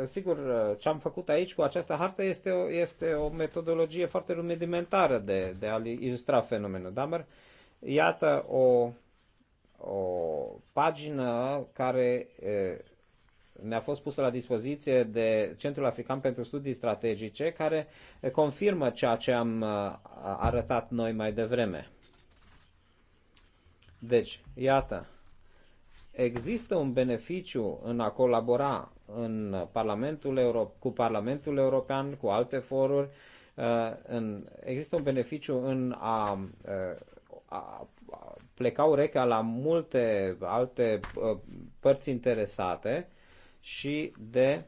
sigur, ce am făcut aici cu această hartă este o, este o metodologie foarte rudimentară de, de a ilustra fenomenul. Dar, iată o, o pagină care ne-a fost pusă la dispoziție de Centrul African pentru Studii Strategice, care confirmă ceea ce am arătat noi mai devreme. Deci, iată, există un beneficiu în a colabora în Parlamentul Euro- cu Parlamentul European, cu alte foruri, uh, în, există un beneficiu în a, uh, a, a pleca urechea la multe alte uh, părți interesate și de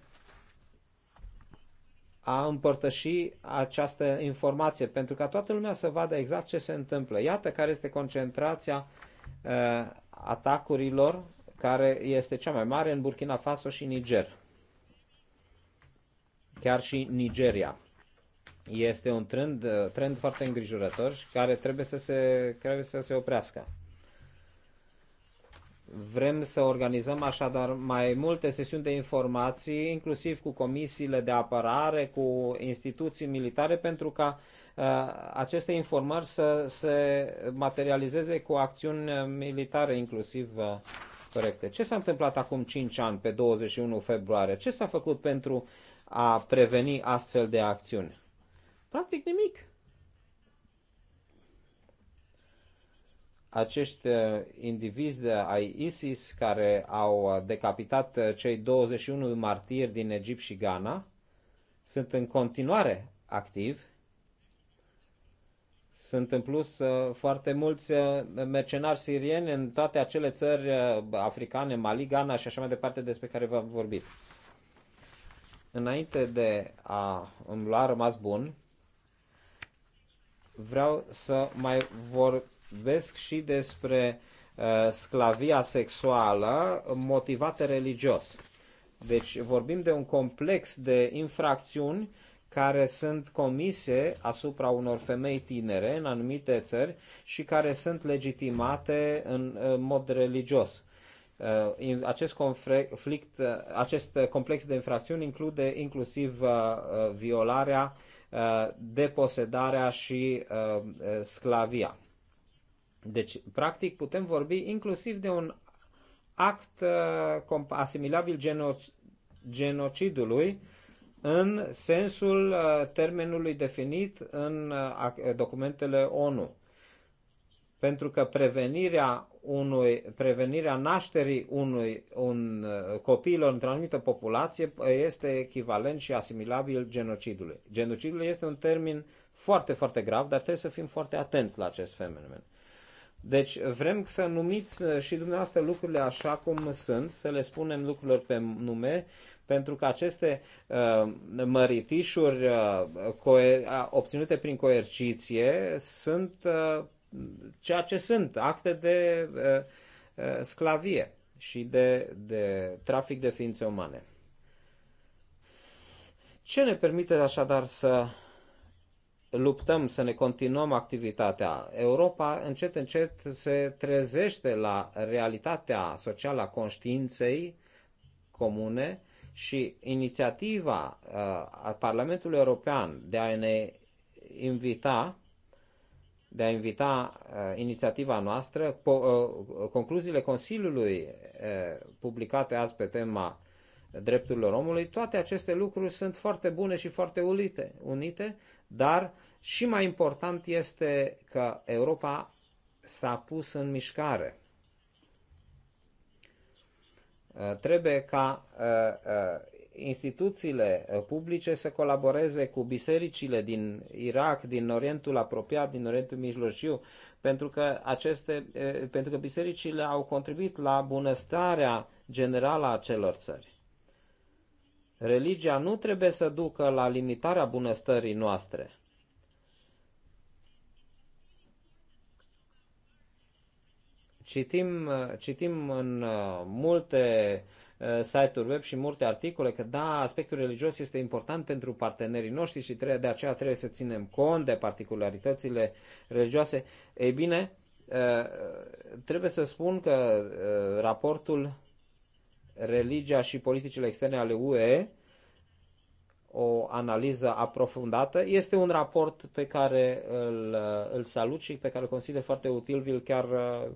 a împărtăși această informație, pentru ca toată lumea să vadă exact ce se întâmplă. Iată care este concentrația atacurilor care este cea mai mare în Burkina Faso și Niger. Chiar și Nigeria. Este un trend, trend foarte îngrijorător și care trebuie să se, trebuie să se oprească. Vrem să organizăm așadar mai multe sesiuni de informații, inclusiv cu comisiile de apărare, cu instituții militare, pentru ca uh, aceste informări să se materializeze cu acțiuni militare, inclusiv uh, corecte. Ce s-a întâmplat acum 5 ani, pe 21 februarie? Ce s-a făcut pentru a preveni astfel de acțiuni? Practic nimic. acești uh, indivizi de ai ISIS care au uh, decapitat uh, cei 21 martiri din Egipt și Ghana sunt în continuare activi sunt în plus uh, foarte mulți uh, mercenari sirieni în toate acele țări uh, africane, Mali, Ghana și așa mai departe despre care v-am vorbit. Înainte de a îmi lua rămas bun, vreau să mai vorbesc și despre sclavia sexuală motivată religios. Deci vorbim de un complex de infracțiuni care sunt comise asupra unor femei tinere în anumite țări și care sunt legitimate în mod religios. Uh, acest conflict, uh, acest complex de infracțiuni include inclusiv uh, violarea, deposedarea și sclavia. Deci, practic, putem vorbi inclusiv de un act asimilabil genocidului în sensul uh, termenului definit în uh, documentele ONU. Pentru că prevenirea, unui, prevenirea nașterii unui un uh, copiilor într-o anumită populație este echivalent și asimilabil genocidului. Genocidul este un termen foarte, foarte grav, dar trebuie să fim foarte atenți la acest fenomen. Deci vrem să numiți și dumneavoastră lucrurile așa cum sunt, să le spunem lucrurilor pe nume, pentru că aceste uh, măritișuri uh, obținute prin coerciție sunt uh, ceea ce sunt, acte de sclavie și de, de trafic de ființe umane. Ce ne permite așadar să luptăm, să ne continuăm activitatea? Europa încet, încet se trezește la realitatea socială a conștiinței comune și inițiativa uh, a Parlamentului European de a ne invita de a invita uh, inițiativa noastră, po- uh, concluziile Consiliului uh, publicate azi pe tema drepturilor omului, toate aceste lucruri sunt foarte bune și foarte unite, unite dar și mai important este că Europa s-a pus în mișcare. Uh, trebuie ca uh, uh, instituțiile publice să colaboreze cu bisericile din Irak, din Orientul apropiat, din Orientul Mijlociu, pentru că, aceste, pentru că bisericile au contribuit la bunăstarea generală a celor țări. Religia nu trebuie să ducă la limitarea bunăstării noastre, Citim, uh, citim în uh, multe uh, site-uri web și multe articole că da, aspectul religios este important pentru partenerii noștri și trebuie, de aceea trebuie să ținem cont de particularitățile religioase. Ei bine, trebuie să spun că raportul Religia și politicile externe ale UE o analiză aprofundată. Este un raport pe care îl, îl salut și pe care îl consider foarte util, vi chiar,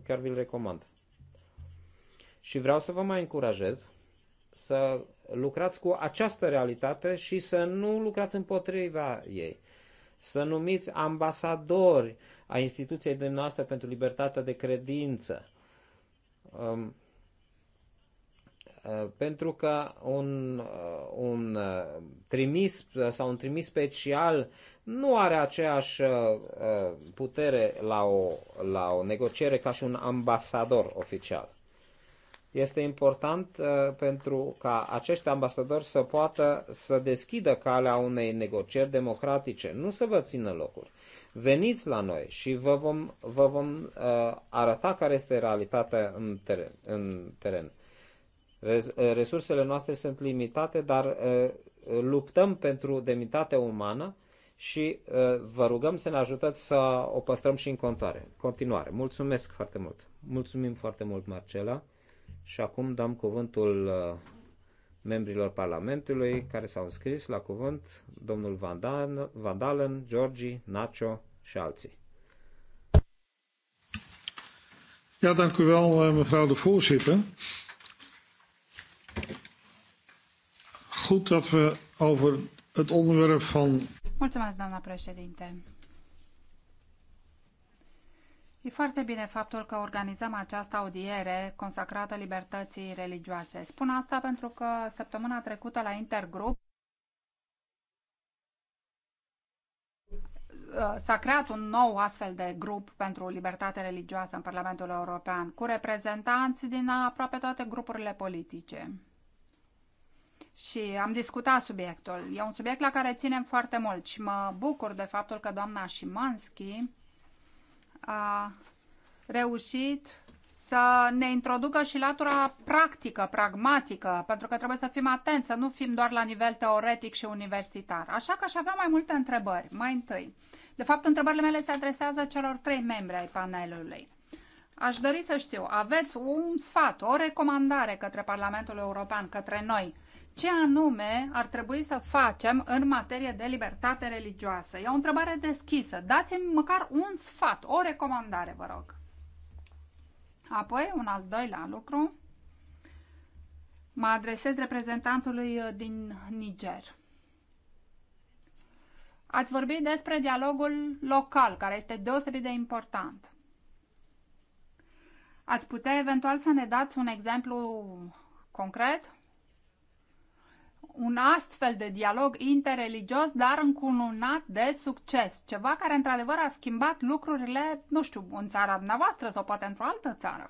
chiar vi-l recomand. Și vreau să vă mai încurajez să lucrați cu această realitate și să nu lucrați împotriva ei. Să numiți ambasadori a instituției dumneavoastră pentru libertatea de credință. Um, Uh, pentru că un, uh, un uh, trimis sau un trimis special nu are aceeași putere la o, la o negociere ca și un ambasador oficial. Este important pentru ca acești ambasadori să poată să deschidă calea unei negocieri democratice, nu să vă țină locul. Veniți la noi și vă vom, vă vom arăta care este realitatea în teren. În teren Eh, resursele noastre sunt limitate, dar eh, luptăm pentru demnitatea umană și eh, vă rugăm să ne ajutați să o păstrăm și în continuare. continuare. Mulțumesc foarte mult. Mulțumim foarte mult, Marcela. Și acum dăm cuvântul membrilor Parlamentului care s-au înscris la cuvânt, domnul Vandalen, Georgi, Nacio și alții. Ja, dank u wel, mevrouw de voorzitter. goed dat we over het onderwerp van. Mulțumesc, doamna președinte. E foarte bine faptul că organizăm această audiere consacrată libertății religioase. Spun asta pentru că săptămâna trecută la Intergrup s-a creat un nou astfel de grup pentru libertate religioasă în Parlamentul European, cu reprezentanți din aproape toate grupurile politice și am discutat subiectul. E un subiect la care ținem foarte mult și mă bucur de faptul că doamna Șimanski a reușit să ne introducă și latura practică, pragmatică, pentru că trebuie să fim atenți, să nu fim doar la nivel teoretic și universitar. Așa că aș avea mai multe întrebări. Mai întâi, de fapt, întrebările mele se adresează celor trei membri ai panelului. Aș dori să știu, aveți un sfat, o recomandare către Parlamentul European, către noi, ce anume ar trebui să facem în materie de libertate religioasă. E o întrebare deschisă. Dați-mi măcar un sfat, o recomandare, vă rog. Apoi, un al doilea lucru, mă adresez reprezentantului din Niger. Ați vorbit despre dialogul local, care este deosebit de important. Ați putea eventual să ne dați un exemplu concret? un astfel de dialog interreligios, dar încununat de succes. Ceva care, într-adevăr, a schimbat lucrurile, nu știu, în țara dumneavoastră sau poate într-o altă țară.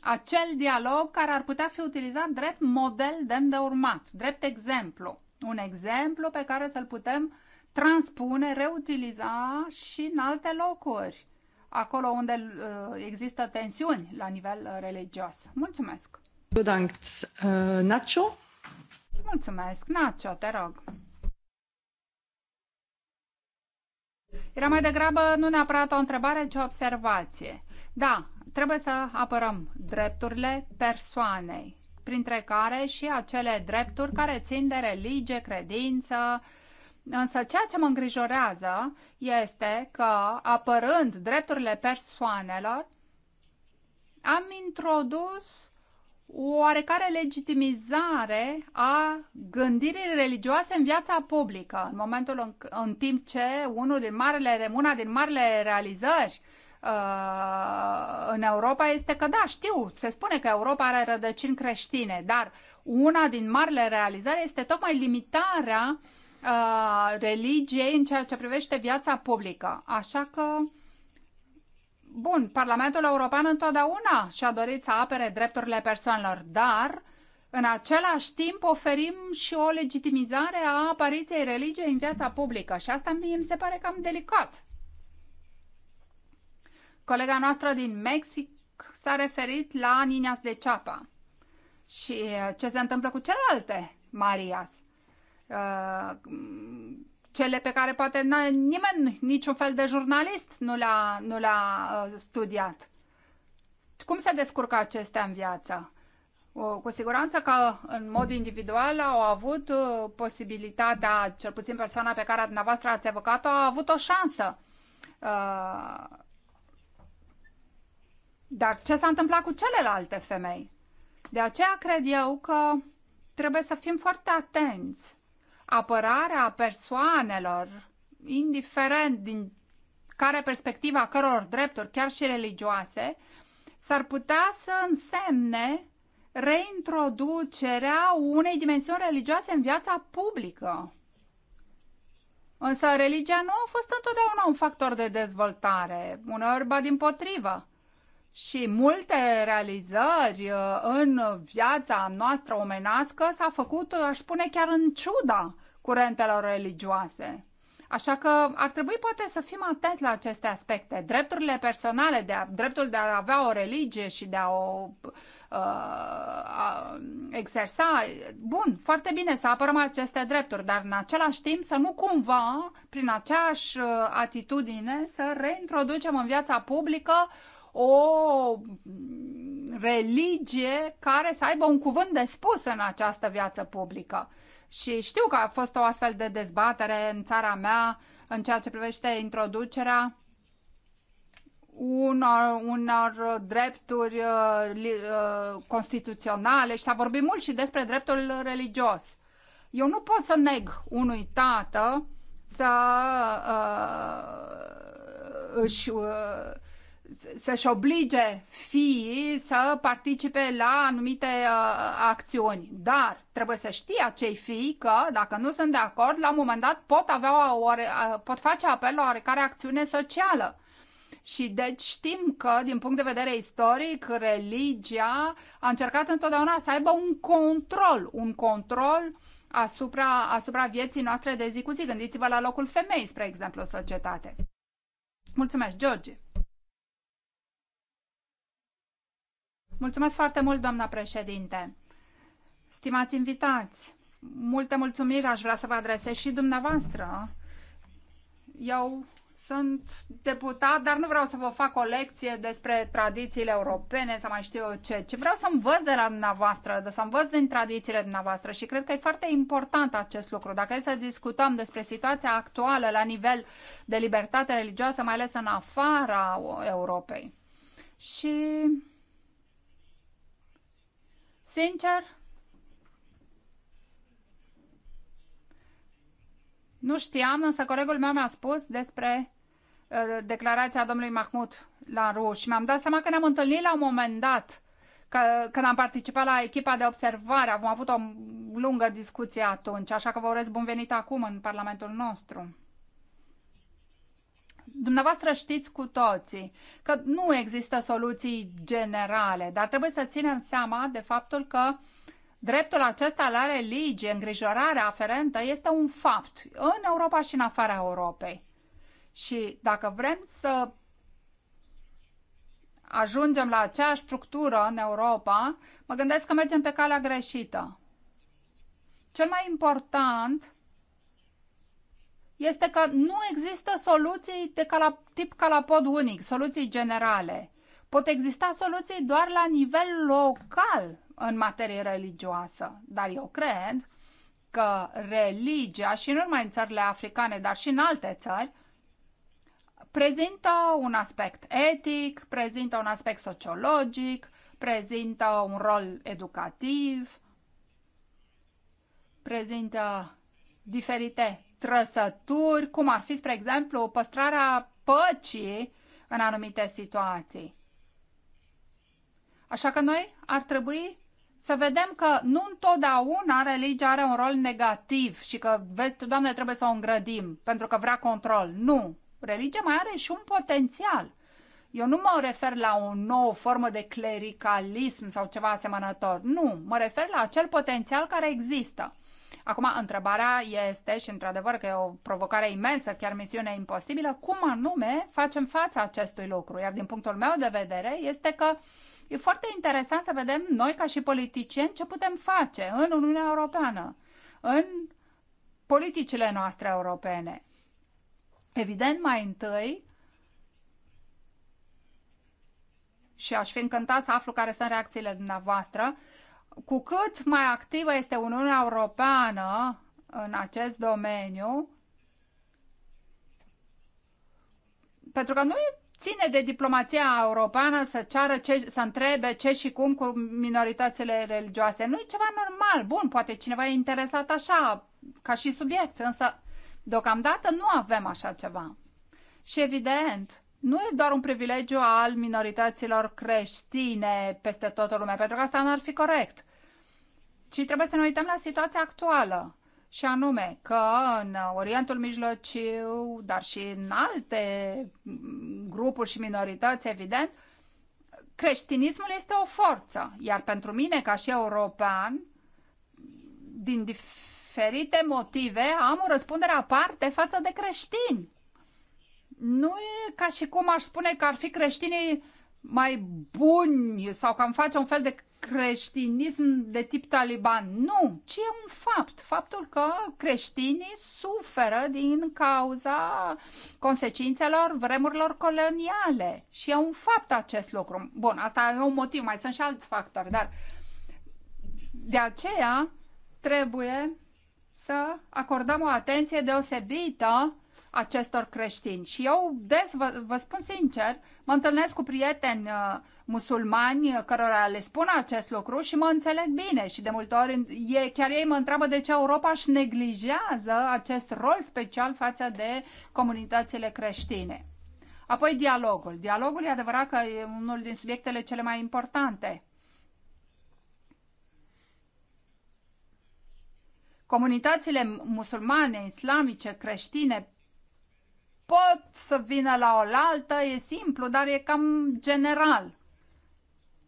Acel dialog care ar putea fi utilizat drept model demn de urmat, drept exemplu. Un exemplu pe care să-l putem transpune, reutiliza și în alte locuri, acolo unde uh, există tensiuni la nivel uh, religios. Mulțumesc! Bedankt, uh, Nacho. Mulțumesc, Nacho, te rog. Era mai degrabă nu neapărat o întrebare, ci o observație. Da, trebuie să apărăm drepturile persoanei, printre care și acele drepturi care țin de religie, credință, Însă ceea ce mă îngrijorează este că, apărând drepturile persoanelor, am introdus oarecare legitimizare a gândirii religioase în viața publică, în momentul în, în timp ce unul din marele, una din marele realizări uh, în Europa este că, da, știu, se spune că Europa are rădăcini creștine, dar una din marile realizări este tocmai limitarea uh, religiei în ceea ce privește viața publică. Așa că uh, Bun, Parlamentul European întotdeauna și-a dorit să apere drepturile persoanelor, dar în același timp oferim și o legitimizare a apariției religiei în viața publică și asta mie mi se pare cam delicat. Colega noastră din Mexic s-a referit la Ninias de Ceapa și uh, ce se întâmplă cu celelalte Marias. Uh, cele pe care poate nimeni, niciun fel de jurnalist nu le-a, nu le uh, studiat. Cum se descurcă acestea în viață? Cu siguranță că în mod individual au avut uh, posibilitatea, cel puțin persoana pe care dumneavoastră ați evocat-o, a avut o șansă. Uh, dar ce s-a întâmplat cu celelalte femei? De aceea cred eu că trebuie să fim foarte atenți apărarea persoanelor, indiferent din care perspectiva căror drepturi, chiar și religioase, s-ar putea să însemne reintroducerea unei dimensiuni religioase în viața publică. Însă religia nu a fost întotdeauna un factor de dezvoltare, uneori ba din potrivă și multe realizări uh, în viața noastră omenească s-a făcut, aș spune, chiar în ciuda curentelor religioase. Așa că ar trebui poate să fim atenți la aceste aspecte. Drepturile personale, de a, dreptul de a avea o religie și de a o uh, a exersa, bun, foarte bine să apărăm aceste drepturi, dar în același timp să nu cumva, prin aceeași uh, atitudine, să reintroducem în viața publică o mm, religie care să aibă un cuvânt de spus în această viață publică. Și știu că a fost o astfel de dezbatere în țara mea în ceea ce privește introducerea unor, unor drepturi uh, uh constituționale și s-a vorbit mult și despre dreptul religios. Eu nu pot să neg unui tată să uh, își uh, să-și oblige fiii să participe la anumite uh, acțiuni. Dar trebuie să știe acei fii că, dacă nu sunt de acord, la un moment dat pot, avea o, oare, uh, pot face apel la oarecare acțiune socială. Și deci știm că, din punct de vedere istoric, religia a încercat întotdeauna să aibă un control, un control asupra, asupra vieții noastre de zi cu zi. Gândiți-vă la locul femei, spre exemplu, în societate. Mulțumesc, George! Mulțumesc foarte mult, doamna președinte. Stimați invitați, multe mulțumiri aș vrea să vă adresez și dumneavoastră. Eu sunt deputat, dar nu vreau să vă fac o lecție despre tradițiile europene sau mai știu eu ce, ci vreau să învăț de la dumneavoastră, să învăț din tradițiile dumneavoastră și cred că e foarte important acest lucru. Dacă e să discutăm despre situația actuală la nivel de libertate religioasă, mai ales în afara Europei. Și Sincer, nu știam, însă colegul meu mi-a spus despre uh, declarația domnului Mahmud la Ruș. mi-am dat seama că ne-am întâlnit la un moment dat că, când am participat la echipa de observare. Am avut o lungă discuție atunci, așa că vă urez bun venit acum în Parlamentul nostru. Dumneavoastră știți cu toții că nu există soluții generale, dar trebuie să ținem seama de faptul că dreptul acesta la religie, îngrijorarea aferentă, este un fapt în Europa și în afara Europei. Și dacă vrem să ajungem la aceeași structură în Europa, mă gândesc că mergem pe calea greșită. Cel mai important este că nu există soluții de la, tip pod unic, soluții generale. Pot exista soluții doar la nivel local în materie religioasă, dar eu cred că religia, și nu numai în țările africane, dar și în alte țări, prezintă un aspect etic, prezintă un aspect sociologic, prezintă un rol educativ, prezintă diferite trăsături, cum ar fi, spre exemplu, păstrarea păcii în anumite situații. Așa că noi ar trebui să vedem că nu întotdeauna religia are un rol negativ și că, vezi tu, Doamne, trebuie să o îngrădim pentru că vrea control. Nu! Religia mai are și un potențial. Eu nu mă refer la o nouă formă de clericalism sau ceva asemănător. Nu, mă refer la acel potențial care există. Acum, întrebarea este, și într-adevăr că e o provocare imensă, chiar misiune imposibilă, cum anume facem fața acestui lucru? Iar din punctul meu de vedere este că e foarte interesant să vedem noi ca și politicieni ce putem face în Uniunea Europeană, în politicile noastre europene. Evident, mai întâi, și aș fi încântat să aflu care sunt reacțiile dumneavoastră, cu cât mai activă este Uniunea Europeană în acest domeniu, pentru că nu ține de diplomația europeană să ceară ce, să întrebe ce și cum cu minoritățile religioase. Nu e ceva normal. Bun, poate cineva e interesat așa, ca și subiect, însă deocamdată nu avem așa ceva. Și evident, nu e doar un privilegiu al minorităților creștine peste toată lumea, pentru că asta n-ar fi corect, ci trebuie să ne uităm la situația actuală. Și anume că în Orientul Mijlociu, dar și în alte grupuri și minorități, evident, creștinismul este o forță. Iar pentru mine, ca și european, din diferite motive, am o răspundere aparte față de creștini nu e ca și cum aș spune că ar fi creștinii mai buni sau că am face un fel de creștinism de tip taliban. Nu, ci e un fapt. Faptul că creștinii suferă din cauza consecințelor vremurilor coloniale. Și e un fapt acest lucru. Bun, asta e un motiv, mai sunt și alți factori, dar de aceea trebuie să acordăm o atenție deosebită acestor creștini. Și eu des, vă, vă spun sincer, mă întâlnesc cu prieteni uh, musulmani uh, cărora le spun acest lucru și mă înțeleg bine și de multe ori e, chiar ei mă întreabă de ce Europa își neglijează acest rol special față de comunitățile creștine. Apoi dialogul. Dialogul e adevărat că e unul din subiectele cele mai importante. Comunitățile musulmane, islamice, creștine pot să vină la oaltă, e simplu, dar e cam general.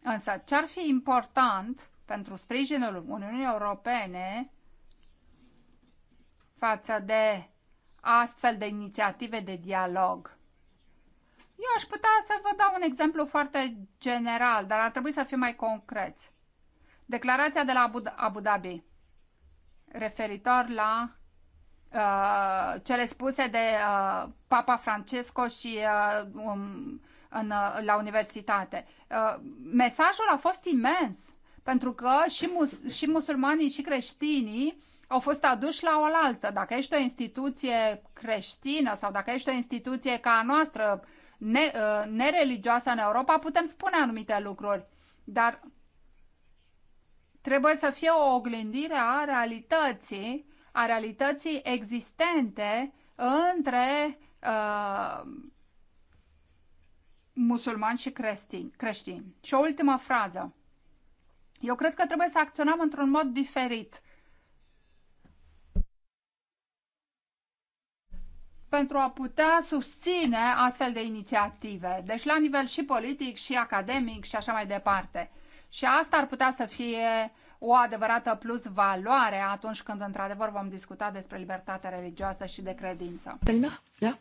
Însă ce ar fi important pentru sprijinul Uniunii Europene față de astfel de inițiative de dialog? Eu aș putea să vă dau un exemplu foarte general, dar ar trebui să fiu mai concreți. Declarația de la Abu Dhabi referitor la Uh, cele spuse de uh, Papa Francesco și uh, um, în, uh, la universitate. Uh, mesajul a fost imens, pentru că și, mus- și musulmanii și creștinii au fost aduși la oaltă. Dacă ești o instituție creștină sau dacă ești o instituție ca a noastră ne, uh, nereligioasă în Europa, putem spune anumite lucruri, dar trebuie să fie o oglindire a realității a realității existente între uh, musulmani și creștini, creștini. Și o ultimă frază. Eu cred că trebuie să acționăm într-un mod diferit. pentru a putea susține astfel de inițiative, deci la nivel și politic, și academic și așa mai departe. Și asta ar putea să fie o adevărată plus valoare atunci când într-adevăr vom discuta despre libertatea religioasă și de credință. Salima? Da?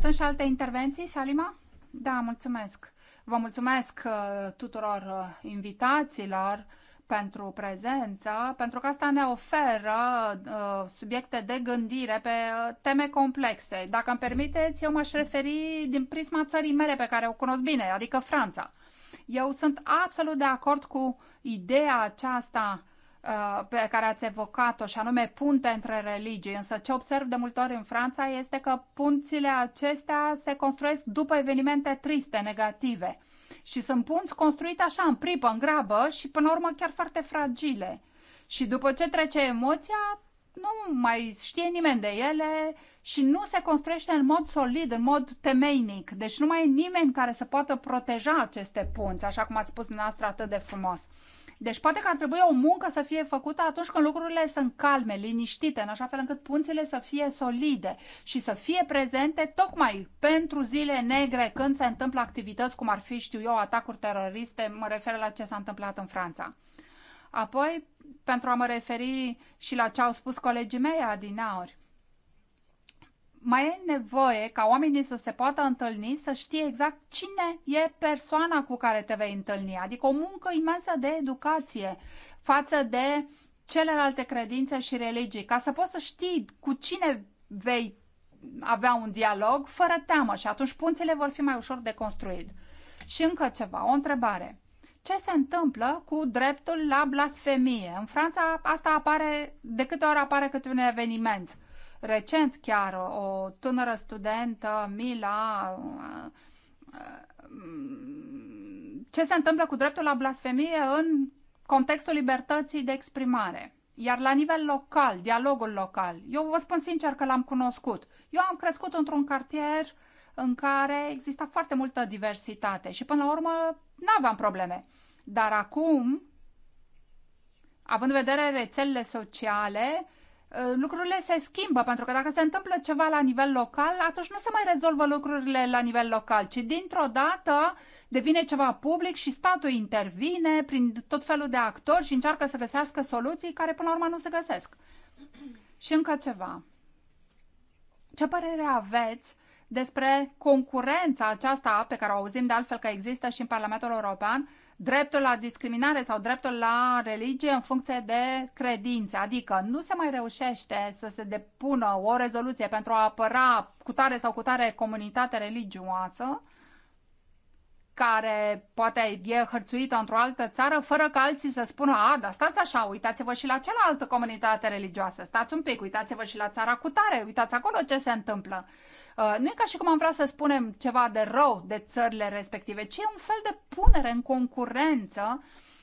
Sunt și alte intervenții, Salima? Da, mulțumesc. Vă mulțumesc uh, tuturor uh, invitațiilor pentru prezența, pentru că asta ne oferă uh, subiecte de gândire pe uh, teme complexe. Dacă îmi permiteți, eu m-aș referi din prisma țării mele pe care o cunosc bine, adică Franța. Eu sunt absolut de acord cu ideea aceasta uh, pe care ați evocat-o, și anume punte între religii. Însă ce observ de multe ori în Franța este că punțile acestea se construiesc după evenimente triste, negative. Și sunt punți construite așa, în pripă, în grabă și până la urmă chiar foarte fragile. Și după ce trece emoția, nu mai știe nimeni de ele și nu se construiește în mod solid, în mod temeinic. Deci nu mai e nimeni care să poată proteja aceste punți, așa cum ați spus dumneavoastră atât de frumos. Deci poate că ar trebui o muncă să fie făcută atunci când lucrurile sunt calme, liniștite, în așa fel încât punțile să fie solide și să fie prezente tocmai pentru zile negre când se întâmplă activități cum ar fi, știu eu, atacuri teroriste, mă refer la ce s-a întâmplat în Franța. Apoi, pentru a mă referi și la ce au spus colegii mei adinaori, mai e nevoie ca oamenii să se poată întâlni, să știe exact cine e persoana cu care te vei întâlni. Adică o muncă imensă de educație față de celelalte credințe și religii, ca să poți să știi cu cine vei avea un dialog fără teamă și atunci punțile vor fi mai ușor de construit. Și încă ceva, o întrebare ce se întâmplă cu dreptul la blasfemie. În Franța asta apare, de câte ori apare câte un eveniment. Recent chiar, o tânără studentă, Mila, ce se întâmplă cu dreptul la blasfemie în contextul libertății de exprimare. Iar la nivel local, dialogul local, eu vă spun sincer că l-am cunoscut. Eu am crescut într-un cartier uh, în care exista foarte multă diversitate și până la urmă nu aveam probleme. Dar acum, având în vedere rețelele sociale, uh, lucrurile se schimbă, pentru că dacă se întâmplă ceva la nivel local, atunci nu se mai rezolvă lucrurile la nivel local, ci dintr-o dată devine ceva public și statul intervine prin tot felul de actori și încearcă să găsească soluții care până la urmă nu se găsesc. Și încă ceva. Ce părere aveți despre concurența aceasta pe care o auzim de altfel că există și în Parlamentul European, dreptul la discriminare sau dreptul la religie în funcție de credințe. Adică nu se mai reușește să se depună o rezoluție pentru a apăra cu tare sau cu tare comunitate religioasă care poate e hărțuită într-o altă țară, fără ca alții să spună, a, dar stați așa, uitați-vă și la cealaltă comunitate religioasă, stați un pic, uitați-vă și la țara cu tare, uitați acolo ce se întâmplă. Uh, nu e ca și cum am vrea să spunem ceva de rău de țările respective, ci e un fel de punere în concurență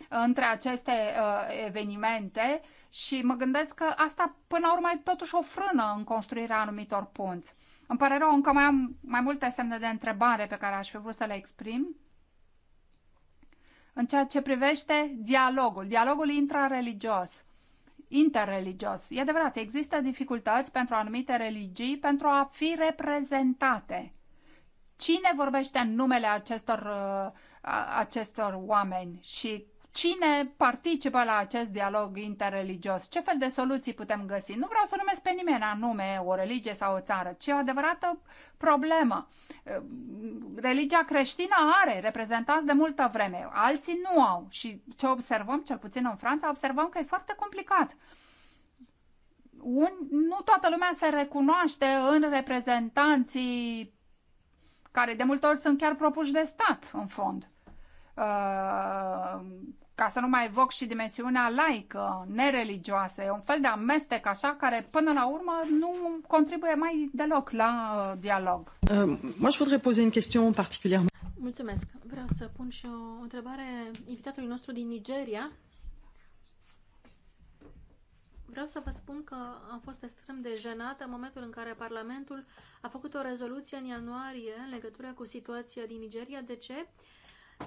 între aceste uh, evenimente și mă gândesc că asta până la urmă e totuși o frână în construirea anumitor punți. Îmi pare rău, încă mai am mai multe semne de întrebare pe care aș fi vrut să le exprim. În ceea ce privește dialogul, dialogul intrareligios interreligios. E adevărat, există dificultăți pentru anumite religii pentru a fi reprezentate. Cine vorbește în numele acestor, uh, acestor oameni și Cine participă la acest dialog interreligios? Ce fel de soluții putem găsi? Nu vreau să numesc pe nimeni anume o religie sau o țară, ci o adevărată problemă. Religia creștină are reprezentanți de multă vreme, alții nu au. Și ce observăm, cel puțin în Franța, observăm că e foarte complicat un, nu toată lumea se recunoaște în reprezentanții care de multe ori sunt chiar propuși de stat, în fond. Uh, ca să nu mai evoc și dimensiunea laică, nereligioasă, e un fel de amestec așa care până la urmă nu contribuie mai deloc la uh, dialog. Uh, moi je une question particulière. Mulțumesc. Vreau să pun și o întrebare invitatului nostru din Nigeria. Vreau să vă spun că am fost extrem de jenată în momentul în care Parlamentul a făcut o rezoluție în ianuarie în legătură cu situația din Nigeria. De ce? Uh,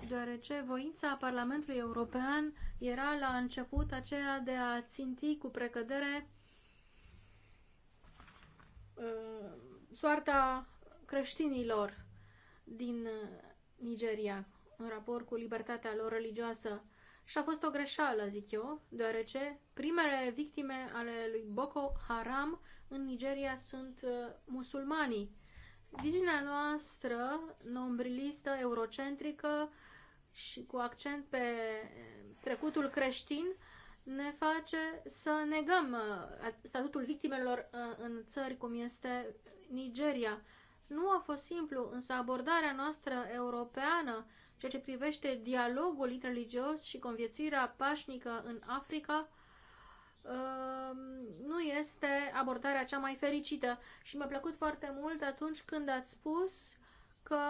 deoarece voința Parlamentului European era la început aceea de a ținti cu precădere uh, soarta creștinilor din Nigeria în raport cu libertatea lor religioasă. Și a fost o greșeală, zic eu, deoarece primele victime ale lui Boko Haram în Nigeria sunt uh, musulmanii Viziunea noastră nombrilistă, eurocentrică și cu accent pe trecutul creștin ne face să negăm uh, statutul victimelor uh, în țări cum este Nigeria. Nu a fost simplu, însă abordarea noastră europeană, ceea ce privește dialogul interreligios și conviețuirea pașnică în Africa, Ehm, nu este abordarea cea mai fericită și mi-a plăcut foarte mult atunci când ați spus că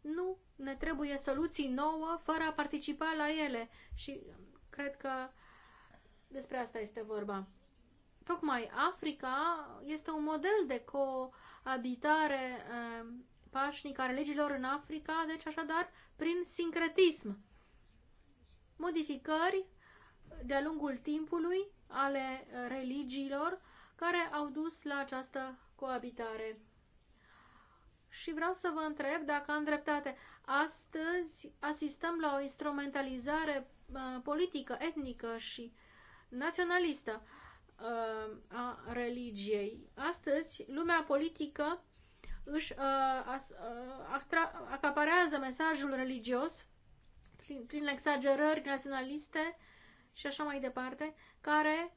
nu ne trebuie soluții nouă fără a participa la ele și cred că despre asta este vorba. Tocmai Africa este un model de coabitare ehm, pașnică a religiilor în Africa, deci așadar prin sincretism. Modificări de-a lungul timpului ale religiilor care au dus la această coabitare. Și vreau să vă întreb dacă am dreptate. Astăzi asistăm la o instrumentalizare uh, politică, etnică și naționalistă uh, a religiei. Astăzi, lumea politică își uh, acaparează mesajul religios prin, prin exagerări naționaliste și așa mai departe, care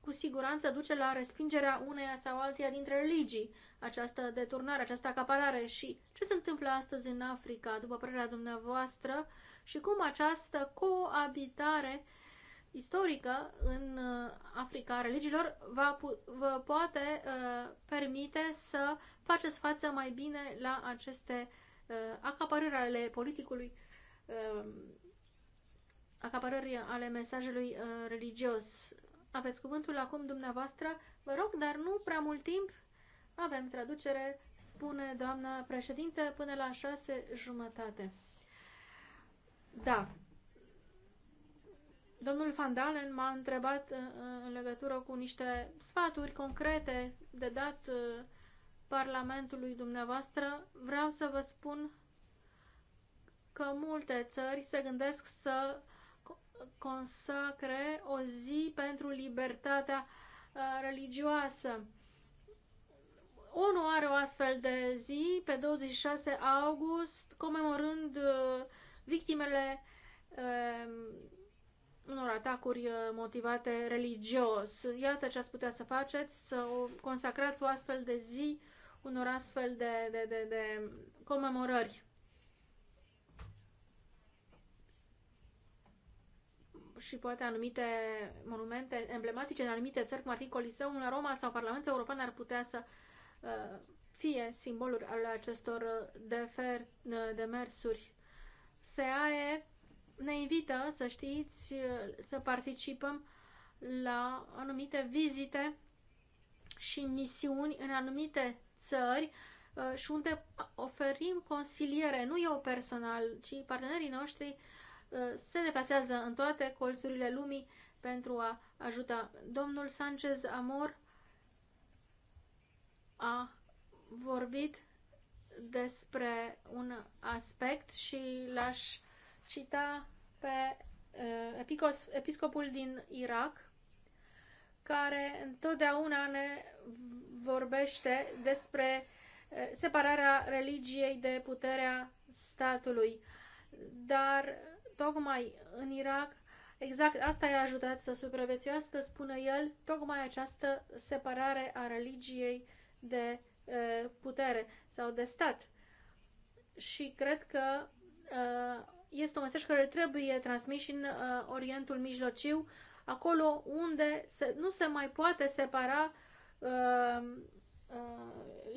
cu siguranță duce la respingerea uneia sau alteia dintre religii, această deturnare, această acaparare și ce se întâmplă astăzi în Africa, după părerea dumneavoastră, și cum această coabitare istorică în uh, Africa a religiilor va, vă poate uh, permite să faceți față mai bine la aceste uh, acaparări ale politicului uh, acapărării ale mesajului uh, religios. Aveți cuvântul acum dumneavoastră, vă rog, dar nu prea mult timp. Avem traducere, spune doamna președinte, până la șase jumătate. Da. Domnul Van Dalen m-a întrebat uh, uh, în legătură cu niște sfaturi concrete de dat Parlamentului dumneavoastră. Vreau să vă spun că multe țări se gândesc să consacre o zi pentru libertatea uh, religioasă. ONU are o astfel de zi pe 26 august, comemorând uh, victimele um, unor atacuri uh, motivate religios. Iată ce ați putea să faceți, să consacrați o astfel de zi unor astfel de, de, de, de comemorări. și poate anumite monumente emblematice în anumite țări, cum ar fi Coliseul la Roma sau Parlamentul European, ar putea să uh, fie simboluri ale acestor uh, defer, uh, demersuri. SEAE ne invită, să știți, să participăm la anumite vizite și misiuni în anumite țări și unde oferim consiliere, nu eu personal, ci partenerii noștri se deplasează în toate colțurile lumii pentru a ajuta. Domnul Sanchez Amor a vorbit despre un aspect și l-aș cita pe episcopul din Irak, care întotdeauna ne vorbește despre separarea religiei de puterea statului. Dar tocmai în Irak, exact asta i-a ajutat să supraviețuiască, spune el, tocmai această separare a religiei de uh, putere sau de stat. Și cred că uh, este un mesaj care trebuie transmis și în uh, Orientul Mijlociu, acolo unde se, nu se mai poate separa uh,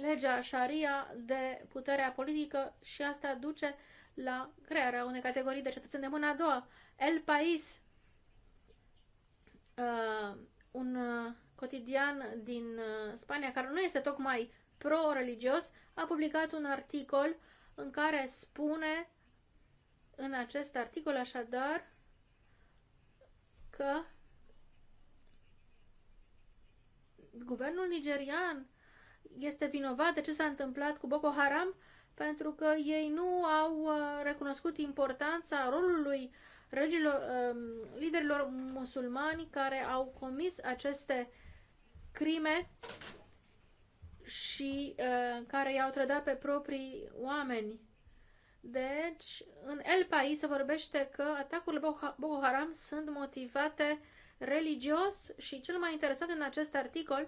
legea șaria de puterea politică și asta duce la crearea unei categorii de cetățeni de mâna a doua. El Pais, uh, un uh, cotidian din uh, Spania, care nu este tocmai pro-religios, a publicat un articol în care spune în acest articol așadar că guvernul nigerian este vinovat de ce s-a întâmplat cu Boko Haram pentru că ei nu au uh, recunoscut importanța rolului regilor, um, liderilor musulmani care au comis aceste crime și uh, care i-au trădat pe proprii oameni. Deci, în El País se vorbește că atacurile Boko Haram sunt motivate religios și cel mai interesant în acest articol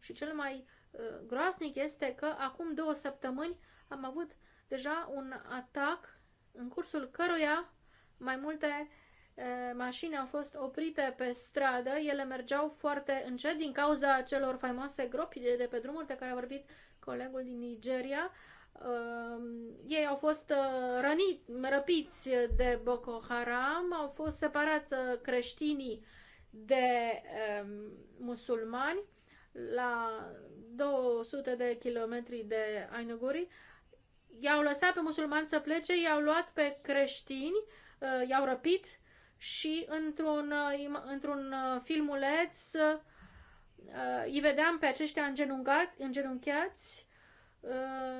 și cel mai uh, groasnic este că acum două săptămâni am avut deja un atac în cursul căruia mai multe mașini au fost oprite pe stradă, ele mergeau foarte încet din cauza celor faimoase gropi de pe drumuri de care a vorbit colegul din Nigeria. Ei au fost răniți, răpiți de Boko Haram, au fost separați creștinii de musulmani la 200 de kilometri de Ainuguri i-au lăsat pe musulmani să plece, i-au luat pe creștini, uh, i-au răpit și într-un, uh, într-un uh, filmuleț îi vedeam pe aceștia îngenungat, îngenunchiați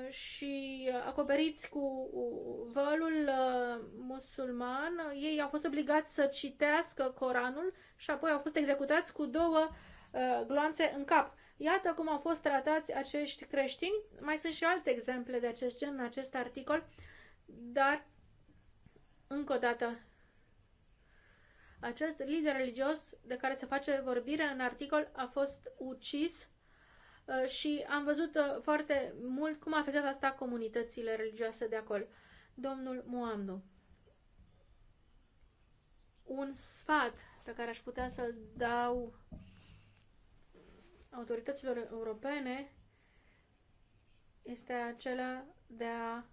și acoperiți cu vălul musulman. Ei au fost obligați să citească Coranul și apoi au fost executați cu două gloanțe în cap. Iată cum au fost tratați acești creștini. Mai sunt și alte exemple de acest gen în acest articol, dar încă o dată acest lider religios de care se face vorbire în articol a fost ucis uh, și am văzut uh, foarte mult cum a afectat asta comunitățile religioase de acolo. Domnul Muamdu. Un sfat pe care aș putea să-l dau autorităților europene este acela de a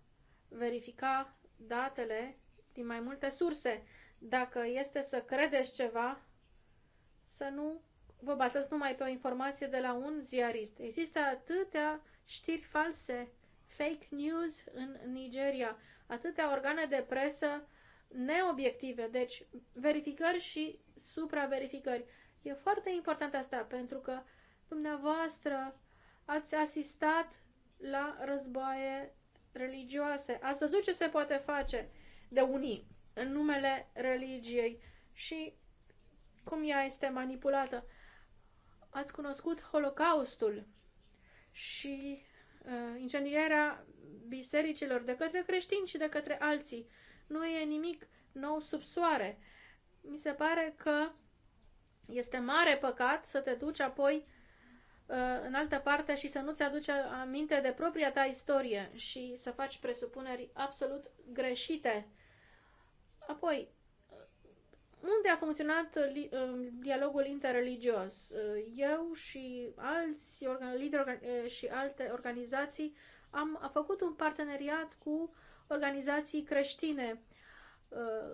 verifica datele din mai multe surse. Dacă este să credeți ceva, să nu vă bazați numai pe o informație de la un ziarist. Există atâtea știri false, fake news în Nigeria, atâtea organe de presă neobiective, deci verificări și supraverificări. E foarte important asta pentru că Dumneavoastră ați asistat la războaie religioase. Ați văzut ce se poate face de unii în numele religiei și cum ea este manipulată. Ați cunoscut Holocaustul și uh, incendierea bisericilor de către creștini și de către alții. Nu e nimic nou sub soare. Mi se pare că este mare păcat să te duci apoi Uh, în altă parte și să nu-ți aduci aminte de propria ta istorie și să faci presupuneri absolut greșite. Apoi, uh, unde a funcționat uh, dialogul interreligios? Eu și alți lideri și alte organizații am făcut un parteneriat cu organizații creștine.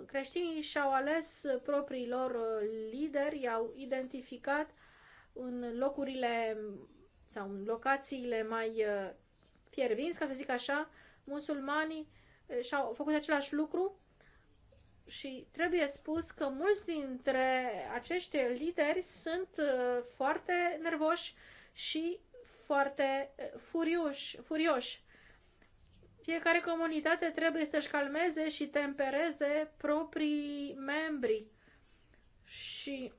Creștinii și-au ales propriilor lideri, i-au identificat în locurile sau în locațiile mai uh, fierbinți, ca să zic așa, musulmanii uh, și-au făcut același lucru și trebuie spus că mulți dintre acești lideri sunt uh, foarte nervoși și foarte furioși. furioși. Fiecare comunitate trebuie să-și calmeze și tempereze proprii membri. Și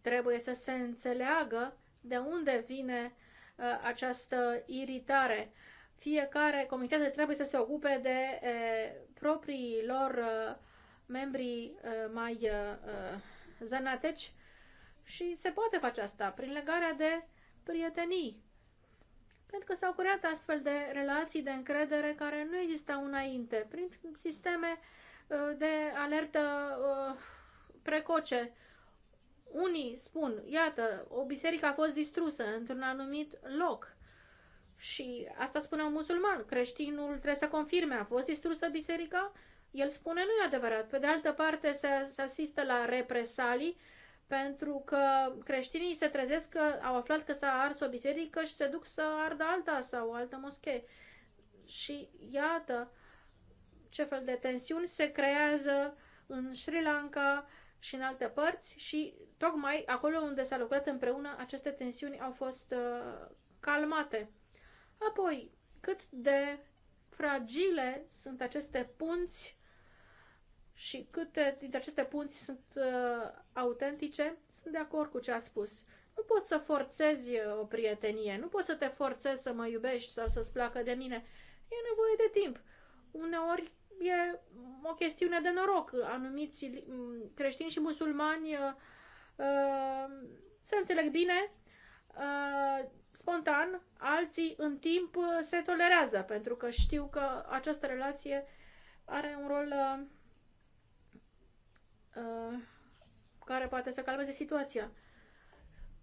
Trebuie să se înțeleagă de unde vine uh, această iritare. Fiecare comitet trebuie să se ocupe de uh, proprii lor uh, uh, mai uh, uh zanateci și se poate face asta prin legarea de prietenii. Pentru că s-au creat astfel de relații de încredere care nu existau înainte, prin sisteme uh, de alertă uh, precoce unii spun, iată, o biserică a fost distrusă într-un anumit loc. Și asta spune un musulman. Creștinul trebuie să confirme, a fost distrusă biserica? El spune, nu e adevărat. Pe de altă parte, se, se asistă la represalii pentru că creștinii se trezesc că au aflat că s-a ars o biserică și se duc să ardă alta sau o altă moschee. Și iată ce fel de tensiuni se creează în Sri Lanka, și în alte părți și tocmai acolo unde s-a lucrat împreună, aceste tensiuni au fost uh, calmate. Apoi, cât de fragile sunt aceste punți și câte dintre aceste punți sunt uh, autentice, sunt de acord cu ce a spus. Nu poți să forțezi uh, o prietenie, nu poți să te forțezi să mă iubești sau să-ți placă de mine. E nevoie de timp. Uneori e o chestiune de noroc. Anumiți creștini și musulmani uh, uh, se înțeleg bine uh, spontan, alții în timp se tolerează pentru că știu că această relație are un rol care poate să calmeze situația.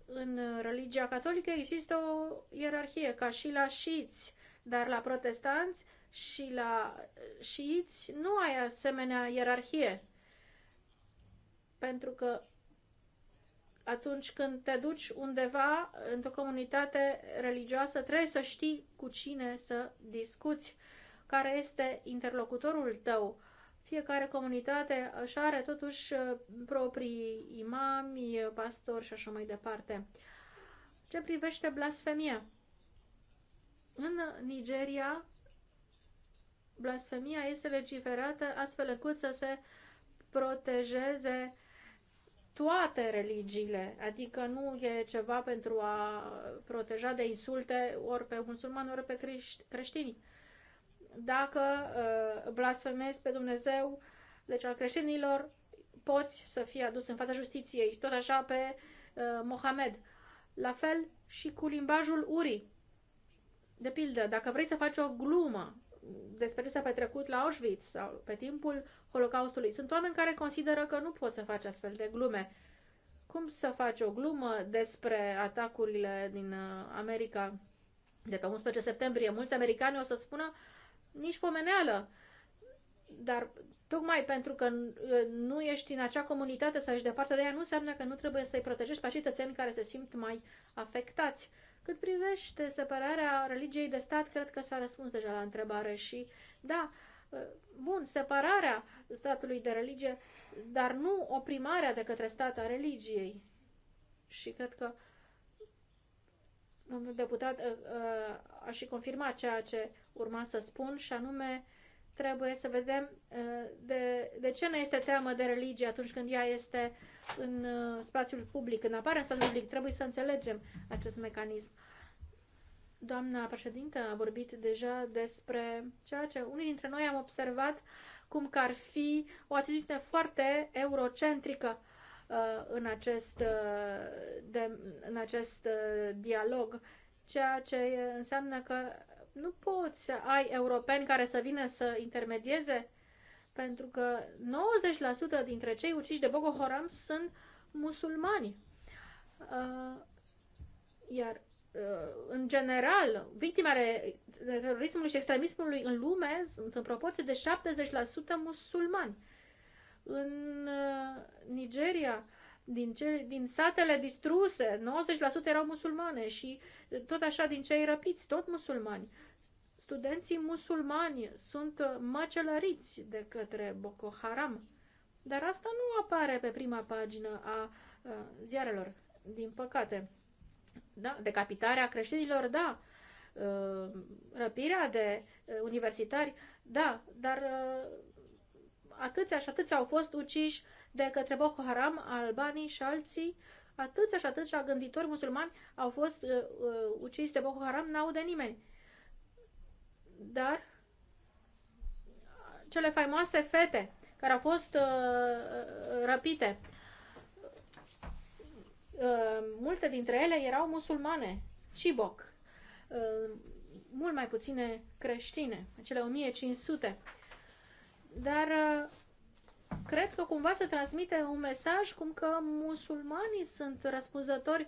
În religia catolică există o ierarhie, ca și la șiți, dar la protestanți și la șiiți nu ai asemenea ierarhie. Pentru că atunci când te duci undeva într-o comunitate religioasă, trebuie să știi cu cine să discuți, care este interlocutorul tău. Fiecare comunitate își are totuși uh, proprii imami, pastori și așa mai departe. Ce privește blasfemia? În Nigeria blasfemia este legiferată astfel încât să se protejeze toate religiile, adică nu e ceva pentru a proteja de insulte ori pe musulmani, ori pe creștini. Dacă uh, blasfemezi pe Dumnezeu, deci al creștinilor, poți să fii adus în fața justiției, tot așa pe uh, Mohamed. La fel și cu limbajul urii. De pildă, dacă vrei să faci o glumă despre ce s-a petrecut la Auschwitz sau pe timpul Holocaustului. Sunt oameni care consideră că nu poți să faci astfel de glume. Cum să faci o glumă despre atacurile din uh, America de pe 11 septembrie? Mulți americani o să spună nici pomeneală. Dar tocmai pentru că uh, nu ești în acea comunitate sau ești departe de ea, nu înseamnă că nu trebuie să-i protejești pe acei cetățeni care se simt mai afectați. Cât privește separarea religiei de stat, cred că s-a răspuns deja la întrebare și da, ă, bun, separarea statului de religie, dar nu oprimarea de către stat a religiei. Și cred că domnul deputat ă, ă, a și confirmat ceea ce urma să spun și anume trebuie să vedem uh, de, de ce ne este teamă de religie atunci când ea este în uh, spațiul public, când apare în spațiul public. Trebuie să înțelegem acest mecanism. Doamna președintă a vorbit deja despre ceea ce unii dintre noi am observat cum că ar fi o atitudine foarte eurocentrică uh, în acest, de, în acest dialog, ceea ce înseamnă că nu poți să ai europeni care să vină să intermedieze, pentru că 90% dintre cei uciși de Boko Haram sunt musulmani. Uh, iar, uh, în general, victimele terorismului și extremismului în lume sunt în proporție de 70% musulmani. În uh, Nigeria, din, ce, din satele distruse, 90% erau musulmane și tot așa din cei răpiți, tot musulmani. Studenții musulmani sunt uh, măcelăriți de către Boko Haram. Dar asta nu apare pe prima pagină a, uh, ziarelor, din păcate. Da? Decapitarea creștinilor, da. Uh, răpirea de universitari, da. Dar atâția și atâția au fost uciși de către Boko Haram, albanii și alții, atâția și atâția gânditori musulmani au fost uh, uh, uciși de Boko Haram, n-au de nimeni. Dar cele faimoase fete care au fost uh, uh răpite, uh, multe dintre ele erau musulmane, Chibok, uh, mult mai puține creștine, cele 1500. Dar uh, cred că cumva se transmite un mesaj cum că musulmanii sunt răspunzători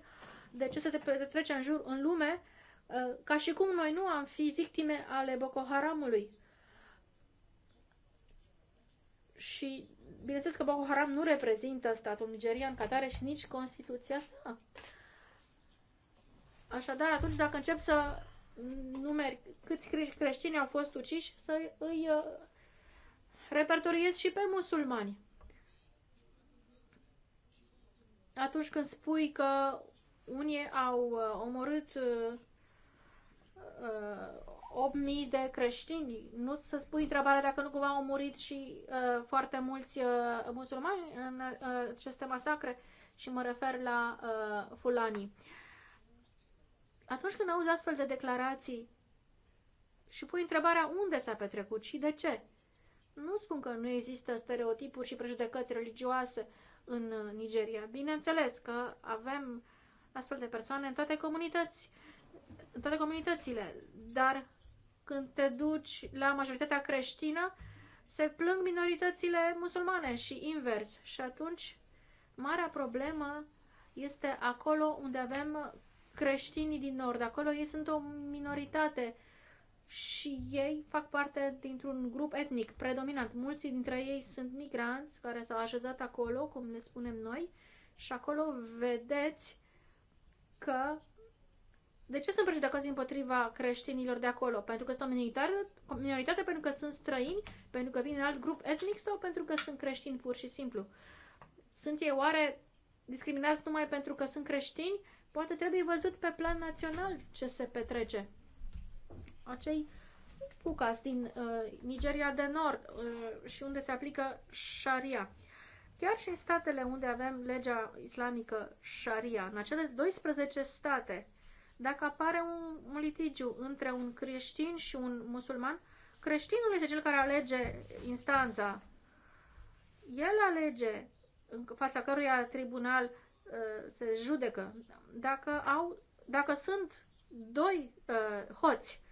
de ce se petrece în jur în lume, uh, ca și cum noi nu am fi victime ale Boko Haramului. Și bineînțeles că Boko Haram nu reprezintă statul nigerian ca tare și nici Constituția sa. Așadar, atunci dacă încep să numeri câți creștini au fost uciși, să îi uh, repertoriez și pe musulmani. Atunci când spui că unii au uh, omorât uh, 8.000 uh, de creștini, nu să spui întrebarea dacă nu cumva au murit și uh, foarte mulți uh, musulmani în uh, aceste masacre și mă refer la uh, fulanii. Atunci când auzi astfel de declarații și pui întrebarea unde s-a petrecut și de ce, nu spun că nu există stereotipuri și prejudecăți religioase în uh, Nigeria. Bineînțeles că avem astfel de persoane în toate comunități, în toate comunitățile, dar când te duci la majoritatea creștină, se plâng minoritățile musulmane și invers. Și atunci, marea problemă este acolo unde avem creștinii din nord. Acolo ei sunt o minoritate și ei fac parte dintr-un grup etnic predominant. Mulți dintre ei sunt migranți care s-au așezat acolo, cum ne spunem noi, și acolo vedeți că de ce sunt prejudecăți împotriva creștinilor de acolo? Pentru că sunt o minoritate, minoritate, pentru că sunt străini, pentru că vin în alt grup etnic sau pentru că sunt creștini pur și simplu? Sunt ei oare discriminați numai pentru că sunt creștini? Poate trebuie văzut pe plan național ce se petrece acei cucas din uh, Nigeria de Nord uh, și unde se aplică Sharia. Chiar și în statele unde avem legea islamică Sharia, în acele 12 state, dacă apare un, un litigiu între un creștin și un musulman, creștinul este cel care alege instanța. El alege în fața căruia tribunal uh, se judecă. Dacă, au, dacă sunt doi uh, hoți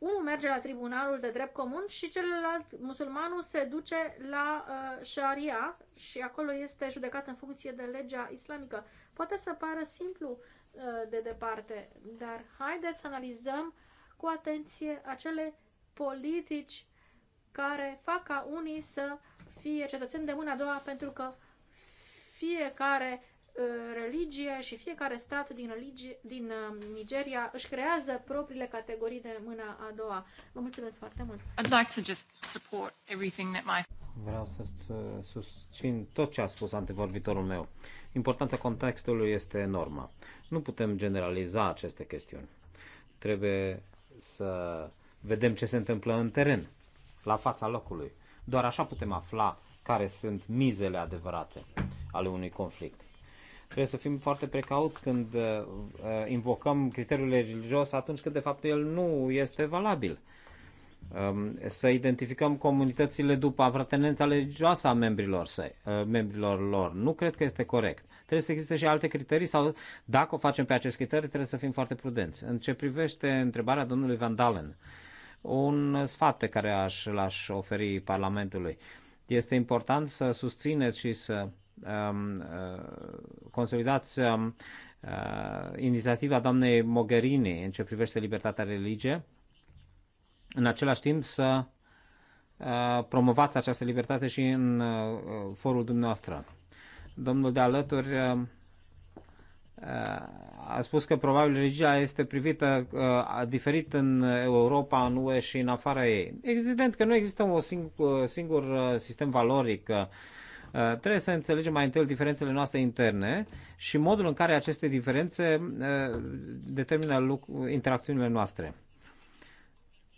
unul merge la tribunalul de drept comun și celălalt, musulmanul, se duce la uh, Sharia și acolo este judecat în funcție de legea islamică. Poate să pară simplu uh, de departe, dar haideți să analizăm cu atenție acele politici care fac ca unii să fie cetățeni de mâna a doua pentru că fiecare Uh, religie și fiecare stat din, religie, din uh, Nigeria își creează propriile categorii de mâna a doua. Vă mulțumesc foarte mult! I'd like to just support everything that my... Vreau să uh, susțin tot ce a spus antevorbitorul meu. Importanța contextului este enormă. Nu putem generaliza aceste chestiuni. Trebuie să vedem ce se întâmplă în teren, la fața locului. Doar așa putem afla care sunt mizele adevărate ale unui conflict Trebuie să fim foarte precauți când uh, uh, invocăm criteriul religios atunci când de fapt el nu este valabil. Um, să identificăm comunitățile după apartenența religioasă a membrilor, săi, uh, membrilor lor. Nu cred că este corect. Trebuie să existe și alte criterii sau dacă o facem pe acest criterii trebuie să fim foarte prudenți. În ce privește întrebarea domnului Van Dalen, un sfat pe care aș, l-aș oferi Parlamentului. Este important să susțineți și să Um, uh, consolidați um, uh, inițiativa doamnei Mogherini în ce privește libertatea religie, în același timp să uh, promovați această libertate și în forul dumneavoastră. Domnul de alături a spus că probabil religia este privită diferit în Europa, în UE și în afara ei. Evident că nu există un singur, singur sistem valoric Uh, trebuie să înțelegem mai întâi diferențele noastre interne și modul în care aceste diferențe uh, determină interacțiunile noastre.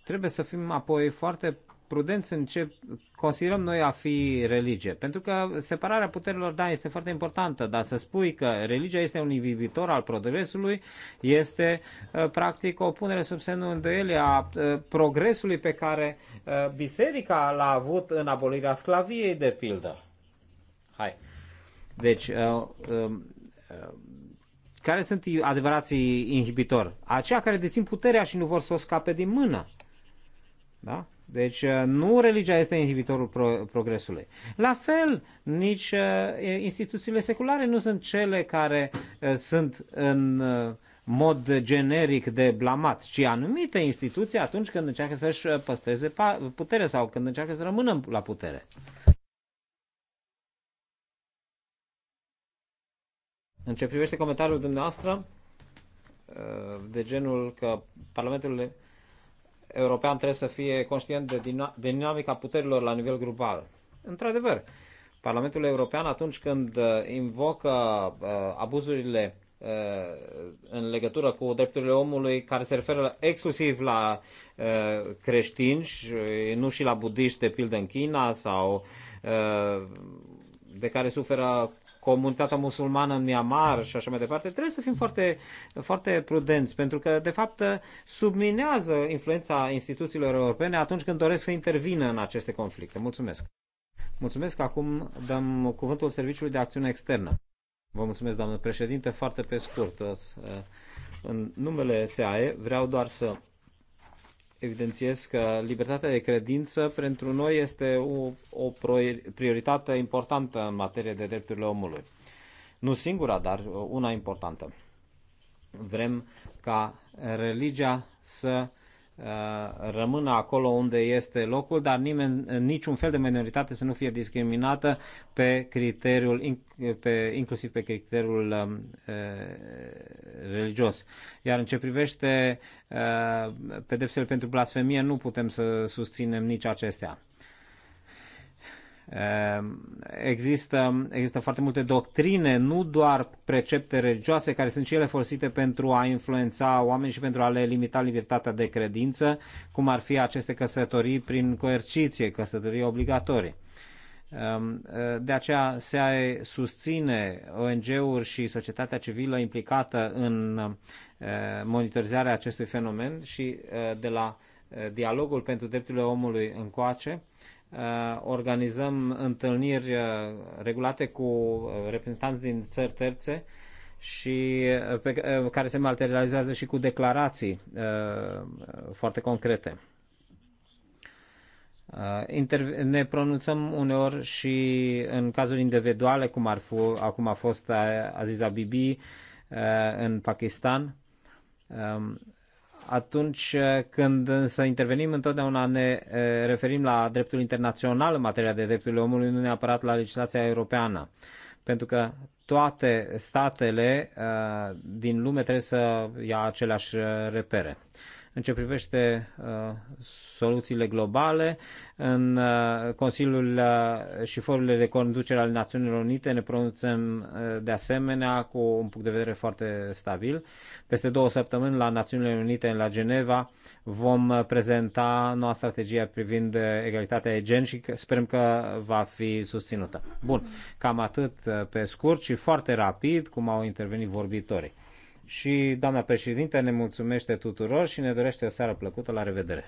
Trebuie să fim apoi foarte prudenți în ce considerăm noi a fi religie. Pentru că separarea puterilor, da, este foarte importantă, dar să spui că religia este un inhibitor al progresului este uh, practic o punere sub semnul îndoielii a progresului pe care biserica l-a avut în abolirea sclaviei, de pildă. Hai. Deci, uh, uh, uh, care sunt adevărații inhibitori? Aceia care dețin puterea și nu vor să o scape din mână. Da? Deci uh, nu religia este inhibitorul pro- progresului. La fel, nici uh, instituțiile seculare nu sunt cele care uh, sunt în uh, mod generic de blamat, ci anumite instituții atunci când încearcă să-și uh, păstreze puterea sau când încearcă să rămână la putere. În ce privește comentariul dumneavoastră, uh, de genul că Parlamentul European trebuie să fie conștient de dinamica puterilor la nivel global. Într-adevăr, Parlamentul European atunci când uh, invocă uh, abuzurile în legătură cu drepturile omului care se referă exclusiv la creștini, nu și la budiști, de pildă în China, sau de care suferă comunitatea musulmană în Myanmar și așa mai departe, trebuie să fim foarte, foarte prudenți, pentru că, de fapt, subminează influența instituțiilor europene atunci când doresc să intervină în aceste conflicte. Mulțumesc! Mulțumesc! Acum dăm cuvântul Serviciului de Acțiune Externă. Vă mulțumesc, doamnă președinte, foarte pe scurt. În numele SAE vreau doar să evidențiez că libertatea de credință pentru noi este o, o prioritate importantă în materie de drepturile omului. Nu singura, dar una importantă. Vrem ca religia să Uh, rămână acolo unde este locul, dar nimeni, niciun fel de minoritate să nu fie discriminată pe criteriul, pe, inclusiv pe criteriul um, uh, religios. Iar în ce privește uh, pedepsele pentru blasfemie, nu putem să susținem nici acestea. Ehm, există, există foarte multe doctrine, nu doar precepte religioase, care sunt cele folosite pentru a influența oameni și pentru a le limita libertatea de credință, cum ar fi aceste căsătorii prin coerciție, căsătorii obligatorii. Ehm, de aceea se susține ONG-uri și societatea civilă implicată în eh, monitorizarea acestui fenomen și eh, de la eh, dialogul pentru drepturile omului încoace, Uh, organizăm întâlniri uh, regulate cu uh, reprezentanți din țări terțe și pe, care se materializează și cu declarații foarte concrete. Ne pronunțăm uneori și în cazuri individuale, cum ar fi, acum a fost Aziza Bibi în Pakistan um, atunci eh, când însă intervenim, întotdeauna ne eh, referim la dreptul internațional în materia de drepturile omului, nu neapărat la legislația europeană. Pentru că toate statele eh, din lume trebuie să ia aceleași repere în ce privește uh, soluțiile globale. În uh, Consiliul uh, și forurile de conducere ale Națiunilor Unite ne pronunțăm de asemenea cu un punct de vedere foarte stabil. Peste două săptămâni la Națiunile Unite la Geneva vom prezenta noua strategie privind egalitatea de gen și sperăm că va fi susținută. Bun, cam atât pe scurt și foarte rapid, cum au intervenit vorbitorii și doamna președinte ne mulțumește tuturor și ne dorește o seară plăcută. La revedere!